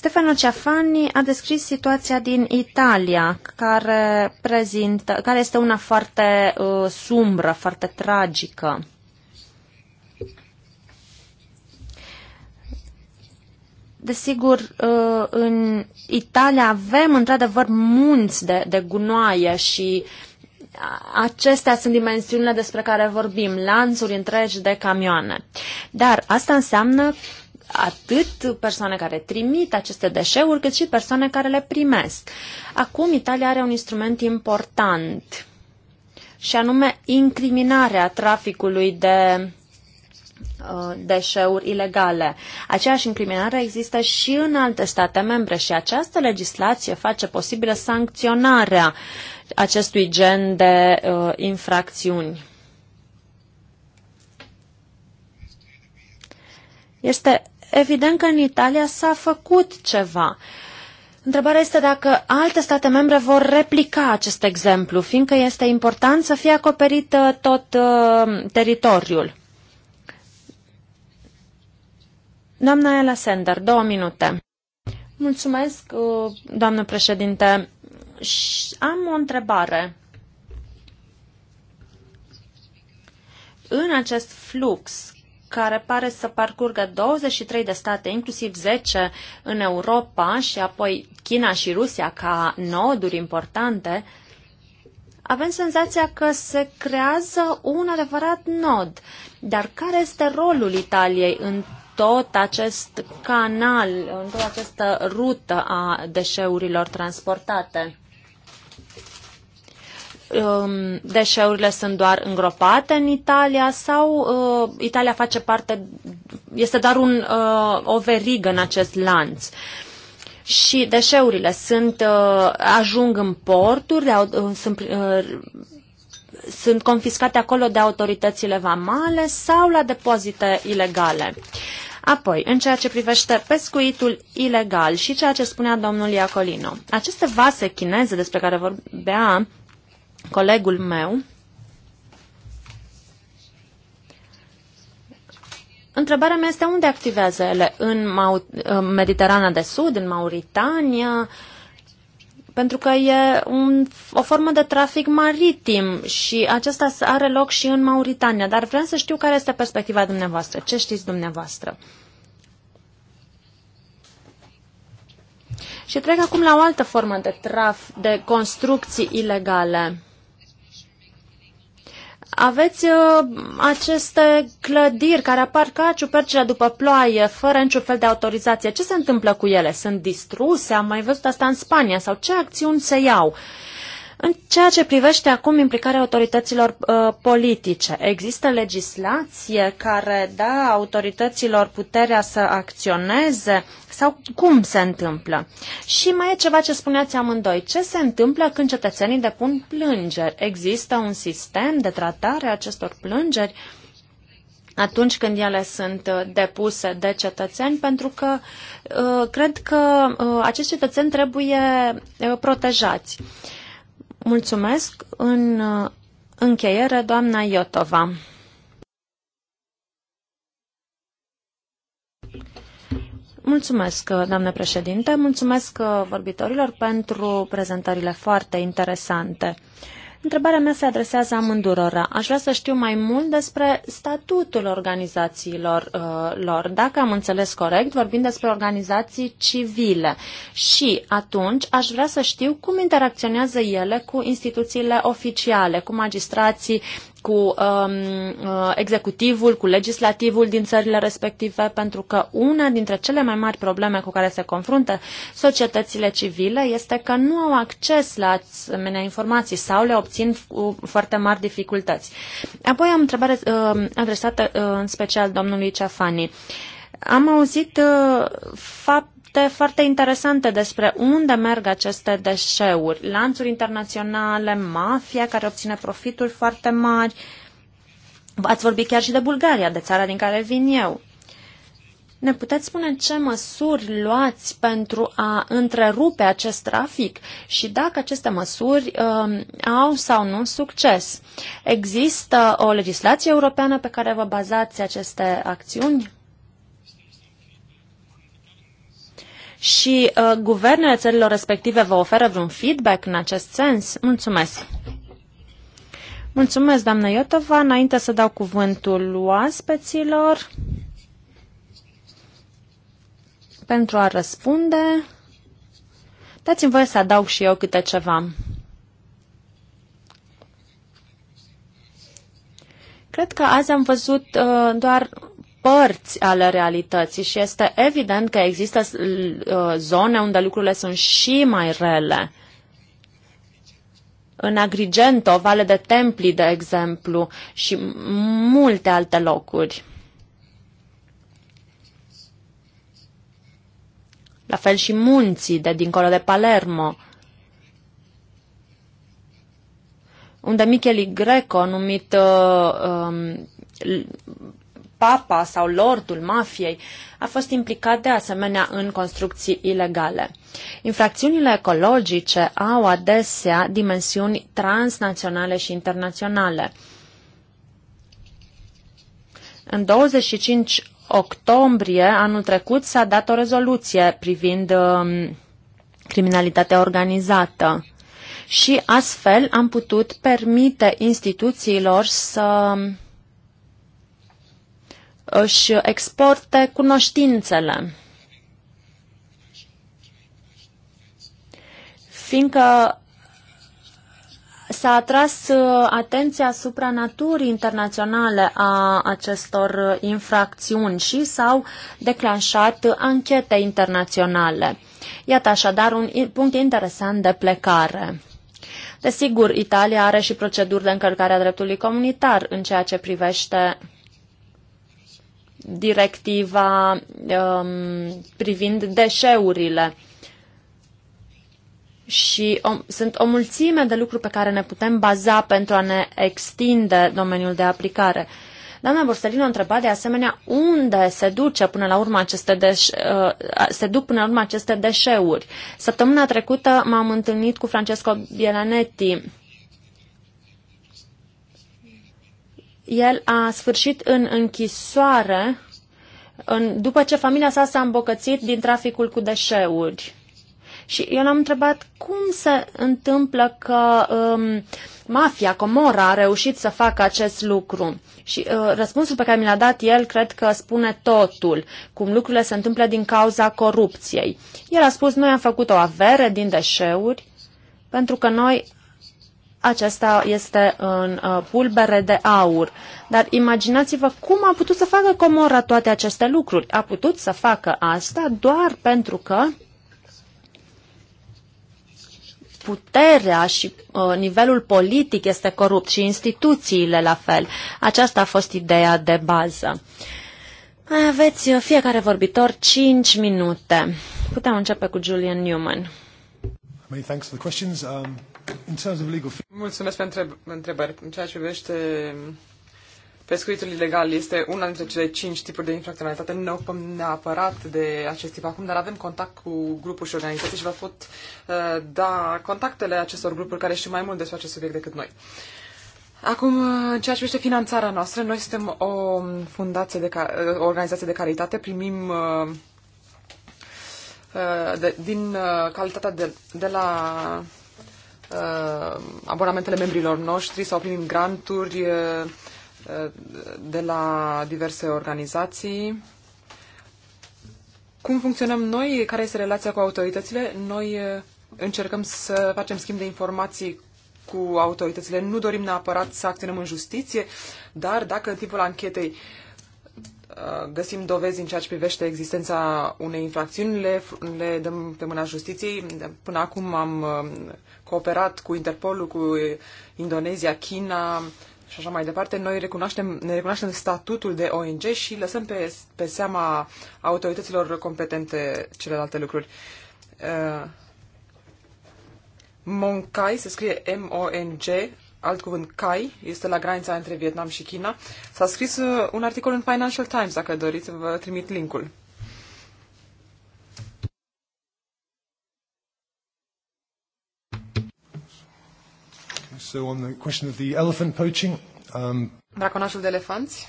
Stefano Ciafani a descris situația din Italia, care, prezintă, care este una foarte uh, sumbră, foarte tragică. Desigur, uh, în Italia avem într-adevăr munți de, de gunoaie și acestea sunt dimensiunile despre care vorbim, lanțuri întregi de camioane. Dar asta înseamnă atât persoane care trimit aceste deșeuri, cât și persoane care le primesc. Acum Italia are un instrument important și anume incriminarea traficului de uh, deșeuri ilegale. Aceeași incriminare există și în alte state membre și această legislație face posibilă sancționarea acestui gen de uh, infracțiuni. Este evident că în Italia s-a făcut ceva. Întrebarea este dacă alte state membre vor replica acest exemplu, fiindcă este important să fie acoperit uh, tot uh, teritoriul. Doamna Ela Sender, două minute. Mulțumesc, uh, doamnă președinte. Am o întrebare. În acest flux care pare să parcurgă 23 de state, inclusiv 10 în Europa și apoi China și Rusia ca noduri importante, avem senzația că se creează un adevărat nod. Dar care este rolul Italiei în tot acest canal, în toată această rută a deșeurilor transportate? Um, deșeurile sunt doar îngropate în Italia sau uh, Italia face parte, este doar un, uh, o verigă în acest lanț? Și deșeurile sunt, uh, ajung în porturi, au, uh, sunt, uh, sunt confiscate acolo de autoritățile vamale sau la depozite ilegale. Apoi, în ceea ce privește pescuitul ilegal și ceea ce spunea domnul Iacolino, aceste vase chineze despre care vorbea Colegul meu Întrebarea mea este unde activează ele? În Mau- Mediterana de Sud, în Mauritania? Pentru că e un, o formă de trafic maritim și acesta are loc și în Mauritania. Dar vreau să știu care este perspectiva dumneavoastră. Ce știți dumneavoastră? Și trec acum la o altă formă de traf, de construcții ilegale. Aveți uh, aceste clădiri care apar ca ciupercile după ploaie, fără niciun fel de autorizație. Ce se întâmplă cu ele? Sunt distruse? Am mai văzut asta în Spania? Sau ce acțiuni se iau? Uh, în ceea ce privește acum implicarea autorităților uh, politice, există legislație care dă autorităților puterea să acționeze sau cum se întâmplă? Și mai e ceva ce spuneați amândoi. Ce se întâmplă când cetățenii depun plângeri? Există un sistem de tratare a acestor plângeri atunci când ele sunt uh, depuse de cetățeni, pentru că uh, cred că uh, acești cetățeni trebuie uh, protejați. Uh, Mulțumesc. În uh, încheiere, doamna Iotova. Mulțumesc, doamnă președinte, mulțumesc uh, vorbitorilor pentru prezentările foarte interesante. Întrebarea mea se adresează amândurora. Aș vrea să știu mai mult despre statutul organizațiilor uh, lor. Dacă am înțeles corect, vorbim despre organizații civile. Și atunci aș vrea să știu cum interacționează ele cu instituțiile oficiale, cu magistrații, cu um, uh, executivul, cu legislativul din țările respective, pentru că una dintre cele mai mari probleme cu care se confruntă societățile civile este că nu au acces la asemenea informații sau le obțin cu foarte mari dificultăți. Apoi am întrebare uh, adresată uh, în special domnului Ceafani. Am auzit uh, fapt fapte foarte interesante despre unde merg aceste deșeuri. Lanțuri internaționale, mafia care obține profituri foarte mari. Ați vorbit chiar și de Bulgaria, de țara din care vin eu. Ne puteți spune ce măsuri luați pentru a întrerupe acest trafic și dacă aceste măsuri um, au sau nu succes? Există o legislație europeană pe care vă bazați aceste acțiuni? și uh, guvernele țărilor respective vă oferă vreun feedback în acest sens? Mulțumesc! Mulțumesc, doamnă Iotova. Înainte să dau cuvântul oaspeților pentru a răspunde, dați-mi voie să adaug și eu câte ceva. Cred că azi am văzut uh, doar părți ale realității și este evident că există uh, zone unde lucrurile sunt și mai rele. În Agrigento, Vale de Templi, de exemplu, și multe alte locuri. La fel și munții de dincolo de Palermo. unde Micheli Greco, numit uh, um, papa sau lordul mafiei a fost implicat de asemenea în construcții ilegale. Infracțiunile ecologice au adesea dimensiuni transnaționale și internaționale. În 25 octombrie anul trecut s-a dat o rezoluție privind um, criminalitatea organizată și astfel am putut permite instituțiilor să își exporte cunoștințele. Fiindcă s-a atras uh, atenția asupra naturii internaționale a acestor uh, infracțiuni și s-au declanșat anchete internaționale. Iată așadar un punct interesant de plecare. Desigur, Italia are și proceduri de încălcare a dreptului comunitar în ceea ce privește directiva um, privind deșeurile. Și o, sunt o mulțime de lucruri pe care ne putem baza pentru a ne extinde domeniul de aplicare. Doamna Borsellino a întrebat de asemenea unde se duce până la urmă aceste deș- uh, se duc până la urmă aceste deșeuri. Săptămâna trecută m-am întâlnit cu Francesco Bielanetti, El a sfârșit în închisoare în, după ce familia sa s-a îmbocățit din traficul cu deșeuri. Și eu l-am întrebat cum se întâmplă că um, mafia, Comora, a reușit să facă acest lucru. Și uh, răspunsul pe care mi l-a dat el, cred că spune totul, cum lucrurile se întâmplă din cauza corupției. El a spus, noi am făcut o avere din deșeuri, pentru că noi acesta este în uh, pulbere de aur. Dar imaginați-vă cum a putut să facă Comora toate aceste lucruri. A putut să facă asta doar pentru că puterea și uh, nivelul politic este corupt și instituțiile la fel. Aceasta a fost ideea de bază. Mai aveți uh, fiecare vorbitor 5 minute. Putem începe cu Julian Newman. Many thanks for the questions. Um... Mulțumesc pentru întrebări. În ceea ce privește pescuitul ilegal, este una dintre cele cinci tipuri de infracționalitate. Nu ne ocupăm neapărat de acest tip acum, dar avem contact cu grupuri și organizații și vă pot uh, da contactele acestor grupuri care știu mai mult despre acest subiect decât noi. Acum, uh, în ceea ce privește finanțarea noastră, noi suntem o fundație de uh, o organizație de caritate, primim uh, uh, de, din uh, calitatea de, de la uh, abonamentele membrilor noștri sau primim granturi uh, uh, de la diverse organizații. Cum funcționăm noi? Care este relația cu autoritățile? Noi uh, încercăm să facem schimb de informații cu autoritățile. Nu dorim neapărat să acționăm în justiție, dar dacă în timpul anchetei uh, găsim dovezi în ceea ce privește existența unei infracțiuni, le, le dăm pe mâna justiției. Până acum am cooperat cu Interpolul, cu Indonezia, China și așa mai departe, noi recunoaștem, ne recunoaștem statutul de ONG și lăsăm pe, pe seama autorităților competente celelalte lucruri. Uh, Moncai se scrie M-O-N-G, alt cuvânt Cai, este la granița între Vietnam și China. S-a scris uh, un articol în Financial Times, dacă doriți, vă trimit linkul. So on the question of the elephant poaching, um... Braconașul de elefanți.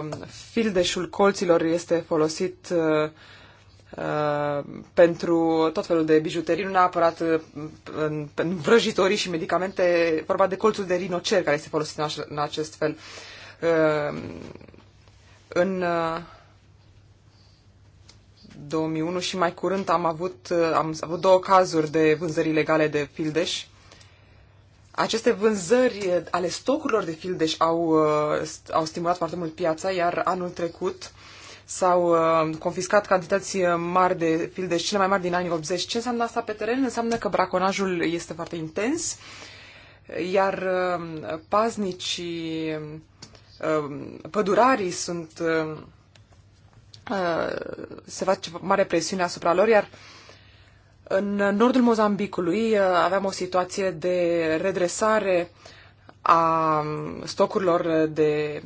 Um, fildeșul colților este folosit uh, uh, pentru tot felul de bijuterii, nu neapărat uh, în, în vrăjitorii și medicamente, vorba de colțul de rinocer care este folosit în, aș, în acest fel. Uh, în uh, 2001 și mai curând am avut, uh, am avut două cazuri de vânzări ilegale de fildeș. Aceste vânzări uh, ale stocurilor de fildeș au, uh, au stimulat foarte mult piața, iar anul trecut s-au confiscat cantități mari de fildeș, cele mai mari din anii 80. Ce înseamnă asta pe teren? Înseamnă că braconajul este foarte intens, iar paznicii, pădurarii sunt se face mare presiune asupra lor, iar în nordul Mozambicului uh, aveam o situație de redresare a stocurilor de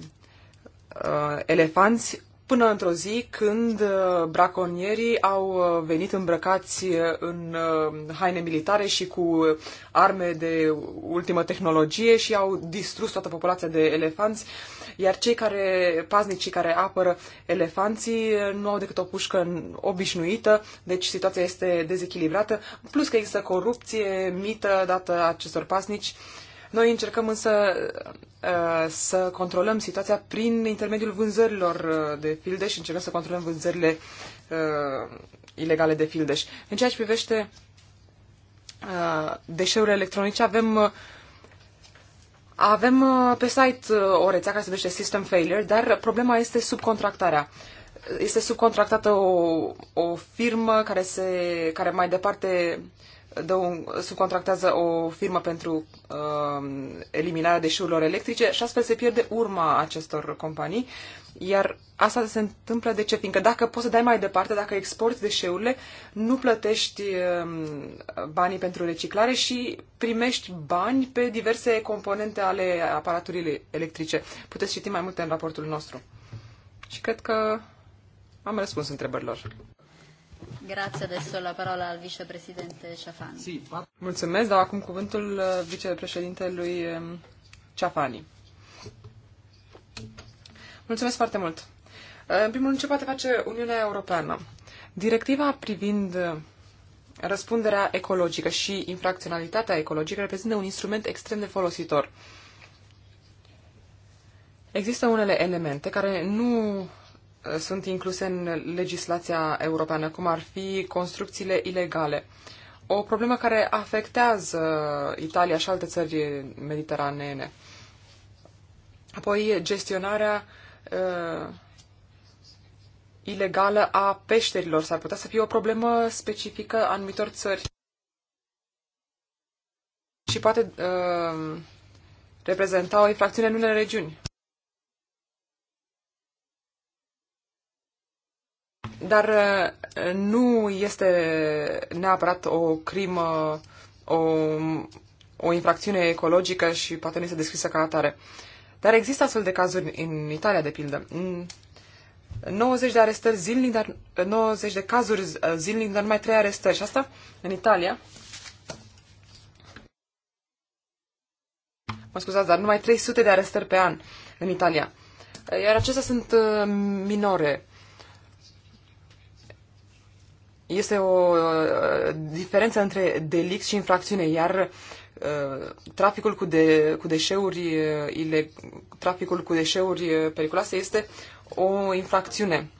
uh, elefanți până într-o zi când uh, braconierii au venit îmbrăcați în haine militare și cu arme de ultimă tehnologie și au distrus toată populația de elefanți iar cei care, paznicii care apără elefanții nu au decât o pușcă obișnuită, deci situația este dezechilibrată, plus că există corupție, mită dată acestor pasnici. Noi încercăm însă uh, să controlăm situația prin intermediul vânzărilor uh, de fildeș, încercăm să controlăm vânzările uh, ilegale de fildeș. În ceea ce privește deșeurile electronice, avem avem uh, pe site uh, o rețea care se numește System Failure, dar problema este subcontractarea. Este subcontractată o, o firmă care, se, care mai departe dă un, subcontractează o firmă pentru uh, eliminarea deșeurilor electrice și astfel se pierde urma acestor companii. Iar asta se întâmplă de ce? Fiindcă dacă poți să dai mai departe, dacă exporti deșeurile, nu plătești uh, banii pentru reciclare și primești bani pe diverse componente ale aparaturii electrice. Puteți citi mai multe în raportul nostru. Și cred că am răspuns întrebărilor. Grazie, adesso la parola al vicepresidente Ciafani. Mulțumesc, dau acum cuvântul uh, vicepreședintelui um, Ciafani. Mulțumesc foarte mult. Uh, în primul rând, ce poate face Uniunea Europeană? Directiva privind uh, răspunderea ecologică și infracționalitatea ecologică reprezintă un instrument extrem de folositor. Există unele elemente care nu sunt incluse în legislația europeană, cum ar fi construcțiile ilegale. O problemă care afectează Italia și alte țări mediteraneene. Apoi gestionarea uh, ilegală a peșterilor s-ar putea să fie o problemă specifică anumitor țări. Și poate uh, reprezenta o infracțiune în unele regiuni. Dar uh, nu este neapărat o crimă, o, o infracțiune ecologică și poate nu este descrisă ca atare. Dar există astfel de cazuri în Italia, de pildă. 90 de arestări zilnic, dar 90 de cazuri uh, zilnic, dar numai 3 arestări. Și asta în Italia. Mă scuzați, dar numai 300 de arestări pe an în Italia. Iar acestea sunt uh, minore este o uh, diferență între delict și infracțiune, iar uh, traficul cu, de, cu deșeuri uh, traficul cu deșeuri periculoase este o infracțiune.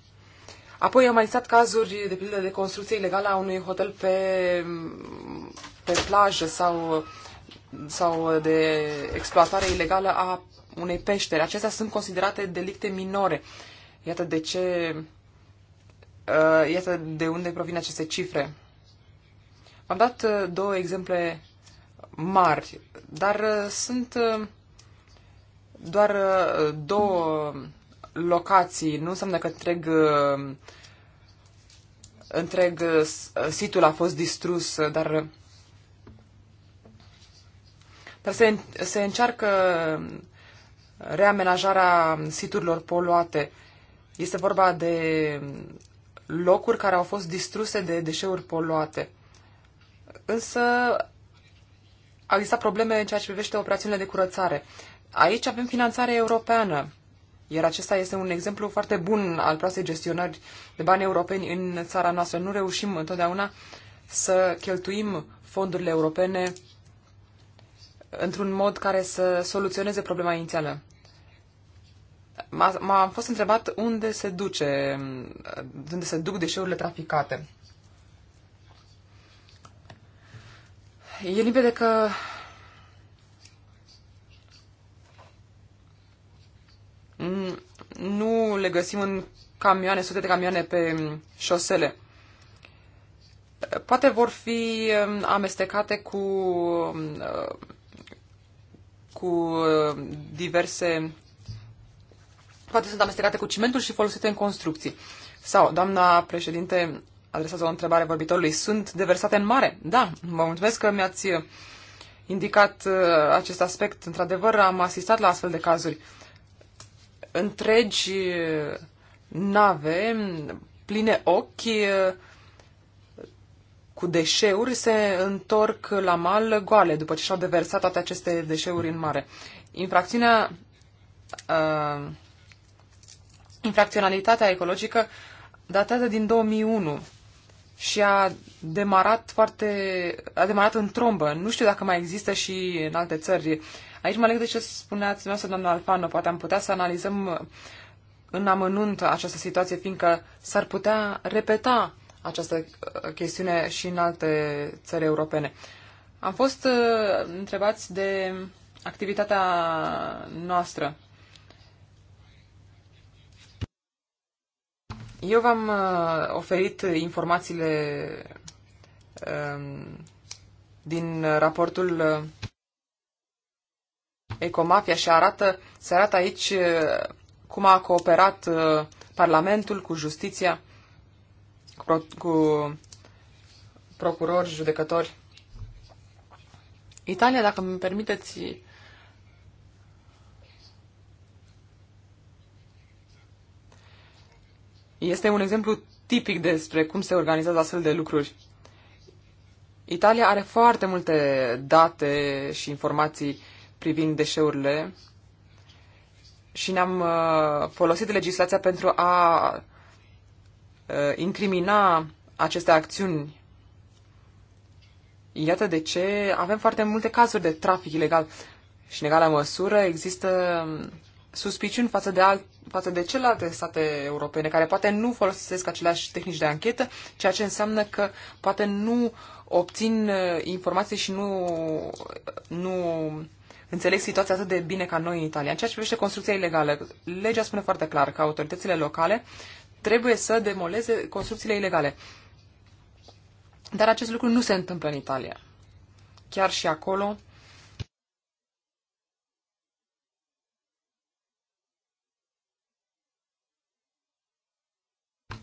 Apoi am mai stat cazuri de pildă de construcție ilegală a unui hotel pe, pe plajă sau, sau de exploatare ilegală a unei peșteri. Acestea sunt considerate delicte minore. Iată de ce Uh, iată de unde provin aceste cifre. Am dat uh, două exemple mari, dar uh, sunt doar două locații. Nu înseamnă că întreg, întreg situl a fost distrus, dar, dar se, se încearcă reamenajarea siturilor poluate. Este vorba de locuri care au fost distruse de deșeuri poluate. Însă au existat probleme în ceea ce privește operațiunile de curățare. Aici avem finanțare europeană, iar acesta este un exemplu foarte bun al proastei gestionări de bani europeni în țara noastră. Nu reușim întotdeauna să cheltuim fondurile europene într-un mod care să soluționeze problema inițială m-am fost întrebat unde se duce, unde se duc deșeurile traficate. E limpede că nu le găsim în camioane, sute de camioane pe șosele. Poate vor fi um, amestecate cu, um, uh, cu uh, diverse toate sunt amestecate cu cimentul și folosite în construcții. Sau, doamna președinte, adresează o întrebare vorbitorului, sunt deversate în mare? Da, vă mulțumesc că mi-ați indicat uh, acest aspect. Într-adevăr, am asistat la astfel de cazuri. Întregi uh, nave pline ochi uh, cu deșeuri se întorc la mal goale după ce și-au deversat toate aceste deșeuri în mare. Infracțiunea uh, infracționalitatea ecologică datează din 2001 și a demarat foarte, a demarat în trombă. Nu știu dacă mai există și în alte țări. Aici mă leg de ce spuneați dumneavoastră, doamna Alfano, poate am putea să analizăm în amănunt această situație, fiindcă s-ar putea repeta această uh, chestiune și în alte țări europene. Am fost uh, întrebați de activitatea noastră Eu v-am uh, oferit informațiile uh, din raportul uh, Ecomafia și arată, se arată aici uh, cum a cooperat uh, Parlamentul cu justiția, cu, cu procurori, judecători. Italia, dacă îmi permiteți Este un exemplu tipic despre cum se organizează astfel de lucruri. Italia are foarte multe date și informații privind deșeurile și ne-am uh, folosit legislația pentru a uh, incrimina aceste acțiuni. Iată de ce avem foarte multe cazuri de trafic ilegal. Și în egală măsură există um, suspiciuni față de, alt, față de celelalte state europene, care poate nu folosesc aceleași tehnici de anchetă, ceea ce înseamnă că poate nu obțin uh, informații și nu, uh, nu înțeleg situația atât de bine ca noi în Italia. În ceea ce privește construcția ilegală, legea spune foarte clar că autoritățile locale trebuie să demoleze construcțiile ilegale. Dar acest lucru nu se întâmplă în Italia. Chiar și acolo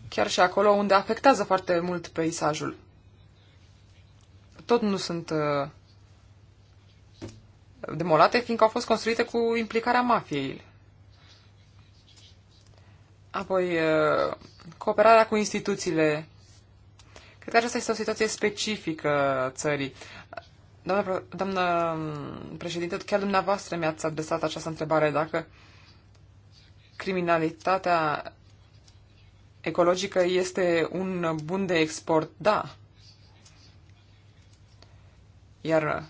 chiar și acolo unde afectează foarte mult peisajul. Tot nu sunt uh, demolate, fiindcă au fost construite cu implicarea mafiei. Apoi, uh, cooperarea cu instituțiile. Cred că aceasta este o situație specifică țării. Doamnă, doamnă um, președinte, chiar dumneavoastră mi-ați adresat această întrebare, dacă criminalitatea ecologică este un bun de export, da. Iar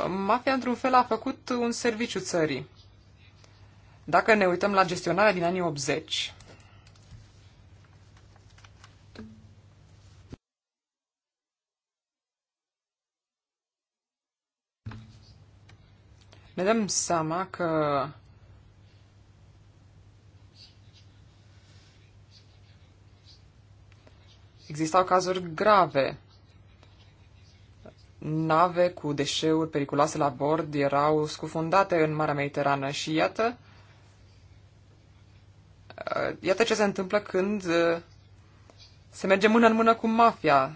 uh, mafia, într-un fel, a făcut un serviciu țării. Dacă ne uităm la gestionarea din anii 80, ne dăm seama că Existau cazuri grave. Nave cu deșeuri periculoase la bord erau scufundate în Marea Mediterană și iată, uh, iată ce se întâmplă când uh, se merge mână în mână cu mafia.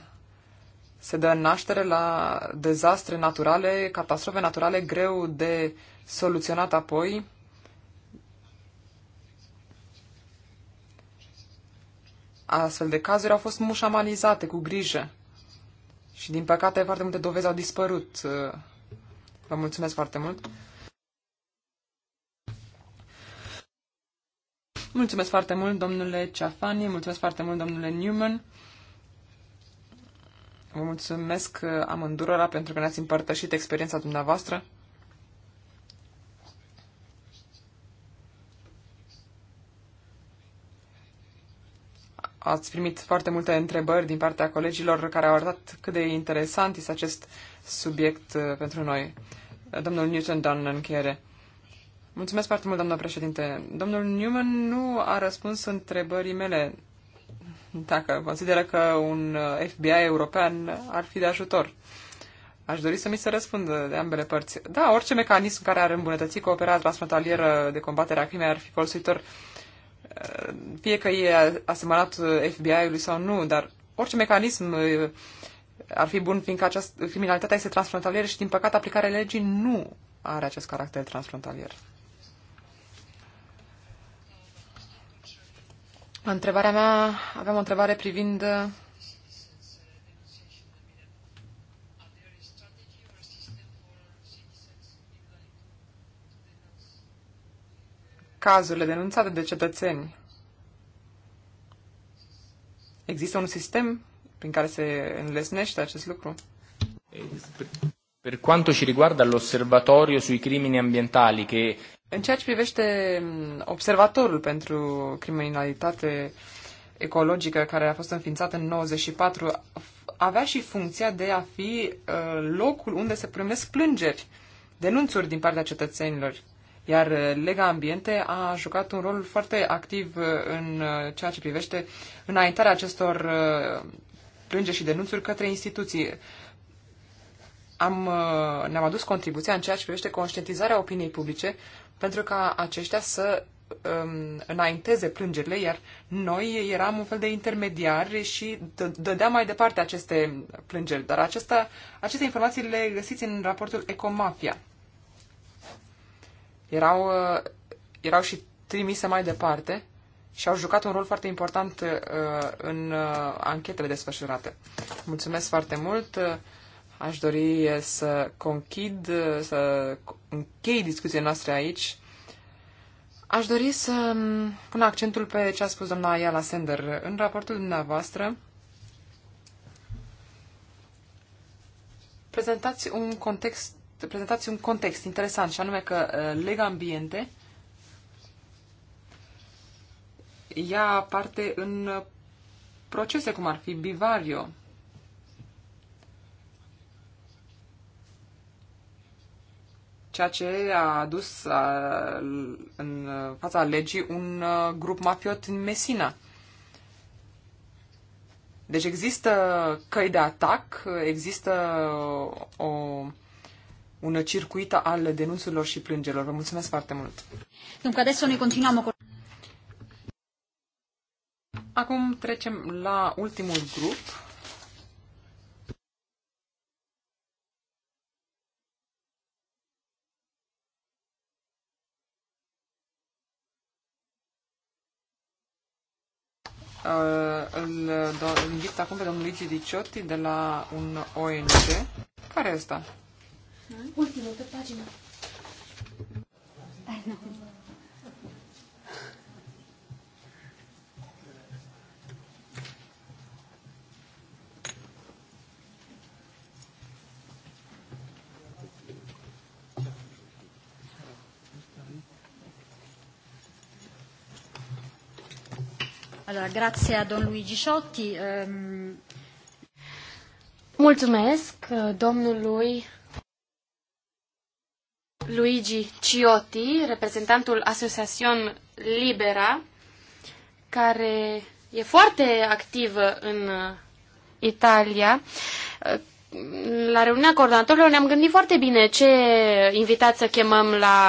Se dă naștere la dezastre naturale, catastrofe naturale greu de soluționat apoi astfel de cazuri au fost mușamanizate cu grijă. Și din păcate foarte multe dovezi au dispărut. Vă mulțumesc foarte mult. Mulțumesc foarte mult, domnule Ceafani, mulțumesc foarte mult, domnule Newman. Vă mulțumesc amândurora pentru că ne-ați împărtășit experiența dumneavoastră. ați primit foarte multe întrebări din partea colegilor care au arătat cât de interesant este acest subiect uh, pentru noi. Domnul Newton doamnă în încheiere. Mulțumesc foarte mult, doamnă președinte. Domnul Newman nu a răspuns întrebării mele dacă consideră că un uh, FBI european ar fi de ajutor. Aș dori să mi se răspundă de ambele părți. Da, orice mecanism care ar îmbunătăți cooperarea transfrontalieră de combatere a crimei ar fi folositor fie că e asemănat FBI-ului sau nu, dar orice mecanism uh, ar fi bun, fiindcă această criminalitatea este transfrontalieră și, din păcate, aplicarea legii nu are acest caracter transfrontalier. Întrebarea mea, aveam o întrebare privind uh, cazurile denunțate de cetățeni. Există un sistem prin care se înlesnește acest lucru? Per quanto ci riguarda l'osservatorio sui crimini ambientali che în ceea ce privește observatorul pentru criminalitate ecologică care a fost înființat în 94, avea și funcția de a fi uh, locul unde se primesc plângeri, denunțuri din partea cetățenilor iar uh, Lega Ambiente a jucat un rol foarte activ uh, în uh, ceea ce privește înaintarea acestor plângeri și denunțuri către instituții. Am, ne-am adus contribuția în ceea ce privește conștientizarea opiniei publice pentru ca aceștia să um, înainteze plângerile, iar noi eram un fel de intermediari și dădeam mai departe aceste plângeri. Dar acesta, aceste informații le găsiți în raportul Ecomafia erau, uh, erau și trimise mai departe și au jucat un rol foarte important uh, în uh, anchetele desfășurate. Mulțumesc foarte mult! Aș dori să conchid, să închei discuția noastră aici. Aș dori să um, pun accentul pe ce a spus doamna Ayala Sender. În raportul dumneavoastră prezentați un context prezentați un context interesant, și anume că uh, Lega Ambiente ia parte în uh, procese cum ar fi Bivario. Ceea ce a adus uh, în fața legii un grup mafiot în Messina. Deci există căi de atac, există o un circuit al denunțurilor și plângerilor. Vă mulțumesc foarte mult! Dunque, adesso noi continuăm cu... Acum trecem la ultimul grup. Uh, îl, îl invit acum pe domnul Luigi Diciotti de la un ONG. Care este asta? Hmm? Ultimul, pe pagina. Allora, grazie a Don Luigi Sciotti. Um... Ehm, Mulțumesc domnului Luigi Ciotti, reprezentantul Asociațion Libera, care e foarte activă în uh, Italia. Uh, la reuniunea coordonatorilor ne-am gândit foarte bine ce invitat să chemăm la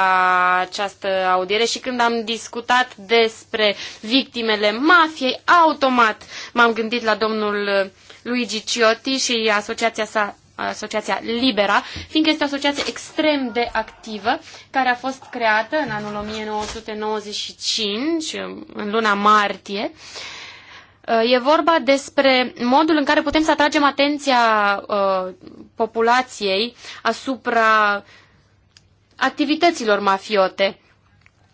această audiere și când am discutat despre victimele mafiei, automat m-am gândit la domnul Luigi Ciotti și asociația sa asociația Libera, fiindcă este o asociație extrem de activă, care a fost creată în anul 1995, în luna martie. E vorba despre modul în care putem să atragem atenția uh, populației asupra activităților mafiote.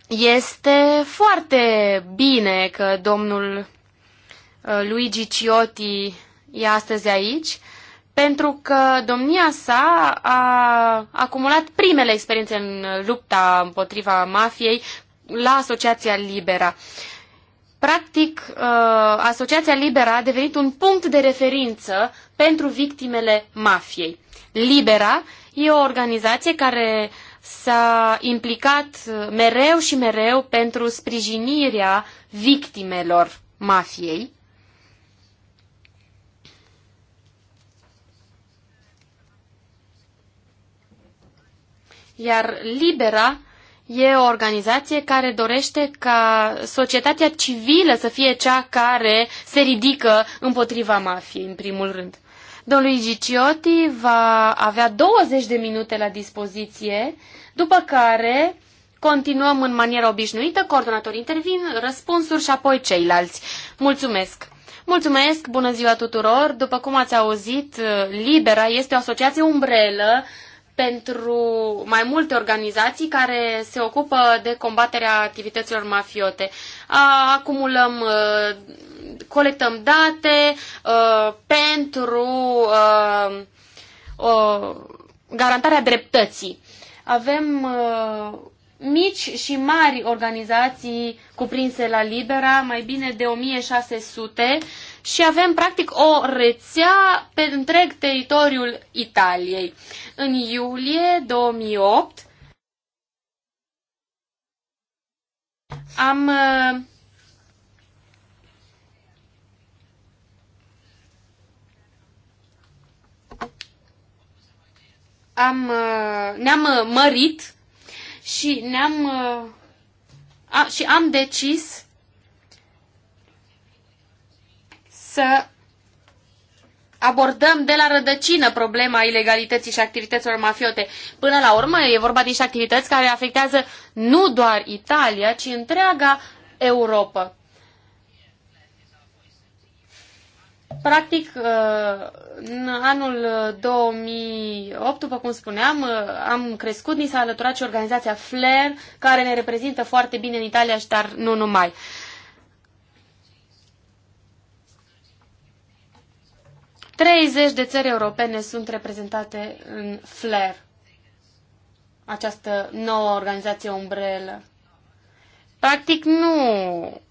Este foarte bine că domnul uh, Luigi Ciotti e astăzi aici, pentru că domnia sa a acumulat primele experiențe în lupta împotriva mafiei la Asociația Libera. Practic, uh, Asociația Libera a devenit un punct de referință pentru victimele mafiei. Libera e o organizație care s-a implicat mereu și mereu pentru sprijinirea victimelor mafiei Iar Libera e o organizație care dorește ca societatea civilă să fie cea care se ridică împotriva mafiei, în primul rând. Domnul Giciotti va avea 20 de minute la dispoziție, după care continuăm în maniera obișnuită, coordonatorii intervin, răspunsuri și apoi ceilalți. Mulțumesc! Mulțumesc, bună ziua tuturor! După cum ați auzit, Libera este o asociație umbrelă pentru mai multe organizații care se ocupă de combaterea activităților mafiote. Acumulăm, colectăm date pentru garantarea dreptății. Avem mici și mari organizații cuprinse la Libera, mai bine de 1600 și avem practic o rețea pe întreg teritoriul Italiei. În iulie 2008 am uh, am, uh, ne-am uh, mărit și ne-am a, și am decis să abordăm de la rădăcină problema ilegalității și activităților mafiote. Până la urmă, e vorba de niște activități care afectează nu doar Italia, ci întreaga Europa. Practic, uh, în anul 2008, după cum spuneam, uh, am crescut, ni s-a alăturat și organizația FLAIR, care ne reprezintă foarte bine în Italia, dar nu numai. 30 de țări europene sunt reprezentate în FLAIR, această nouă organizație umbrelă. Practic nu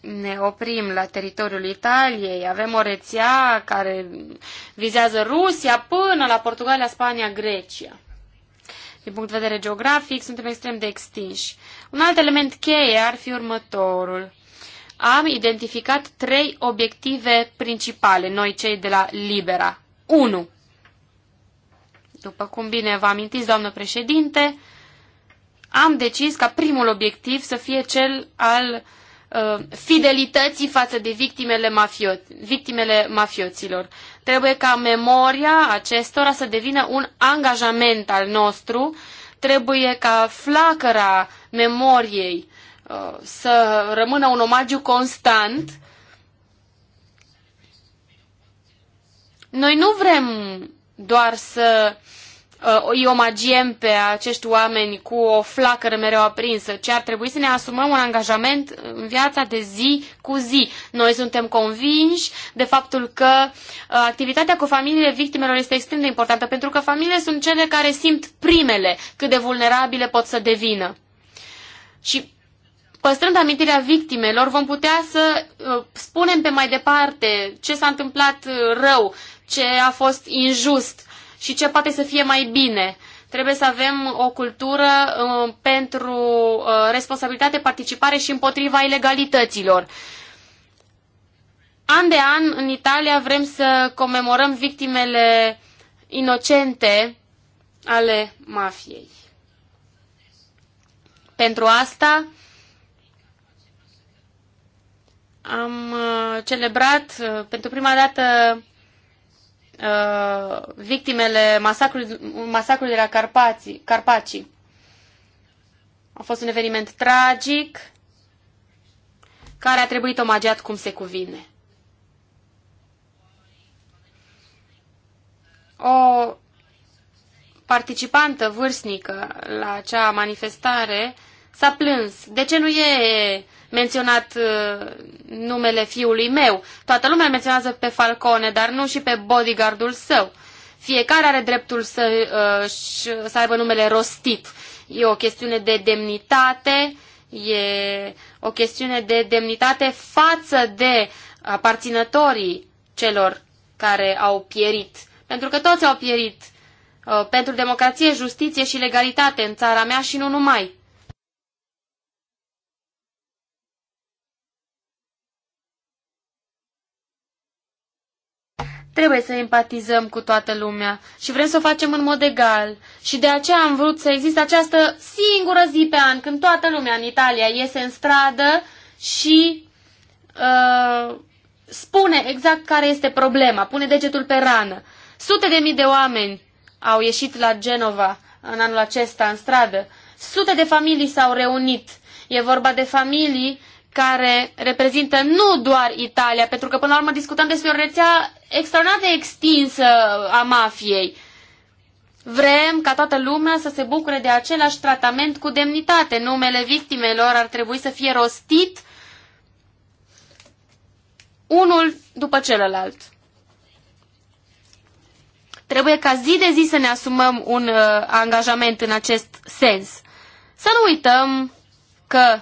ne oprim la teritoriul Italiei, avem o rețea care vizează Rusia până la Portugalia, Spania, Grecia. Din punct de vedere geografic, suntem extrem de extinși. Un alt element cheie ar fi următorul am identificat trei obiective principale, noi cei de la Libera. 1. După cum bine vă amintiți, doamnă președinte, am decis ca primul obiectiv să fie cel al uh, fidelității față de victimele, mafio- victimele mafioților. Trebuie ca memoria acestora să devină un angajament al nostru, trebuie ca flacăra memoriei Uh, să rămână un omagiu constant. Noi nu vrem doar să uh, îi omagiem pe acești oameni cu o flacără mereu aprinsă, ci ar trebui să ne asumăm un angajament în viața de zi cu zi. Noi suntem convinși de faptul că uh, activitatea cu familiile victimelor este extrem de importantă, pentru că familiile sunt cele care simt primele cât de vulnerabile pot să devină. Și Păstrând amintirea victimelor, vom putea să uh, spunem pe mai departe ce s-a întâmplat uh, rău, ce a fost injust și ce poate să fie mai bine. Trebuie să avem o cultură uh, pentru uh, responsabilitate, participare și împotriva ilegalităților. An de an, în Italia, vrem să comemorăm victimele inocente ale mafiei. Pentru asta, am uh, celebrat uh, pentru prima dată uh, victimele masacrului, masacrului de la Carpații, Carpacii. A fost un eveniment tragic care a trebuit omagiat cum se cuvine. O participantă vârstnică la acea manifestare uh, s-a plâns. De ce nu e menționat uh, numele fiului meu? Toată lumea menționează pe Falcone, dar nu și pe bodyguardul său. Fiecare are dreptul să, uh, să aibă numele rostit. E o chestiune de demnitate, e o chestiune de demnitate față de aparținătorii celor care au pierit. Pentru că toți au pierit uh, pentru democrație, justiție și legalitate în țara mea și nu numai. Trebuie să empatizăm cu toată lumea și vrem să o facem în mod egal. Și de aceea am vrut să existe această singură zi pe an când toată lumea în Italia iese în stradă și uh, spune exact care este problema, pune degetul pe rană. Sute de mii de oameni au ieșit la Genova în anul acesta în stradă. Sute de familii s-au reunit. E vorba de familii care reprezintă nu doar Italia, pentru că până la urmă discutăm despre o rețea extraordinar de extinsă a mafiei. Vrem ca toată lumea să se bucure de același tratament cu demnitate. Numele victimelor ar trebui să fie rostit unul după celălalt. Trebuie ca zi de zi să ne asumăm un uh, angajament în acest sens. Să nu uităm că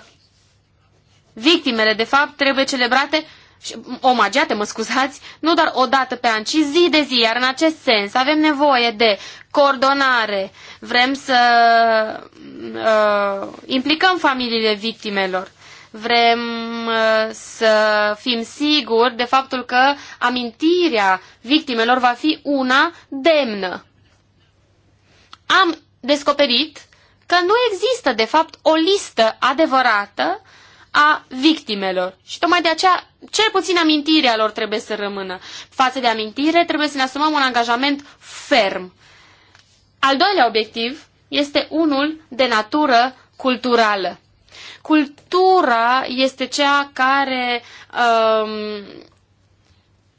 Victimele, de fapt, trebuie celebrate omagiate, mă scuzați, nu doar o dată pe an, ci zi de zi, iar în acest sens avem nevoie de coordonare, vrem să uh, implicăm familiile victimelor, vrem uh, să fim siguri de faptul că amintirea victimelor va fi una demnă. Am descoperit că nu există, de fapt, o listă adevărată uh, a victimelor. Și tocmai de aceea, cel puțin amintirea lor trebuie să rămână. Față de amintire, trebuie să ne asumăm un angajament ferm. Al doilea obiectiv este unul de natură culturală. Cultura este cea care um,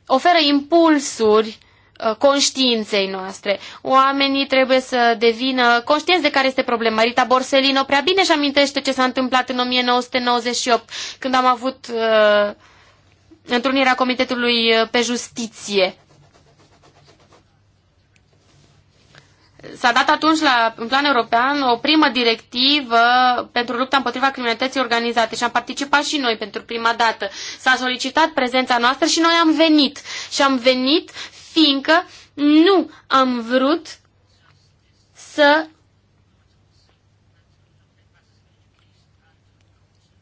oferă impulsuri Uh, conștiinței noastre. Oamenii trebuie să devină conștienți de care este problema. Rita Borsellino prea bine își amintește ce s-a întâmplat în 1998, când am avut uh, întrunirea Comitetului pe Justiție. S-a dat atunci, la, în plan european, o primă directivă pentru lupta împotriva criminalității organizate și am participat și noi pentru prima dată. S-a solicitat prezența noastră și noi am venit. Și am venit fiindcă nu am vrut să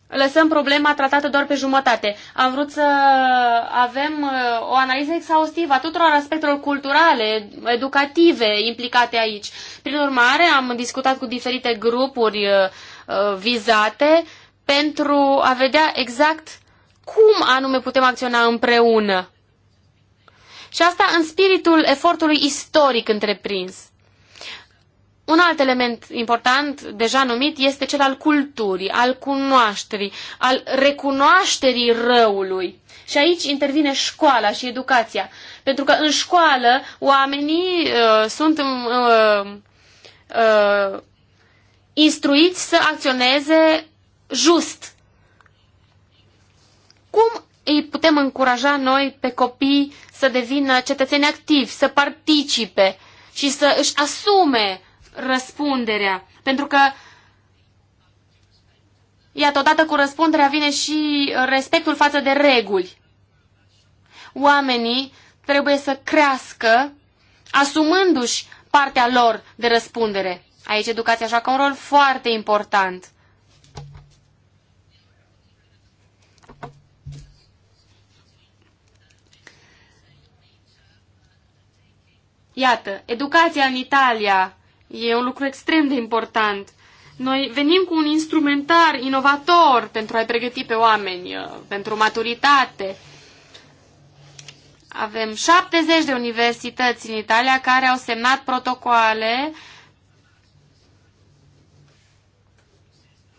lăsăm problema tratată doar pe jumătate. Am vrut să avem uh, o analiză exhaustivă a tuturor aspectelor culturale, educative implicate aici. Prin urmare, am discutat cu diferite grupuri uh, uh, vizate pentru a vedea exact cum anume putem acționa împreună. Și asta în spiritul efortului istoric întreprins. Un alt element important, deja numit, este cel al culturii, al cunoașterii, al recunoașterii răului. Și aici intervine școala și educația. Pentru că în școală oamenii uh, sunt uh, uh, instruiți să acționeze just. Cum îi putem încuraja noi pe copii să devină cetățeni activi, să participe și să își asume răspunderea. Pentru că, iată, odată cu răspunderea vine și respectul față de reguli. Oamenii trebuie să crească asumându-și partea lor de răspundere. Aici educația joacă un rol foarte important. Iată, educația în Italia e un lucru extrem de important. Noi venim cu un instrumentar inovator pentru a-i pregăti pe oameni uh, pentru maturitate. Avem 70 de universități în Italia care au semnat protocoale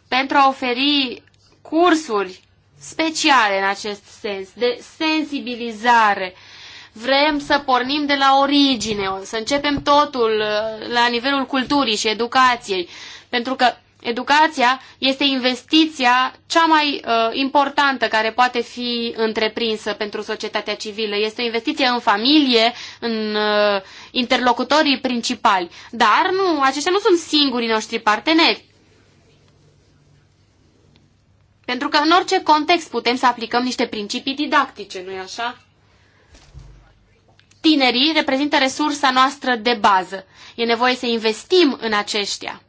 pentru a oferi cursuri speciale în acest sens, de sensibilizare Vrem să pornim de la origine, să începem totul uh, la nivelul culturii și educației, pentru că educația este investiția cea mai uh, importantă care poate fi întreprinsă pentru societatea civilă. Este o investiție în familie, în uh, interlocutorii principali, dar nu, aceștia nu sunt singurii noștri parteneri. Pentru că în orice context putem să aplicăm niște principii didactice, nu-i așa? Tinerii reprezintă resursa noastră de bază. E nevoie să investim în aceștia.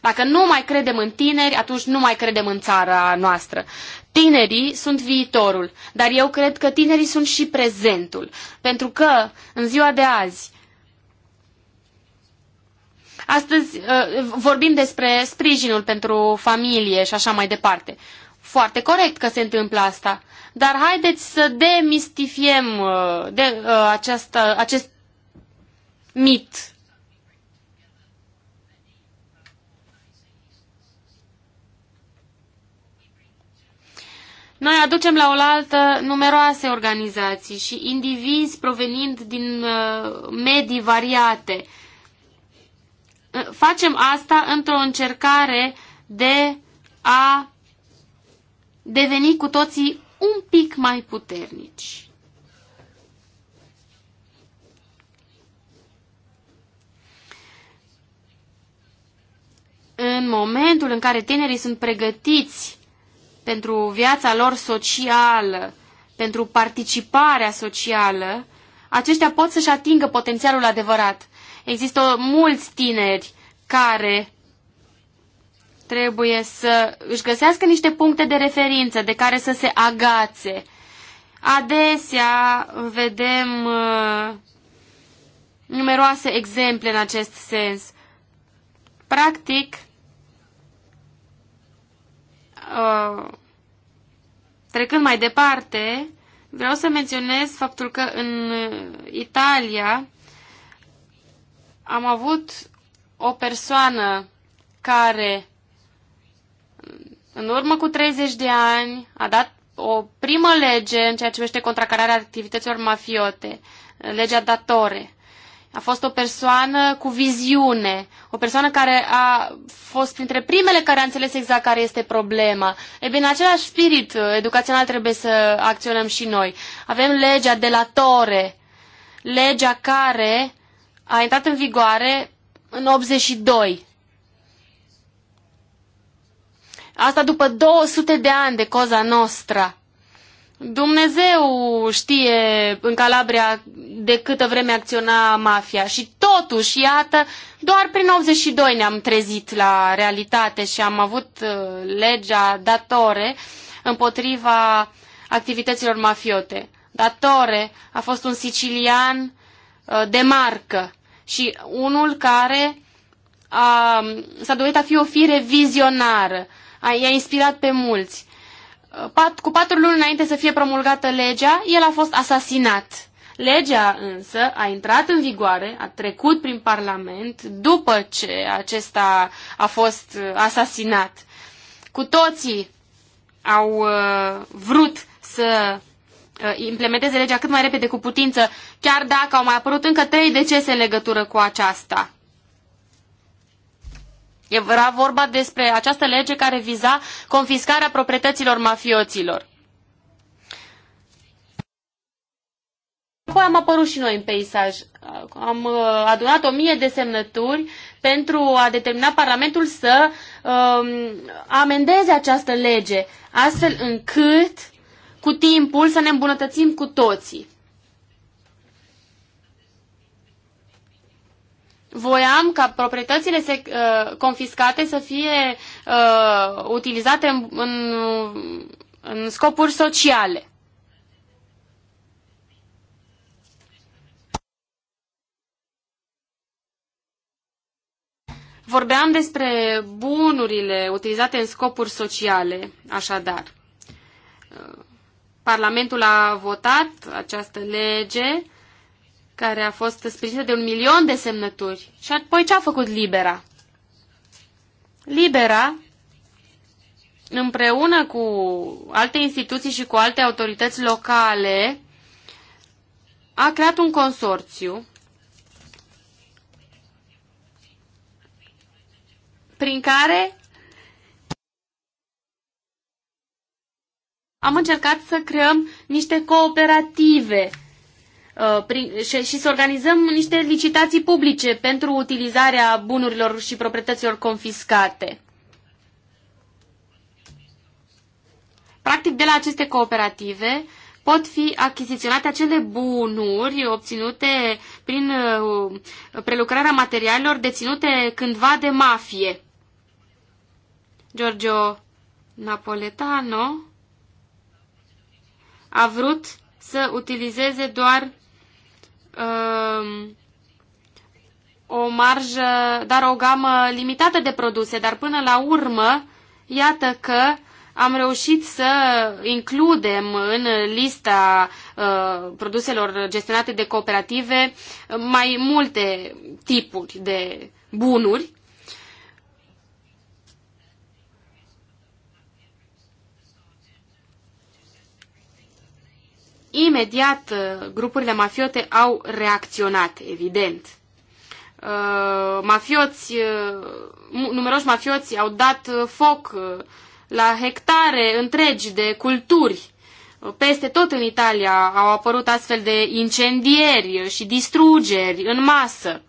Dacă nu mai credem în tineri, atunci nu mai credem în țara noastră. Tinerii sunt viitorul, dar eu cred că tinerii sunt și prezentul, pentru că în ziua de azi Astăzi ă, vorbim despre sprijinul pentru familie și așa mai departe. Foarte corect că se întâmplă asta dar haideți să demistifiem uh, de, uh, această, acest mit. Noi aducem la oaltă numeroase organizații și indivizi provenind din uh, medii variate. Facem asta într-o încercare de a deveni cu toții un pic mai puternici. În momentul în care tinerii sunt pregătiți pentru viața lor socială, pentru participarea socială, aceștia pot să-și atingă potențialul adevărat. Există mulți tineri care trebuie să își găsească niște puncte de referință de care să se agațe. Adesea vedem uh, numeroase exemple în acest sens. Practic, uh, trecând mai departe, vreau să menționez faptul că în Italia am avut o persoană care în urmă cu 30 de ani, a dat o primă lege în ceea ce privește contracararea activităților mafiote, legea datore. A fost o persoană cu viziune, o persoană care a fost printre primele care a înțeles exact care este problema. E bine, același spirit educațional trebuie să acționăm și noi. Avem legea de la Tore, legea care a intrat în vigoare în 82. Asta după 200 de ani de Coza noastră, Dumnezeu știe în Calabria de câtă vreme acționa mafia și totuși, iată, doar prin 82 ne-am trezit la realitate și am avut uh, legea datore împotriva activităților mafiote. Datore a fost un sicilian uh, de marcă și unul care s-a dovedit a fi o fire vizionară i-a inspirat pe mulți. Pat, cu patru luni înainte să fie promulgată legea, el a fost asasinat. Legea însă a intrat în vigoare, a trecut prin Parlament după ce acesta a fost uh, asasinat. Cu toții au uh, vrut să uh, implementeze legea cât mai repede cu putință, chiar dacă au mai apărut încă trei decese în legătură cu aceasta. Era vorba despre această lege care viza confiscarea proprietăților mafioților. Apoi am apărut și noi în peisaj. Am uh, adunat o mie de semnături pentru a determina Parlamentul să um, amendeze această lege, astfel încât cu timpul să ne îmbunătățim cu toții. voiam ca proprietățile se, uh, confiscate să fie uh, utilizate în, în, în scopuri sociale. Vorbeam despre bunurile utilizate în scopuri sociale, așadar. Uh, Parlamentul a votat această lege care a fost sprijinită de un milion de semnături. Și apoi ce a făcut Libera? Libera, împreună cu alte instituții și cu alte autorități locale, a creat un consorțiu prin care am încercat să creăm niște cooperative Uh, prin, și, și să organizăm niște licitații publice pentru utilizarea bunurilor și proprietăților confiscate. Practic, de la aceste cooperative pot fi achiziționate acele bunuri obținute prin uh, prelucrarea materialelor deținute cândva de mafie. Giorgio Napoletano a vrut să utilizeze doar um, o marjă, dar o gamă limitată de produse, dar până la urmă, iată că am reușit să includem în lista uh, produselor gestionate de cooperative mai multe tipuri de bunuri Imediat, uh, grupurile mafiote au reacționat, evident. Uh, mafioți, uh, numeroși mafioți au dat foc la hectare întregi de culturi. Peste tot în Italia au apărut astfel de incendieri și distrugeri în masă.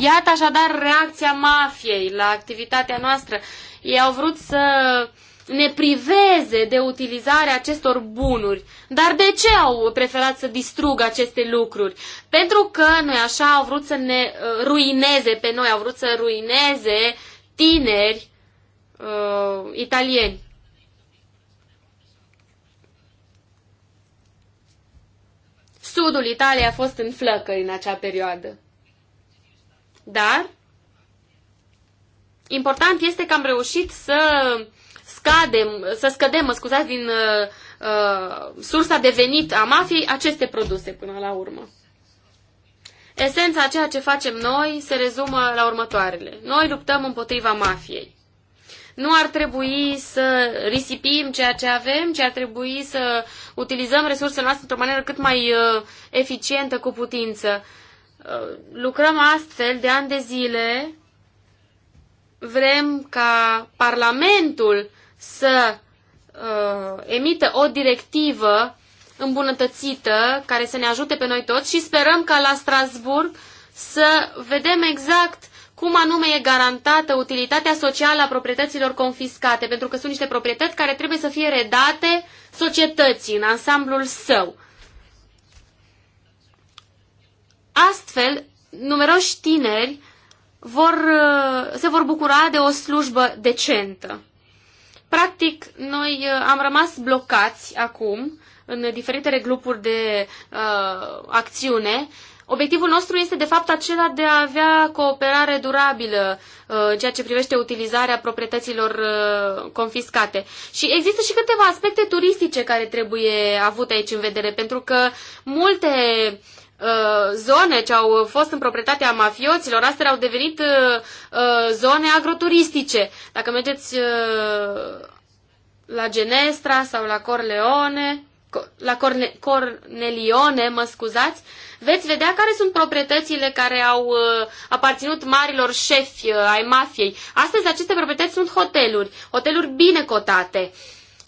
Iată așadar reacția mafiei la activitatea noastră. Ei au vrut să uh, ne priveze de utilizarea acestor bunuri. Dar de ce au preferat să distrugă aceste lucruri? Pentru că noi așa au vrut să ne uh, ruineze pe noi, au vrut să ruineze tineri uh, italieni. Sudul Italiei a fost în flăcări în acea perioadă. Dar important este că am reușit să scadem, să scădem, mă scuzați, din uh, uh, sursa de venit a mafiei aceste produse până la urmă. Esența a ceea ce facem noi se rezumă la următoarele. Noi luptăm împotriva mafiei. Nu ar trebui să risipim ceea ce avem, ci ar trebui să utilizăm resursele noastre într-o manieră cât mai uh, eficientă cu putință. Uh, lucrăm astfel de ani de zile vrem ca Parlamentul să uh, emită o directivă îmbunătățită care să ne ajute pe noi toți și sperăm ca la Strasburg să vedem exact cum anume e garantată utilitatea socială a proprietăților confiscate, pentru că sunt niște proprietăți care trebuie să fie redate societății în ansamblul său. Astfel, numeroși tineri vor, uh, se vor bucura de o slujbă decentă. Practic, noi uh, am rămas blocați acum în diferitele grupuri de uh, acțiune. Obiectivul nostru este, de fapt, acela de a avea cooperare durabilă uh, în ceea ce privește utilizarea proprietăților uh, confiscate. Și există și câteva aspecte turistice care trebuie avute aici în vedere, pentru că multe Uh, zone ce au fost în proprietatea mafioților, astea au devenit uh, uh, zone agroturistice. Dacă mergeți la Genestra sau la Corleone, la Corne, Cornelione, mă scuzați, veți vedea care sunt proprietățile care au uh, aparținut marilor șefi uh, ai mafiei. Astăzi aceste proprietăți sunt hoteluri, hoteluri bine cotate.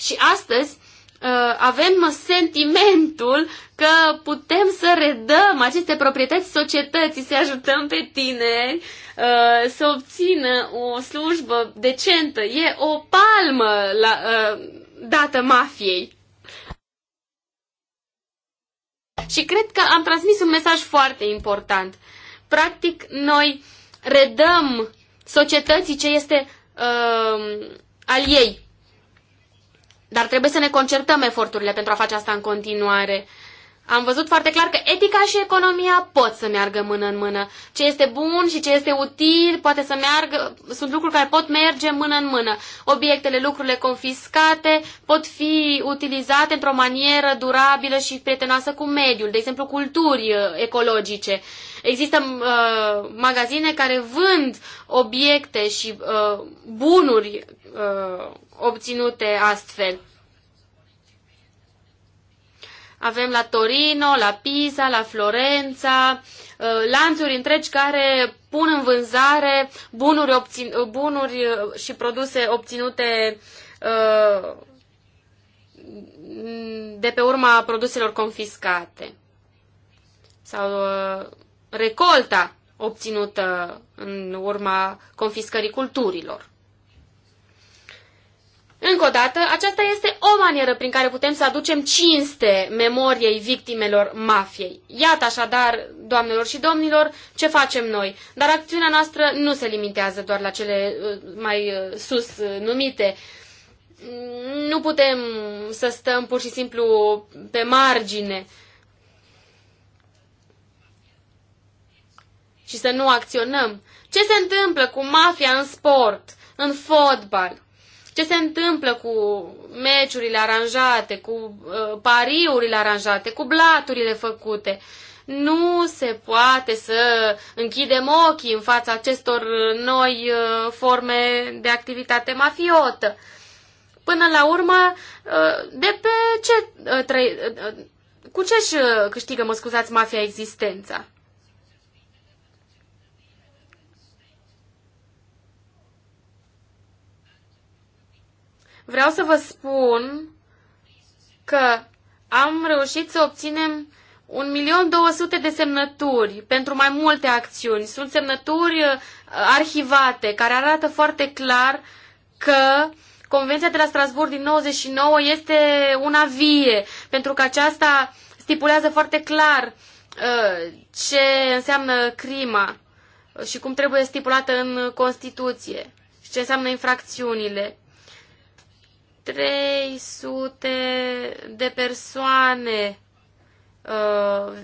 Și astăzi Uh, avem sentimentul că putem să redăm aceste proprietăți societății, să ajutăm pe tineri uh, să obțină o slujbă decentă. E o palmă la, uh, dată mafiei. Și cred că am transmis un mesaj foarte important. Practic, noi redăm societății ce este uh, al ei, dar trebuie să ne concertăm eforturile pentru a face asta în continuare. Am văzut foarte clar că etica și economia pot să meargă mână în mână. Ce este bun și ce este util poate să meargă, sunt lucruri care pot merge mână în mână. Obiectele, lucrurile confiscate pot fi utilizate într-o manieră durabilă și prietenoasă cu mediul, de exemplu culturi uh, ecologice. Există uh, magazine care vând obiecte și uh, bunuri uh, obținute astfel. Avem la Torino, la Pisa, la Florența, ă, lanțuri întregi care pun în vânzare bunuri, obțin, bunuri ă, și produse obținute ă, de pe urma produselor confiscate sau recolta obținută în urma confiscării culturilor. Încă o dată, aceasta este o manieră prin care putem să aducem cinste memoriei victimelor mafiei. Iată așadar, doamnelor și domnilor, ce facem noi. Dar acțiunea noastră nu se limitează doar la cele uh, mai uh, sus uh, numite. Nu putem să stăm pur și simplu pe margine și să nu acționăm. Ce se întâmplă cu mafia în sport, în fotbal? ce se întâmplă cu meciurile aranjate, cu uh, pariurile aranjate, cu blaturile făcute. Nu se poate să închidem ochii în fața acestor uh, noi uh, forme de activitate mafiotă. Până la urmă, de pe ce trăi, cu ce își câștigă, mă scuzați, mafia existența? Vreau să vă spun că am reușit să obținem 1.200.000 de semnături pentru mai multe acțiuni. Sunt semnături uh, arhivate care arată foarte clar că Convenția de la Strasburg din 99 este una vie, pentru că aceasta stipulează foarte clar uh, ce înseamnă crima și cum trebuie stipulată în Constituție și ce înseamnă infracțiunile. 300 de persoane uh,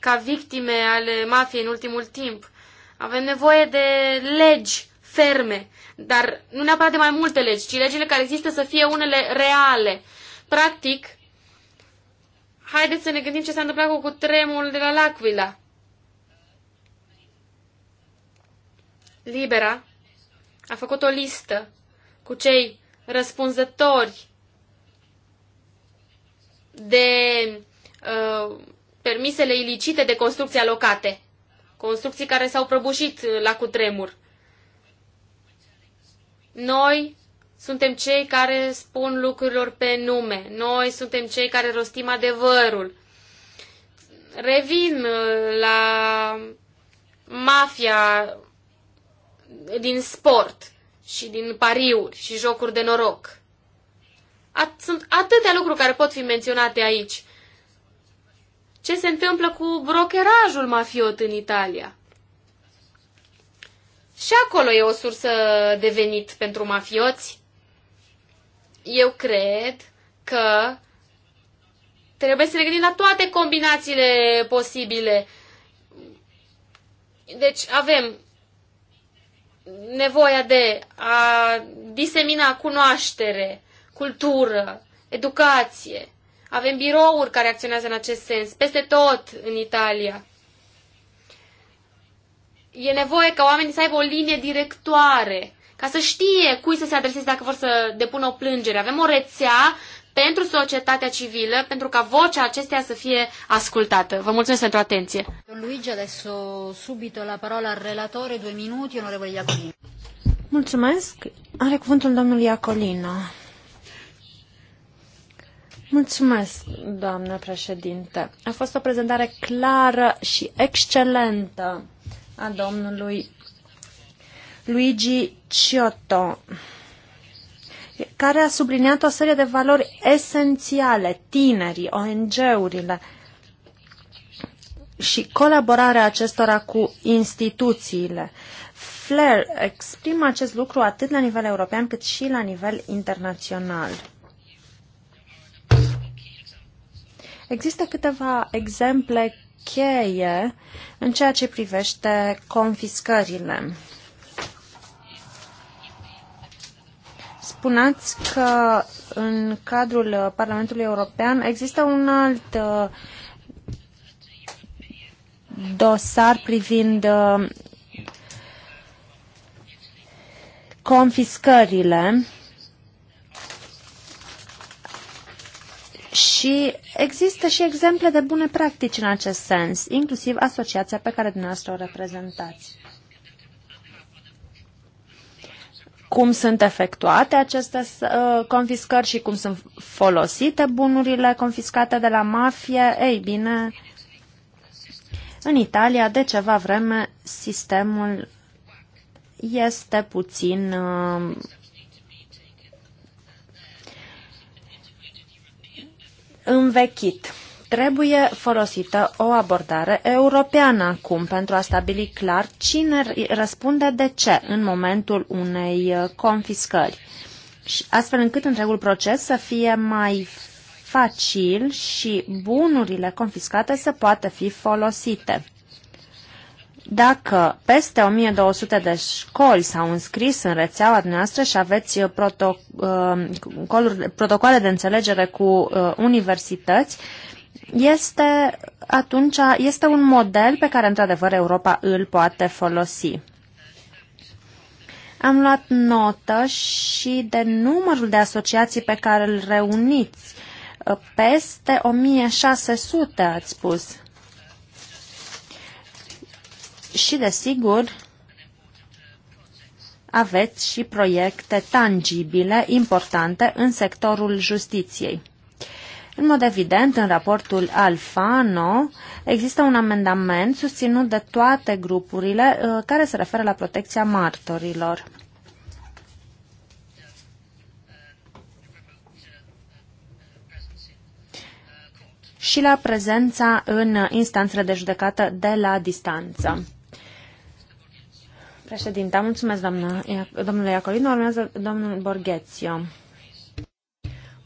ca victime ale mafiei în ultimul timp. Avem nevoie de legi ferme, dar nu neapărat de mai multe legi, ci legile care există să fie unele reale. Practic, haideți să ne gândim ce s-a întâmplat cu, tremul de la Lacvila. Libera a făcut o listă cu cei răspunzători de uh, permisele ilicite de construcții alocate, construcții care s-au prăbușit uh, la cutremur. Noi suntem cei care spun lucrurilor pe nume, noi suntem cei care rostim adevărul. Revin uh, la mafia din sport și din pariuri și jocuri de noroc. At- sunt atâtea lucruri care pot fi menționate aici. Ce se întâmplă cu brokerajul mafiot în Italia? Și acolo e o sursă de venit pentru mafioți. Eu cred că trebuie să ne gândim la toate combinațiile posibile. Deci avem nevoia de a disemina cunoaștere, cultură, educație. Avem birouri care acționează în acest sens, peste tot în Italia. E nevoie ca oamenii să aibă o linie directoare, ca să știe cui să se adreseze dacă vor să depună o plângere. Avem o rețea pentru societatea civilă, pentru ca vocea acesteia să fie ascultată. Vă mulțumesc pentru atenție. Don Luigi, adesso subito la parola al relatore, due minuti, onorevole Iacolino. Mulțumesc. Are cuvântul domnul Iacolino. Mulțumesc, doamnă președinte. A fost o prezentare clară și excelentă a domnului Luigi Ciotto care a subliniat o serie de valori esențiale, tinerii, ONG-urile și colaborarea acestora cu instituțiile. Flair exprimă acest lucru atât la nivel european cât și la nivel internațional. Există câteva exemple cheie în ceea ce privește confiscările. spuneați că în cadrul Parlamentului European există un alt uh, dosar privind uh, confiscările și există și exemple de bune practici în acest sens, inclusiv asociația pe care dumneavoastră o reprezentați. cum sunt efectuate aceste uh, confiscări și cum sunt folosite bunurile confiscate de la mafie. Ei bine, în Italia, de ceva vreme, sistemul este puțin uh, învechit. Trebuie folosită o abordare europeană acum pentru a stabili clar cine răspunde de ce în momentul unei uh, confiscări, astfel încât întregul proces să fie mai facil și bunurile confiscate să poată fi folosite. Dacă peste 1200 de școli s-au înscris în rețeaua noastră și aveți uh, protocoluri, uh, protocoale de înțelegere cu universități, este atunci este un model pe care într-adevăr Europa îl poate folosi. Am luat notă și de numărul de asociații pe care îl reuniți. Peste 1600, ați spus. Și, desigur, aveți și proiecte tangibile, importante, în sectorul justiției. În mod evident, în raportul Alfano există un amendament susținut de toate grupurile uh, care se referă la protecția martorilor. și la prezența în instanțele de judecată de la distanță. Președinte, mulțumesc, doamnă, domnule Iacolino. Urmează domnul Borghețiu.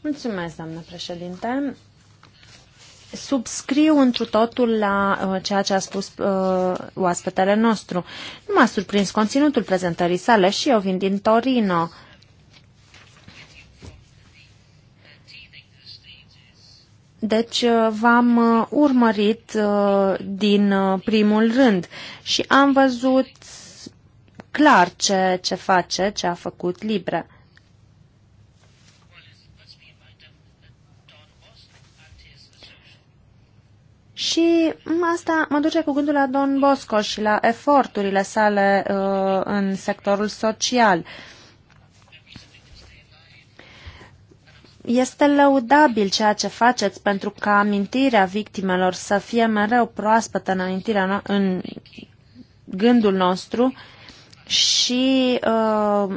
Mulțumesc, doamnă președinte. Subscriu întru totul la uh, ceea ce a spus uh, oaspetele nostru. Nu m-a surprins conținutul prezentării sale și eu vin din Torino. Deci uh, v-am uh, urmărit uh, din primul rând și am văzut clar ce, ce face, ce a făcut Libre. Și asta mă duce cu gândul la Don Bosco și la eforturile sale uh, în sectorul social. Este lăudabil ceea ce faceți pentru ca amintirea victimelor să fie mereu proaspătă în, amintirea no- în gândul nostru și uh,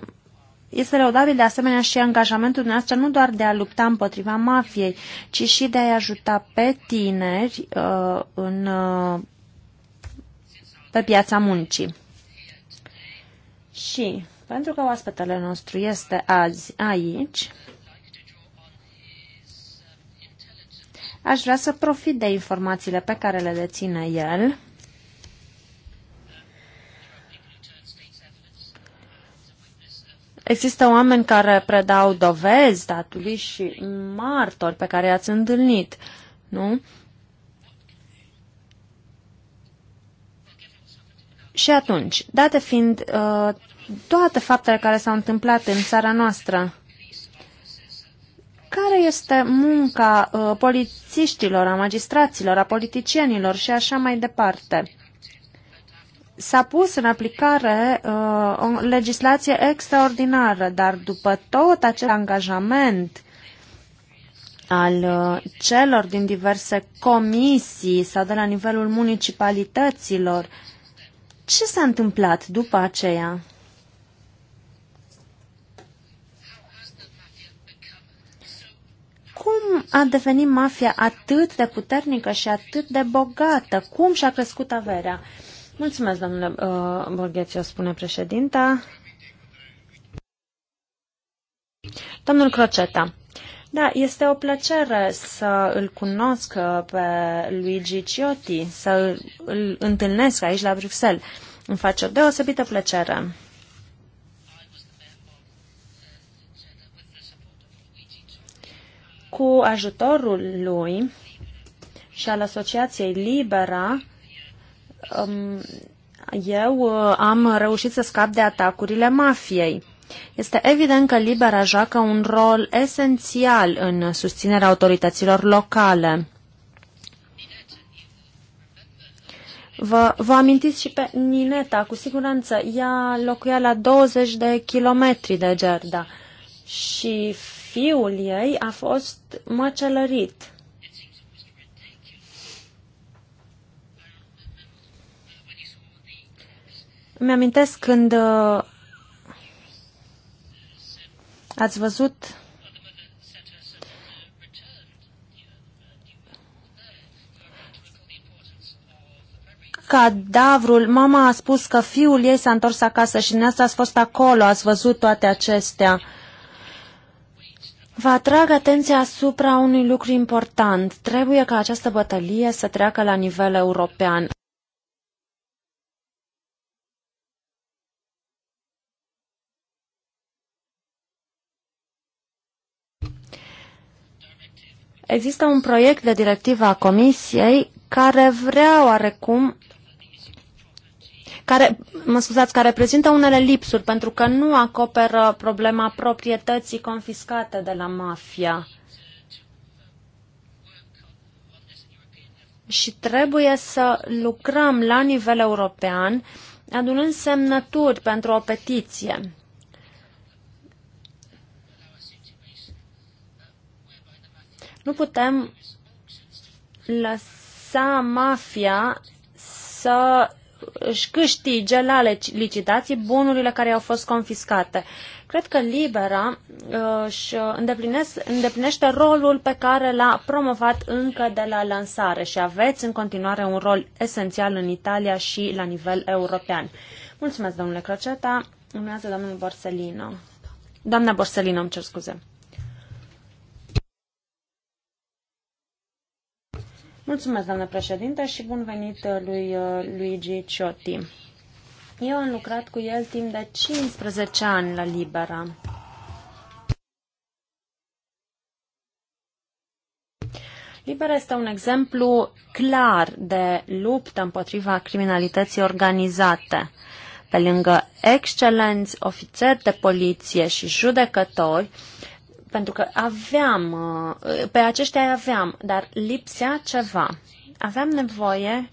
este laudabil de asemenea și angajamentul noastră nu doar de a lupta împotriva mafiei, ci și de a-i ajuta pe tineri uh, în, uh, pe piața muncii. Și pentru că oaspetele nostru este azi aici, aș vrea să profit de informațiile pe care le deține el Există oameni care predau dovezi statului și martori pe care i-ați întâlnit, nu? Și atunci, date fiind uh, toate faptele care s-au întâmplat în țara noastră, care este munca uh, polițiștilor, a magistraților, a politicienilor și așa mai departe? S-a pus în aplicare uh, o legislație extraordinară, dar după tot acel angajament al uh, celor din diverse comisii sau de la nivelul municipalităților, ce s-a întâmplat după aceea? cum a devenit mafia atât de puternică și atât de bogată? Cum și-a crescut averea? Mulțumesc, domnule uh, Borghețiu, spune președinta. Domnul Croceta. Da, este o plăcere să îl cunosc uh, pe Luigi Ciotti, să îl întâlnesc aici la Bruxelles. Îmi face o deosebită plăcere. Cu ajutorul lui și al Asociației Libera, eu uh, am reușit să scap de atacurile mafiei. Este evident că Libera joacă un rol esențial în susținerea autorităților locale. Vă, vă amintiți și pe Nineta, cu siguranță, ea locuia la 20 de kilometri de Gerda și fiul ei a fost măcelărit. Îmi amintesc când uh, ați văzut cadavrul, mama a spus că fiul ei s-a întors acasă și dumneavoastră ați fost acolo, ați văzut toate acestea. Vă atrag atenția asupra unui lucru important. Trebuie ca această bătălie să treacă la nivel european. Există un proiect de directivă a Comisiei care vrea oarecum care, mă scuzați, care prezintă unele lipsuri pentru că nu acoperă problema proprietății confiscate de la mafia. Și trebuie să lucrăm la nivel european adunând semnături pentru o petiție. Nu putem lăsa mafia să își câștige la licitații bunurile care au fost confiscate. Cred că Libera uh, își uh, îndeplinește rolul pe care l-a promovat încă de la lansare și aveți în continuare un rol esențial în Italia și la nivel european. Mulțumesc, domnule Croceta. Urmează domnul Borsellino. Doamna Borsellino, îmi cer scuze. Mulțumesc, doamnă președinte, și bun venit uh, lui uh, Luigi Ciotti. Eu am lucrat cu el timp de 15 ani la Libera. Libera este un exemplu clar de luptă împotriva criminalității organizate. Pe lângă excelenți ofițeri de poliție și judecători, pentru că aveam, uh, pe aceștia aveam, dar lipsea ceva. Aveam nevoie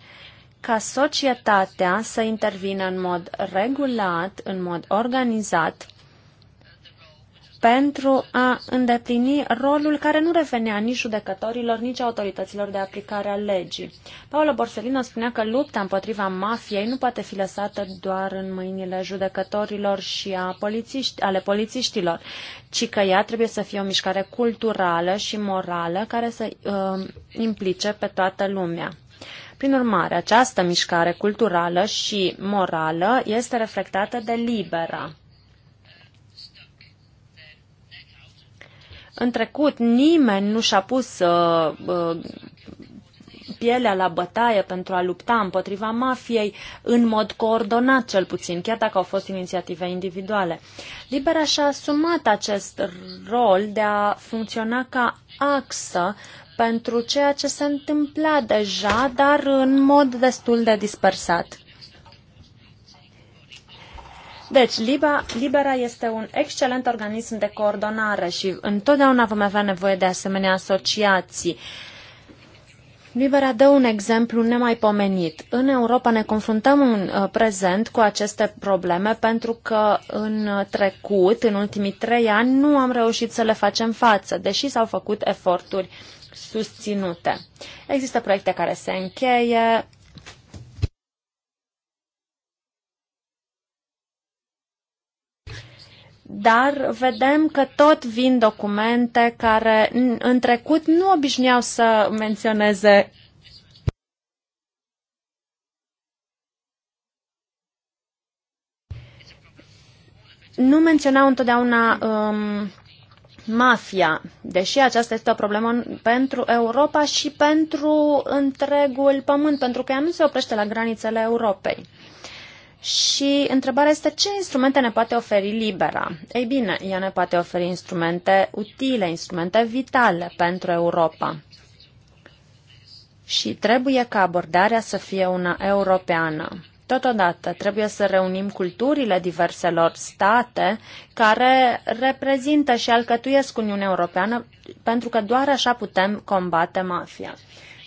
ca societatea să intervină în mod regulat, în mod organizat, pentru a îndeplini rolul care nu revenea nici judecătorilor, nici autorităților de aplicare a legii. Paolo Borsellino spunea că lupta împotriva mafiei nu poate fi lăsată doar în mâinile judecătorilor și a polițiști, ale polițiștilor, ci că ea trebuie să fie o mișcare culturală și morală care să uh, implice pe toată lumea. Prin urmare, această mișcare culturală și morală este reflectată de libera. În trecut, nimeni nu și-a pus uh, uh, pielea la bătaie pentru a lupta împotriva mafiei în mod coordonat cel puțin, chiar dacă au fost inițiative individuale. Libera și-a asumat acest rol de a funcționa ca axă pentru ceea ce se întâmpla deja, dar în mod destul de dispersat. Deci, Liba, Libera este un excelent organism de coordonare și întotdeauna vom avea nevoie de asemenea asociații. Libera dă un exemplu nemaipomenit. În Europa ne confruntăm în uh, prezent cu aceste probleme pentru că în trecut, în ultimii trei ani, nu am reușit să le facem față, deși s-au făcut eforturi susținute. Există proiecte care se încheie, dar vedem că tot vin documente care în trecut nu obișnuiau să menționeze nu menționau întotdeauna um, mafia, deși aceasta este o problemă pentru Europa și pentru întregul pământ, pentru că ea nu se oprește la granițele Europei. Și întrebarea este ce instrumente ne poate oferi libera? Ei bine, ea ne poate oferi instrumente utile, instrumente vitale pentru Europa. Și trebuie ca abordarea să fie una europeană. Totodată, trebuie să reunim culturile diverselor state care reprezintă și alcătuiesc Uniunea Europeană, pentru că doar așa putem combate mafia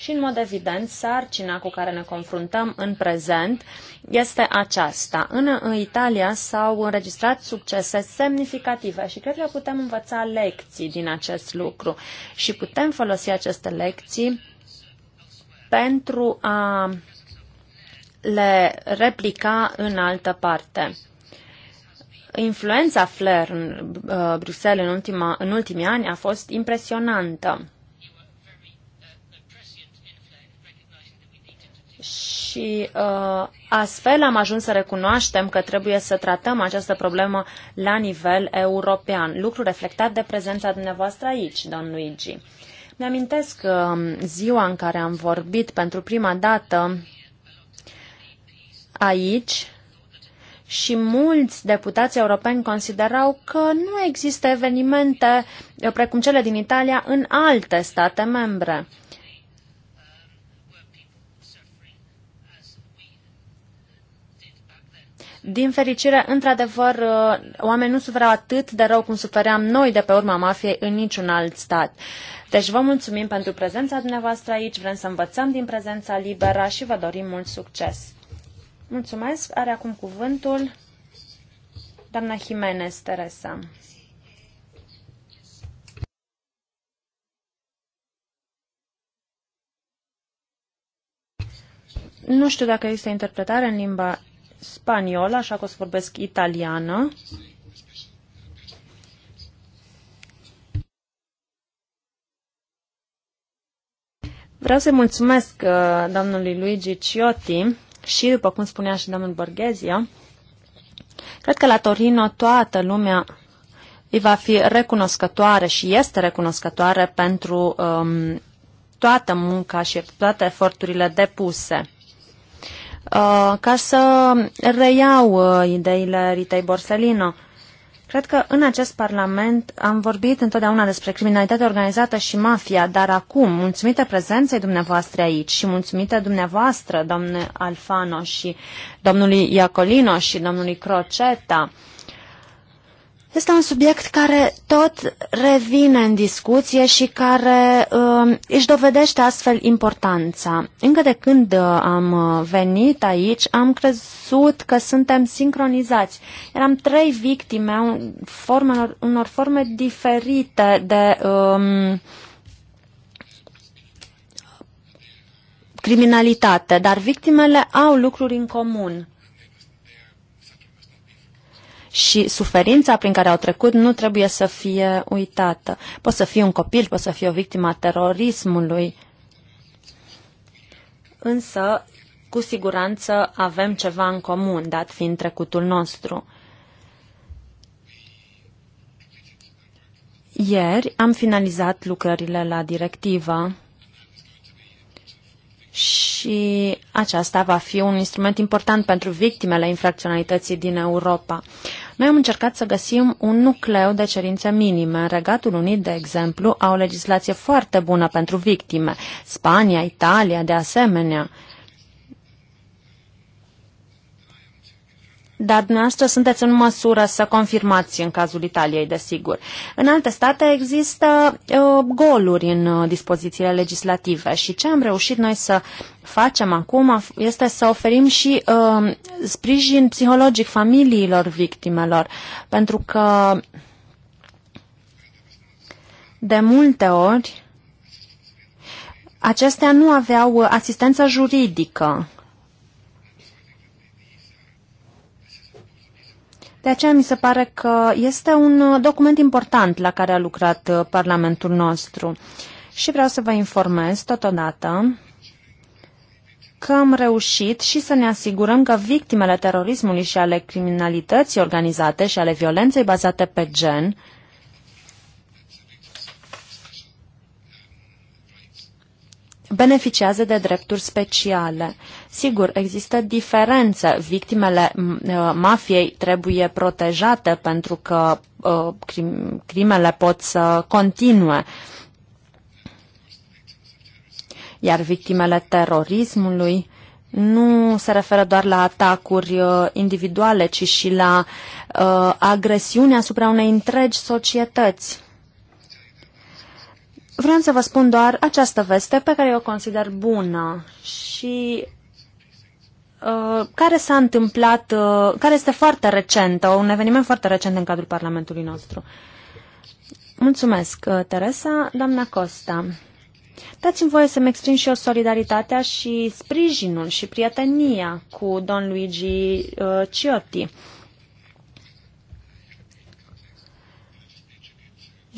și, în mod evident, sarcina cu care ne confruntăm în prezent este aceasta. În Italia s-au înregistrat succese semnificative și cred că putem învăța lecții din acest lucru și putem folosi aceste lecții pentru a le replica în altă parte. Influența Flair în uh, Bruxelles în, ultima, în ultimii ani a fost impresionantă. și uh, astfel am ajuns să recunoaștem că trebuie să tratăm această problemă la nivel european, lucru reflectat de prezența dumneavoastră aici, domn Luigi. Mi-amintesc uh, ziua în care am vorbit pentru prima dată aici și mulți deputați europeni considerau că nu există evenimente uh, precum cele din Italia în alte state membre. Din fericire, într-adevăr, uh, oamenii nu suferau atât de rău cum sufeream noi de pe urma mafiei în niciun alt stat. Deci vă mulțumim pentru prezența dumneavoastră aici, vrem să învățăm din prezența liberă și vă dorim mult succes. Mulțumesc, are acum cuvântul doamna Jimenez Teresa. Nu știu dacă există interpretare în limba spaniolă, așa că o să vorbesc italiană. Vreau să-i mulțumesc uh, domnului Luigi Ciotti și, după cum spunea și domnul Borghezia, cred că la Torino toată lumea îi va fi recunoscătoare și este recunoscătoare pentru um, toată munca și toate eforturile depuse. Uh, ca să reiau uh, ideile Ritei Borsellino. Cred că în acest Parlament am vorbit întotdeauna despre criminalitatea organizată și mafia, dar acum, mulțumită prezenței dumneavoastră aici și mulțumită dumneavoastră, domnule Alfano și domnului Iacolino și domnului Croceta, este un subiect care tot revine în discuție și care uh, își dovedește astfel importanța. Încă de când uh, am uh, venit aici, am crezut că suntem sincronizați. Eram trei victime formelor, unor forme diferite de um, criminalitate, dar victimele au lucruri în comun și suferința prin care au trecut nu trebuie să fie uitată. Poți să fii un copil, poți să fii o victimă a terorismului, însă cu siguranță avem ceva în comun, dat fiind trecutul nostru. Ieri am finalizat lucrările la directivă și aceasta va fi un instrument important pentru victimele infracționalității din Europa. Noi am încercat să găsim un nucleu de cerințe minime. În Regatul Unit, de exemplu, au o legislație foarte bună pentru victime. Spania, Italia, de asemenea. dar dumneavoastră sunteți în măsură să confirmați în cazul Italiei, desigur. În alte state există uh, goluri în uh, dispozițiile legislative și ce am reușit noi să facem acum este să oferim și uh, sprijin psihologic familiilor victimelor, pentru că de multe ori acestea nu aveau uh, asistență juridică De aceea mi se pare că este un document important la care a lucrat uh, Parlamentul nostru. Și vreau să vă informez totodată că am reușit și să ne asigurăm că victimele terorismului și ale criminalității organizate și ale violenței bazate pe gen beneficiază de drepturi speciale. Sigur, există diferențe. Victimele uh, mafiei trebuie protejate pentru că uh, crimele pot să continue. Iar victimele terorismului nu se referă doar la atacuri uh, individuale, ci și la agresiune asupra unei întregi societăți. Vreau să vă spun doar această veste pe care o consider bună și uh, care s-a întâmplat, uh, care este foarte recentă, un eveniment foarte recent în cadrul Parlamentului nostru. Mulțumesc, uh, Teresa. Doamna Costa, dați-mi voie să-mi exprim și eu solidaritatea și sprijinul și prietenia cu Don Luigi uh, Ciotti.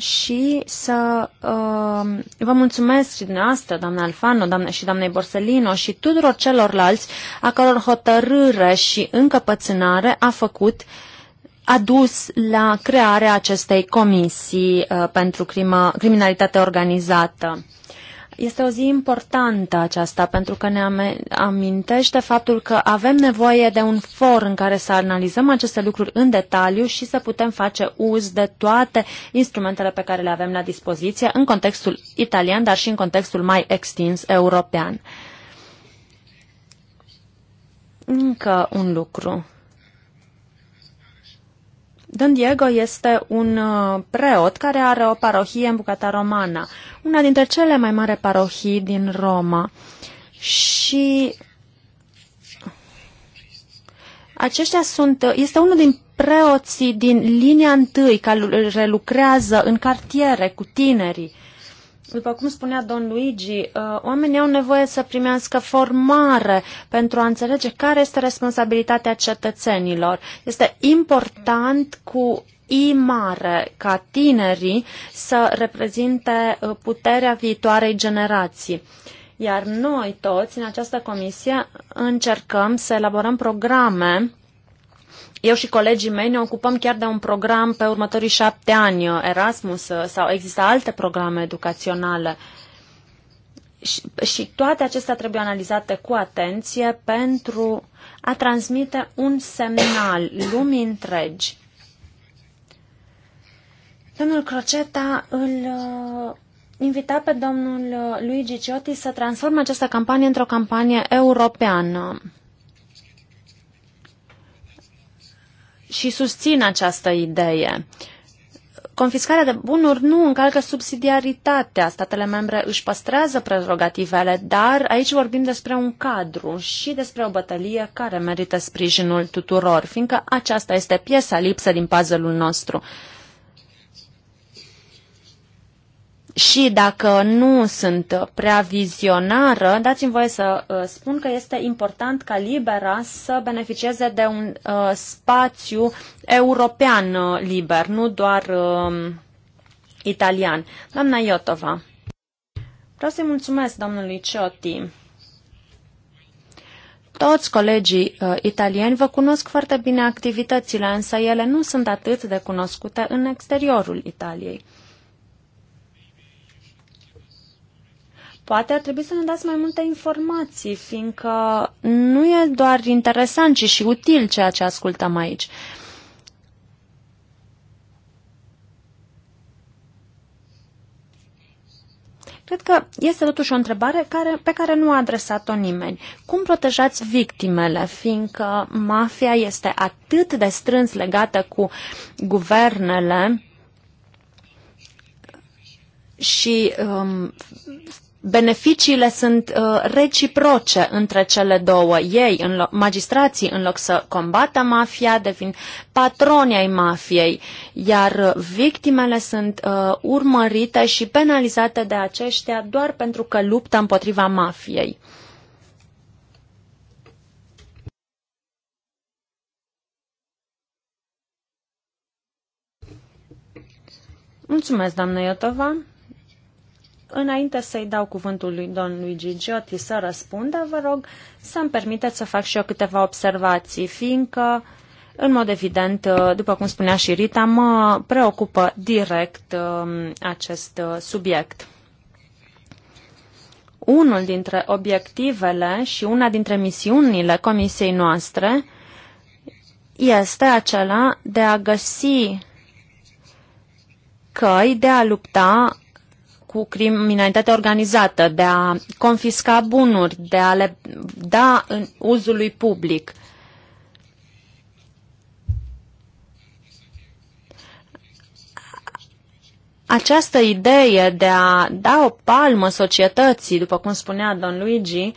și să uh, vă mulțumesc și dumneavoastră, doamna Alfano doamne, și doamnei Borsellino și tuturor celorlalți a căror hotărâre și încăpățânare a făcut a dus la crearea acestei comisii uh, pentru crimă, criminalitate organizată. Este o zi importantă aceasta pentru că ne amintește faptul că avem nevoie de un for în care să analizăm aceste lucruri în detaliu și să putem face uz de toate instrumentele pe care le avem la dispoziție în contextul italian, dar și în contextul mai extins european. Încă un lucru. Don Diego este un uh, preot care are o parohie în Bucata Romana, una dintre cele mai mari parohii din Roma. Și aceștia sunt, este unul din preoții din linia întâi care relucrează în cartiere cu tinerii. După cum spunea Don Luigi, uh, oamenii au nevoie să primească formare pentru a înțelege care este responsabilitatea cetățenilor. Este important cu I mare ca tinerii să reprezinte uh, puterea viitoarei generații. Iar noi toți, în această comisie, încercăm să elaborăm programe eu și colegii mei ne ocupăm chiar de un program pe următorii șapte ani, Erasmus, sau există alte programe educaționale. Și, și toate acestea trebuie analizate cu atenție pentru a transmite un semnal lumii întregi. Domnul Croceta îl uh, invita pe domnul uh, Luigi Ciotti să transforme această campanie într-o campanie europeană. și susțin această idee. Confiscarea de bunuri nu încalcă subsidiaritatea. Statele membre își păstrează prerogativele, dar aici vorbim despre un cadru și despre o bătălie care merită sprijinul tuturor, fiindcă aceasta este piesa lipsă din puzzle-ul nostru. Și dacă nu sunt prea vizionară, dați-mi voie să uh, spun că este important ca Libera să beneficieze de un uh, spațiu european uh, liber, nu doar uh, italian. Doamna Iotova, vreau să-i mulțumesc domnului Ciotti. Toți colegii uh, italieni vă cunosc foarte bine activitățile, însă ele nu sunt atât de cunoscute în exteriorul Italiei. Poate ar trebui să ne dați mai multe informații, fiindcă nu e doar interesant, ci și util ceea ce ascultăm aici. Cred că este totuși o întrebare care, pe care nu a adresat-o nimeni. Cum protejați victimele, fiindcă mafia este atât de strâns legată cu guvernele și um, beneficiile sunt uh, reciproce între cele două. Ei, în loc, magistrații, în loc să combată mafia, devin patroni ai mafiei, iar victimele sunt uh, urmărite și penalizate de aceștia doar pentru că luptă împotriva mafiei. Mulțumesc, doamnă Iotova. Înainte să-i dau cuvântul lui Luigi Giotti să răspundă, vă rog să-mi permiteți să fac și eu câteva observații, fiindcă, în mod evident, după cum spunea și Rita, mă preocupă direct um, acest subiect. Unul dintre obiectivele și una dintre misiunile comisiei noastre este acela de a găsi căi de a lupta cu criminalitatea organizată, de a confisca bunuri, de a le da în uzului public. Această idee de a da o palmă societății, după cum spunea Don Luigi,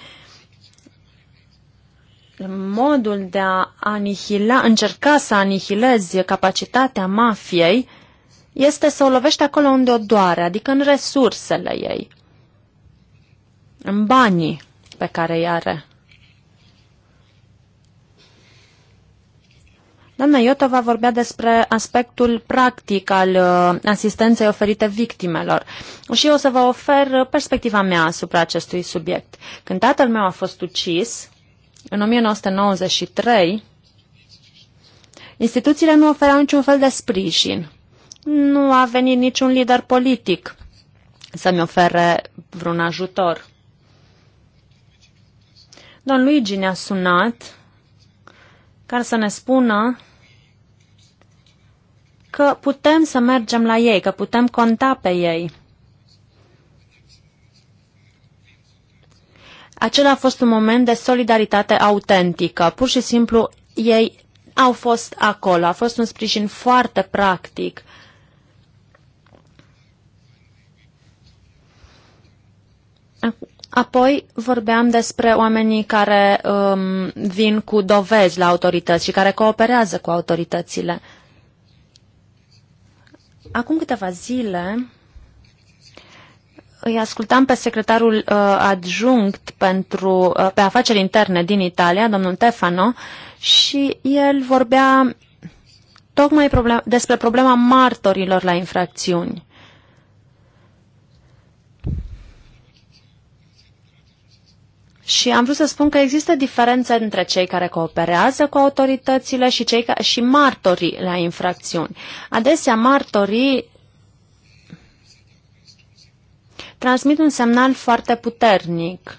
modul de a anihila, încerca să anihileze capacitatea mafiei, este să o lovești acolo unde o doare, adică în resursele ei, în banii pe care îi are. Doamna Iotova vorbea despre aspectul practic al uh, asistenței oferite victimelor și eu o să vă ofer perspectiva mea asupra acestui subiect. Când tatăl meu a fost ucis, în 1993, instituțiile nu oferau niciun fel de sprijin nu a venit niciun lider politic să-mi ofere vreun ajutor. Don Luigi ne-a sunat care să ne spună că putem să mergem la ei, că putem conta pe ei. Acela a fost un moment de solidaritate autentică. Pur și simplu ei au fost acolo. A fost un sprijin foarte practic. Uh, Apoi vorbeam despre oamenii care um, vin cu dovezi la autorități și care cooperează cu autoritățile. Acum câteva zile îi ascultam pe secretarul uh, adjunct pentru, uh, pe afaceri interne din Italia, domnul Tefano, și el vorbea tocmai problem- despre problema martorilor la infracțiuni. Și am vrut să spun că există diferențe între cei care cooperează cu autoritățile și, cei ca, și martorii la infracțiuni. Adesea martorii transmit un semnal foarte puternic,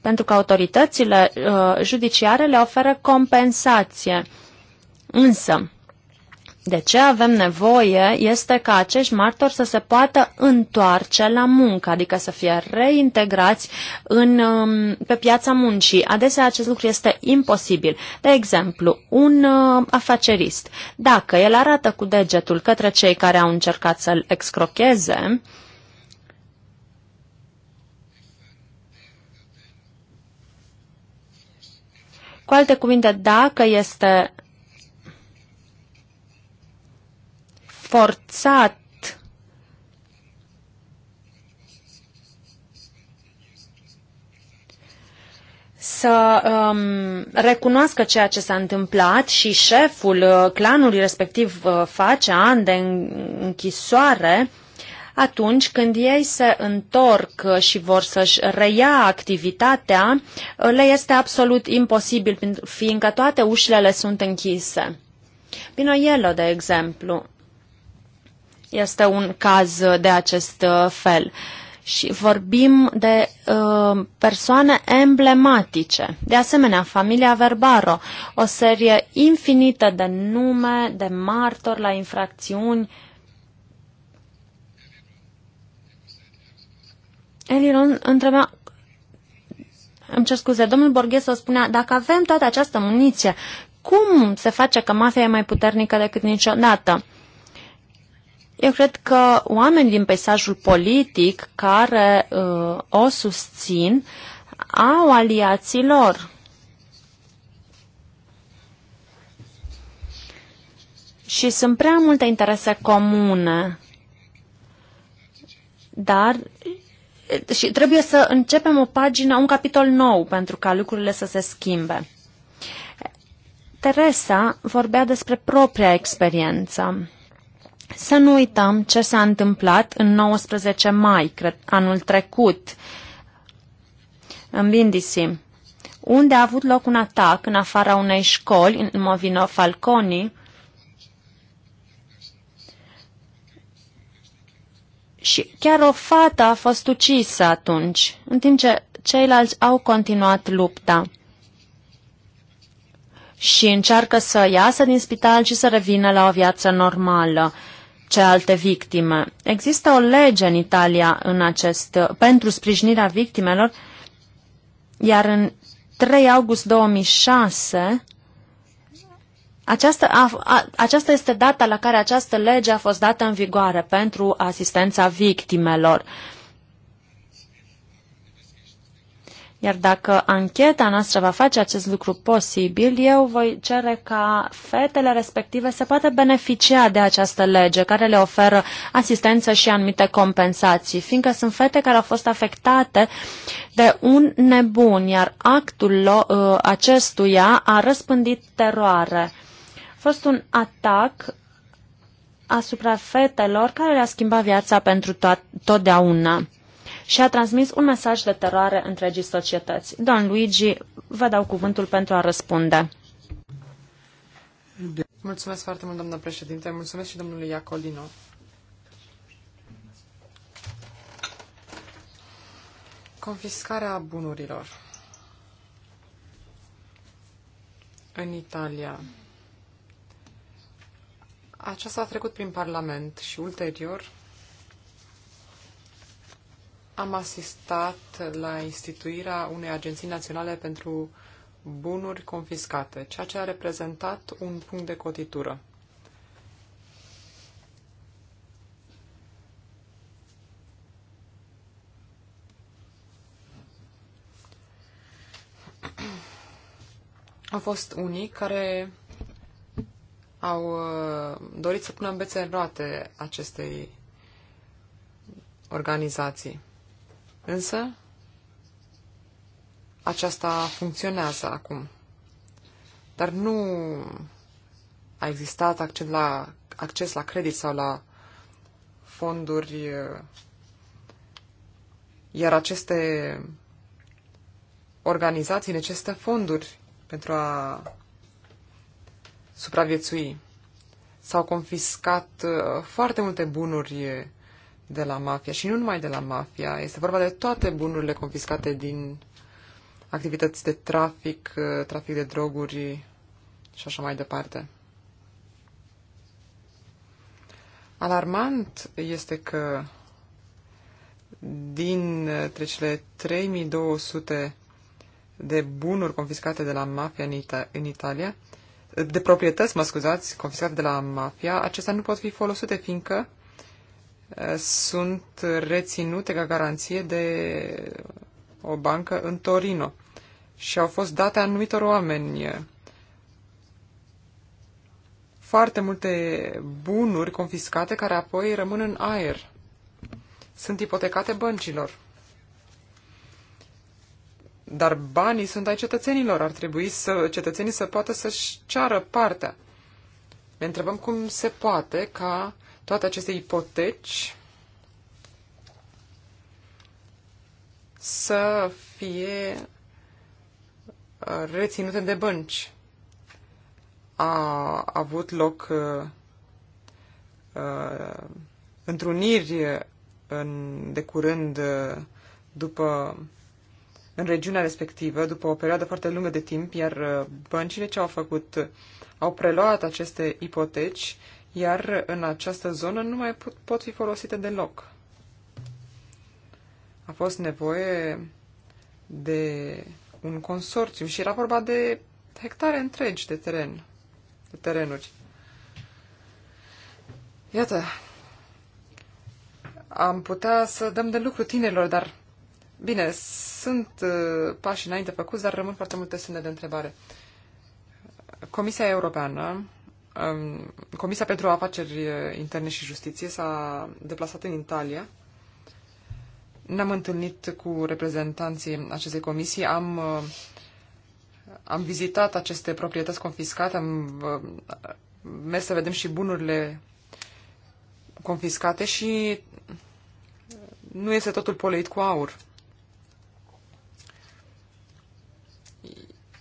pentru că autoritățile uh, judiciare le oferă compensație. Însă, de ce avem nevoie este ca acești martori să se poată întoarce la muncă, adică să fie reintegrați în, um, pe piața muncii. Adesea acest lucru este imposibil. De exemplu, un uh, afacerist, dacă el arată cu degetul către cei care au încercat să-l excrocheze, cu alte cuvinte, dacă este forțat să um, recunoască ceea ce s-a întâmplat și șeful uh, clanului respectiv uh, face ani de închisoare atunci când ei se întorc și vor să-și reia activitatea, uh, le este absolut imposibil, fiindcă toate ușile le sunt închise. Pinoiello, de exemplu, este un caz de acest uh, fel. Și vorbim de uh, persoane emblematice. De asemenea, familia Verbaro, o serie infinită de nume, de martori la infracțiuni. Eliron întreba îmi cer scuze, domnul Borghese spunea, dacă avem toată această muniție, cum se face că mafia e mai puternică decât niciodată? Eu cred că oameni din peisajul politic care uh, o susțin au aliații lor. Și sunt prea multe interese comune. Dar uh, și trebuie să începem o pagină, un capitol nou pentru ca lucrurile să se schimbe. Teresa vorbea despre propria experiență. Să nu uităm ce s-a întâmplat în 19 mai, cred, anul trecut, în Bindisi, unde a avut loc un atac în afara unei școli, în Movino Falconi, și chiar o fată a fost ucisă atunci, în timp ce ceilalți au continuat lupta și încearcă să iasă din spital și să revină la o viață normală. Ce alte victime. Există o lege în Italia în acest, pentru sprijinirea victimelor, iar în 3 august 2006 aceasta, a, a, aceasta este data la care această lege a fost dată în vigoare pentru asistența victimelor. Uh, Iar dacă ancheta noastră va face acest lucru posibil, eu voi cere ca fetele respective să poată beneficia de această lege care le oferă asistență și anumite compensații, fiindcă sunt fete care au fost afectate de un nebun, iar actul uh, acestuia a răspândit teroare. A fost un atac asupra fetelor care le-a schimbat viața pentru to- totdeauna și a transmis un mesaj de teroare întregii societăți. Don Luigi, vă dau cuvântul pentru a răspunde. Mulțumesc foarte mult, doamnă președinte. Mulțumesc și domnului Iacolino. Confiscarea bunurilor în Italia. Aceasta a trecut prin Parlament și ulterior am asistat la instituirea unei agenții naționale pentru bunuri confiscate, ceea ce a reprezentat un punct de cotitură. Au fost unii care au uh, dorit să pună în bețe în roate acestei organizații. Însă, aceasta funcționează acum. Dar nu a existat acces la, acces la credit sau la fonduri, iar aceste organizații necesită fonduri pentru a supraviețui. S-au confiscat uh, foarte multe bunuri uh, de la mafia și nu numai de la mafia. Este vorba de toate bunurile confiscate din activități de trafic, uh, trafic de droguri și așa mai departe. Alarmant este că din uh, trecele 3200 de bunuri confiscate de la mafia în, Ita- în Italia, de proprietăți, mă scuzați, confiscate de la mafia, acestea nu pot fi folosite, fiindcă sunt reținute ca garanție de o bancă în Torino și au fost date anumitor oameni foarte multe bunuri confiscate care apoi rămân în aer. Sunt ipotecate băncilor. Dar banii sunt ai cetățenilor. Ar trebui să cetățenii să poată să-și ceară partea. Ne întrebăm cum se poate ca toate aceste ipoteci să fie uh, reținute de bănci. A avut loc uh, uh, întruniri în, de curând uh, după în regiunea respectivă, după o perioadă foarte lungă de timp, iar uh, băncile ce au făcut? Au preluat aceste ipoteci, iar în această zonă nu mai pot, pot fi folosite deloc. A fost nevoie de un consorțiu și era vorba de hectare întregi de teren, de terenuri. Iată, am putea să dăm de lucru tinerilor, dar bine, sunt uh, pași înainte făcuți, dar rămân foarte multe semne de întrebare. Comisia Europeană Comisia pentru Afaceri eh, Interne și Justiție s-a deplasat în Italia. Ne-am întâlnit cu reprezentanții acestei comisii, am, eh, am vizitat aceste proprietăți confiscate, am eh, mers să vedem și bunurile confiscate și nu este totul poleit cu aur.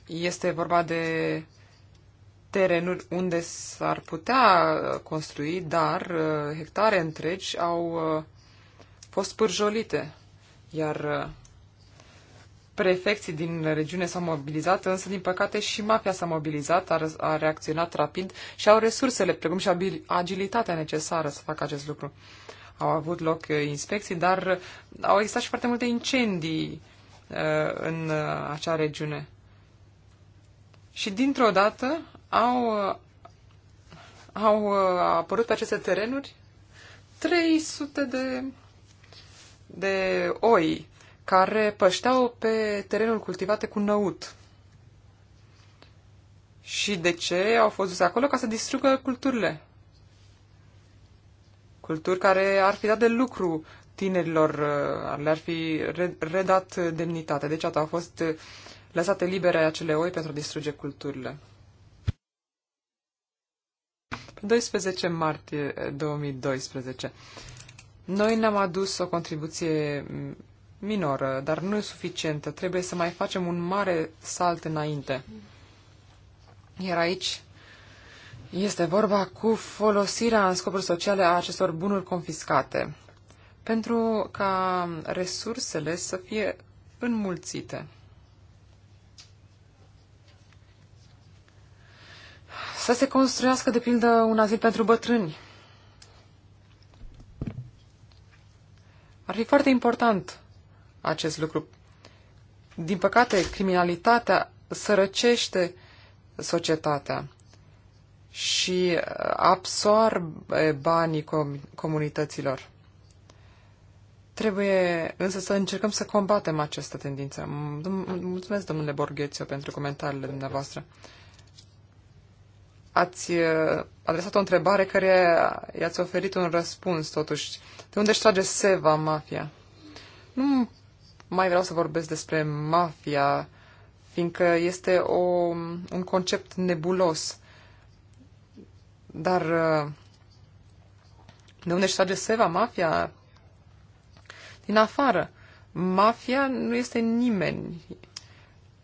Este vorba de terenuri unde s-ar putea construi, dar uh, hectare întregi au uh, fost pârjolite, iar uh, prefecții din regiune s-au mobilizat, însă, din păcate, și mafia s-a mobilizat, a, a reacționat rapid și au resursele, precum și agilitatea necesară să facă acest lucru. Au avut loc inspecții, dar au existat și foarte multe incendii uh, în acea regiune. Și dintr-o dată au, uh, au uh, apărut pe aceste terenuri 300 de, de oi care pășteau pe terenul cultivate cu năut. Și de ce au fost duse acolo? Ca să distrugă culturile. Culturi care ar fi dat de lucru tinerilor, uh, le-ar fi redat demnitate. Deci atât au fost lăsate libere acele oi pentru a distruge culturile. 12 martie 2012. Eh, Noi ne-am adus o contribuție mm, minoră, dar nu e suficientă. Trebuie să mai facem un mare salt înainte. Iar aici este vorba cu folosirea în scopuri sociale a acestor bunuri confiscate, pentru ca resursele să fie înmulțite. să se construiască, de pildă, un azil pentru bătrâni. Ar fi foarte important acest lucru. Din păcate, criminalitatea sărăcește societatea și uh, absorbe banii com- comunităților. Trebuie însă să încercăm să combatem această tendință. Mulțumesc, domnule Borghețiu, pentru comentariile dumneavoastră ați uh, adresat o întrebare care i-ați oferit un răspuns, totuși. De unde își trage seva mafia? Nu mai vreau să vorbesc despre mafia, fiindcă este o, un concept nebulos. Dar uh, de unde își trage seva mafia? Din afară. Mafia nu este nimeni.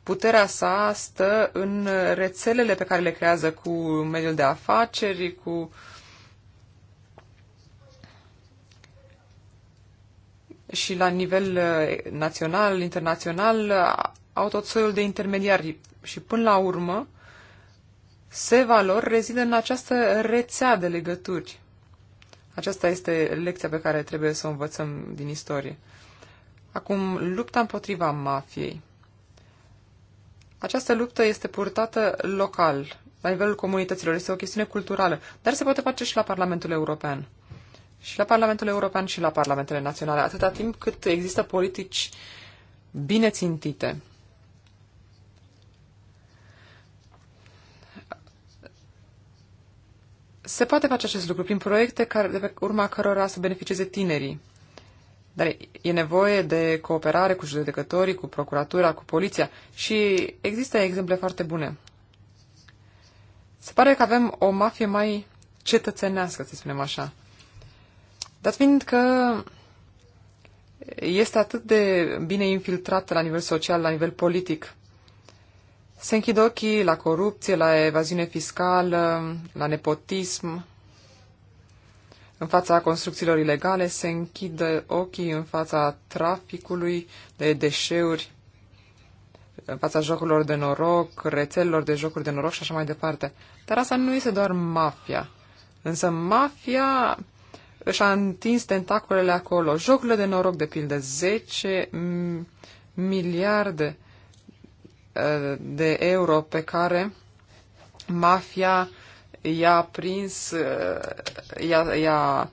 Puterea sa stă în rețelele pe care le creează cu mediul de afaceri, cu și la nivel uh, național, internațional, au tot soiul de intermediari și până la urmă se valor rezidă în această rețea de legături. Aceasta este lecția pe care trebuie să o învățăm din istorie. Acum, lupta împotriva mafiei. Această luptă este purtată local, la nivelul comunităților. Este o chestiune culturală, dar se poate face și la Parlamentul European. Și la Parlamentul European și la Parlamentele Naționale, atâta timp cât există politici bine țintite. Se poate face acest lucru prin proiecte care, de pe urma cărora să beneficieze tinerii. Dar e nevoie de cooperare cu judecătorii, cu procuratura, cu poliția și există exemple foarte bune. Se pare că avem o mafie mai cetățenească, să spunem așa. Dar fiind că este atât de bine infiltrată la nivel social, la nivel politic, se închid ochii la corupție, la evaziune fiscală, la nepotism, în fața construcțiilor ilegale, se închidă ochii în fața traficului de deșeuri, în fața jocurilor de noroc, rețelelor de jocuri de noroc și așa mai departe. Dar asta nu este doar mafia. Însă mafia și-a întins tentacolele acolo. Jocurile de noroc, de pildă, 10 miliarde eh, de euro pe care mafia i-a prins, i-a, i-a,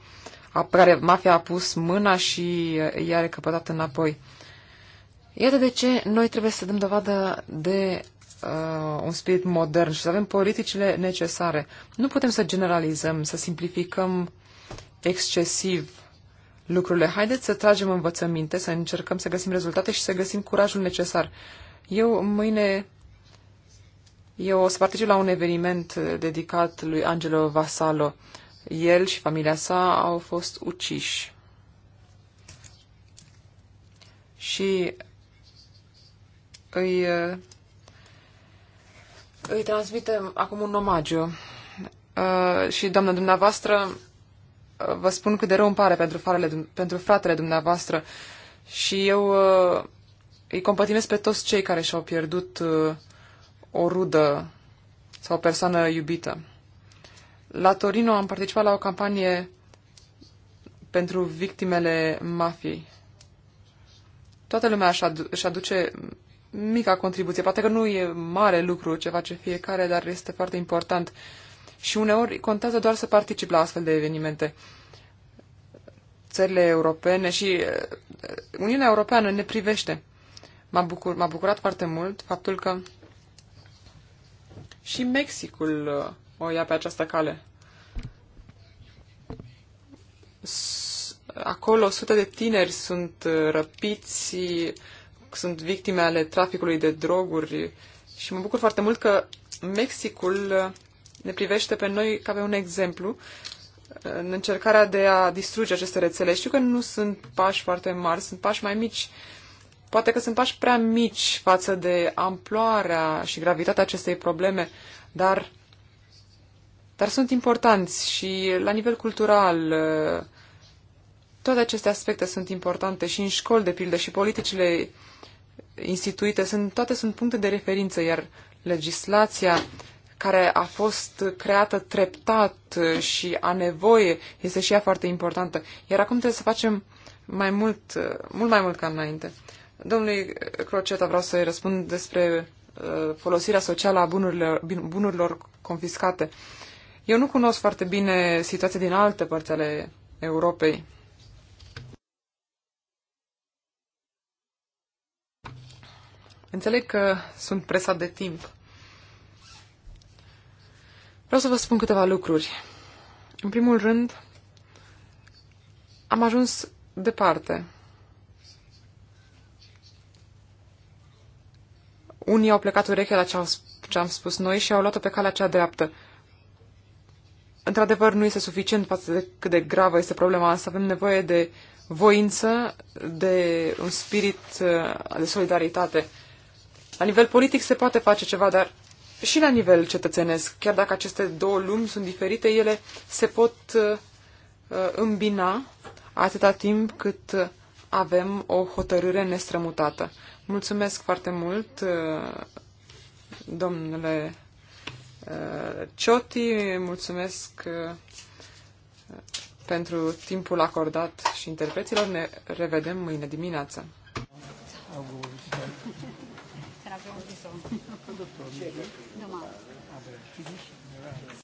care mafia a pus mâna și i-a recăpătat înapoi. Iată de ce noi trebuie să dăm dovadă de uh, un spirit modern și să avem politicile necesare. Nu putem să generalizăm, să simplificăm excesiv lucrurile. Haideți să tragem învățăminte, să încercăm să găsim rezultate și să găsim curajul necesar. Eu mâine eu o să particip la un eveniment dedicat lui Angelo Vasalo. El și familia sa au fost uciși. Și îi, îi transmitem acum un omagiu. Uh, și, doamnă dumneavoastră, uh, vă spun cât de rău îmi pare pentru, farele, pentru fratele dumneavoastră și eu uh, îi compătimesc pe toți cei care și-au pierdut uh, o rudă sau o persoană iubită. La Torino am participat la o campanie pentru victimele mafiei. Toată lumea își aduce mica contribuție. Poate că nu e mare lucru ce face fiecare, dar este foarte important. Și uneori contează doar să particip la astfel de evenimente. Țările europene și eh, Uniunea Europeană ne privește. M-a, bucur, bucurat foarte mult faptul că și Mexicul uh, o ia pe această cale. Acolo sute de tineri sunt uh, răpiți, sunt victime ale traficului de droguri și mă bucur foarte mult că Mexicul uh, ne privește pe noi ca pe un exemplu în încercarea de a distruge aceste rețele. Știu că nu sunt pași foarte mari, sunt pași mai mici, Poate că sunt pași prea mici față de amploarea și gravitatea acestei probleme, dar, dar sunt importanți și la nivel cultural uh, toate aceste aspecte sunt importante și în școli, de pildă, și politicile instituite, sunt, toate sunt puncte de referință, iar legislația care a fost creată treptat și a nevoie este și ea foarte importantă. Iar acum trebuie să facem mai mult, uh, mult mai mult ca înainte. Domnului Croceta vreau să-i răspund despre uh, folosirea socială a bunurilor, bunurilor confiscate. Eu nu cunosc foarte bine situația din alte părți ale Europei. Înțeleg că sunt presat de timp. Vreau să vă spun câteva lucruri. În primul rând, am ajuns departe Unii au plecat urechea la ce, au, ce am spus noi și au luat-o pe calea cea dreaptă. Într-adevăr, nu este suficient față de cât de gravă este problema asta. Avem nevoie de voință, de un spirit uh, de solidaritate. La nivel politic se poate face ceva, dar și la nivel cetățenesc, chiar dacă aceste două lumi sunt diferite, ele se pot uh, uh, îmbina atâta timp cât avem o hotărâre nestrămutată. Mulțumesc foarte mult, uh, domnule uh, Cioti, mulțumesc uh, pentru timpul acordat și interpreților. Ne revedem mâine dimineață. Domani.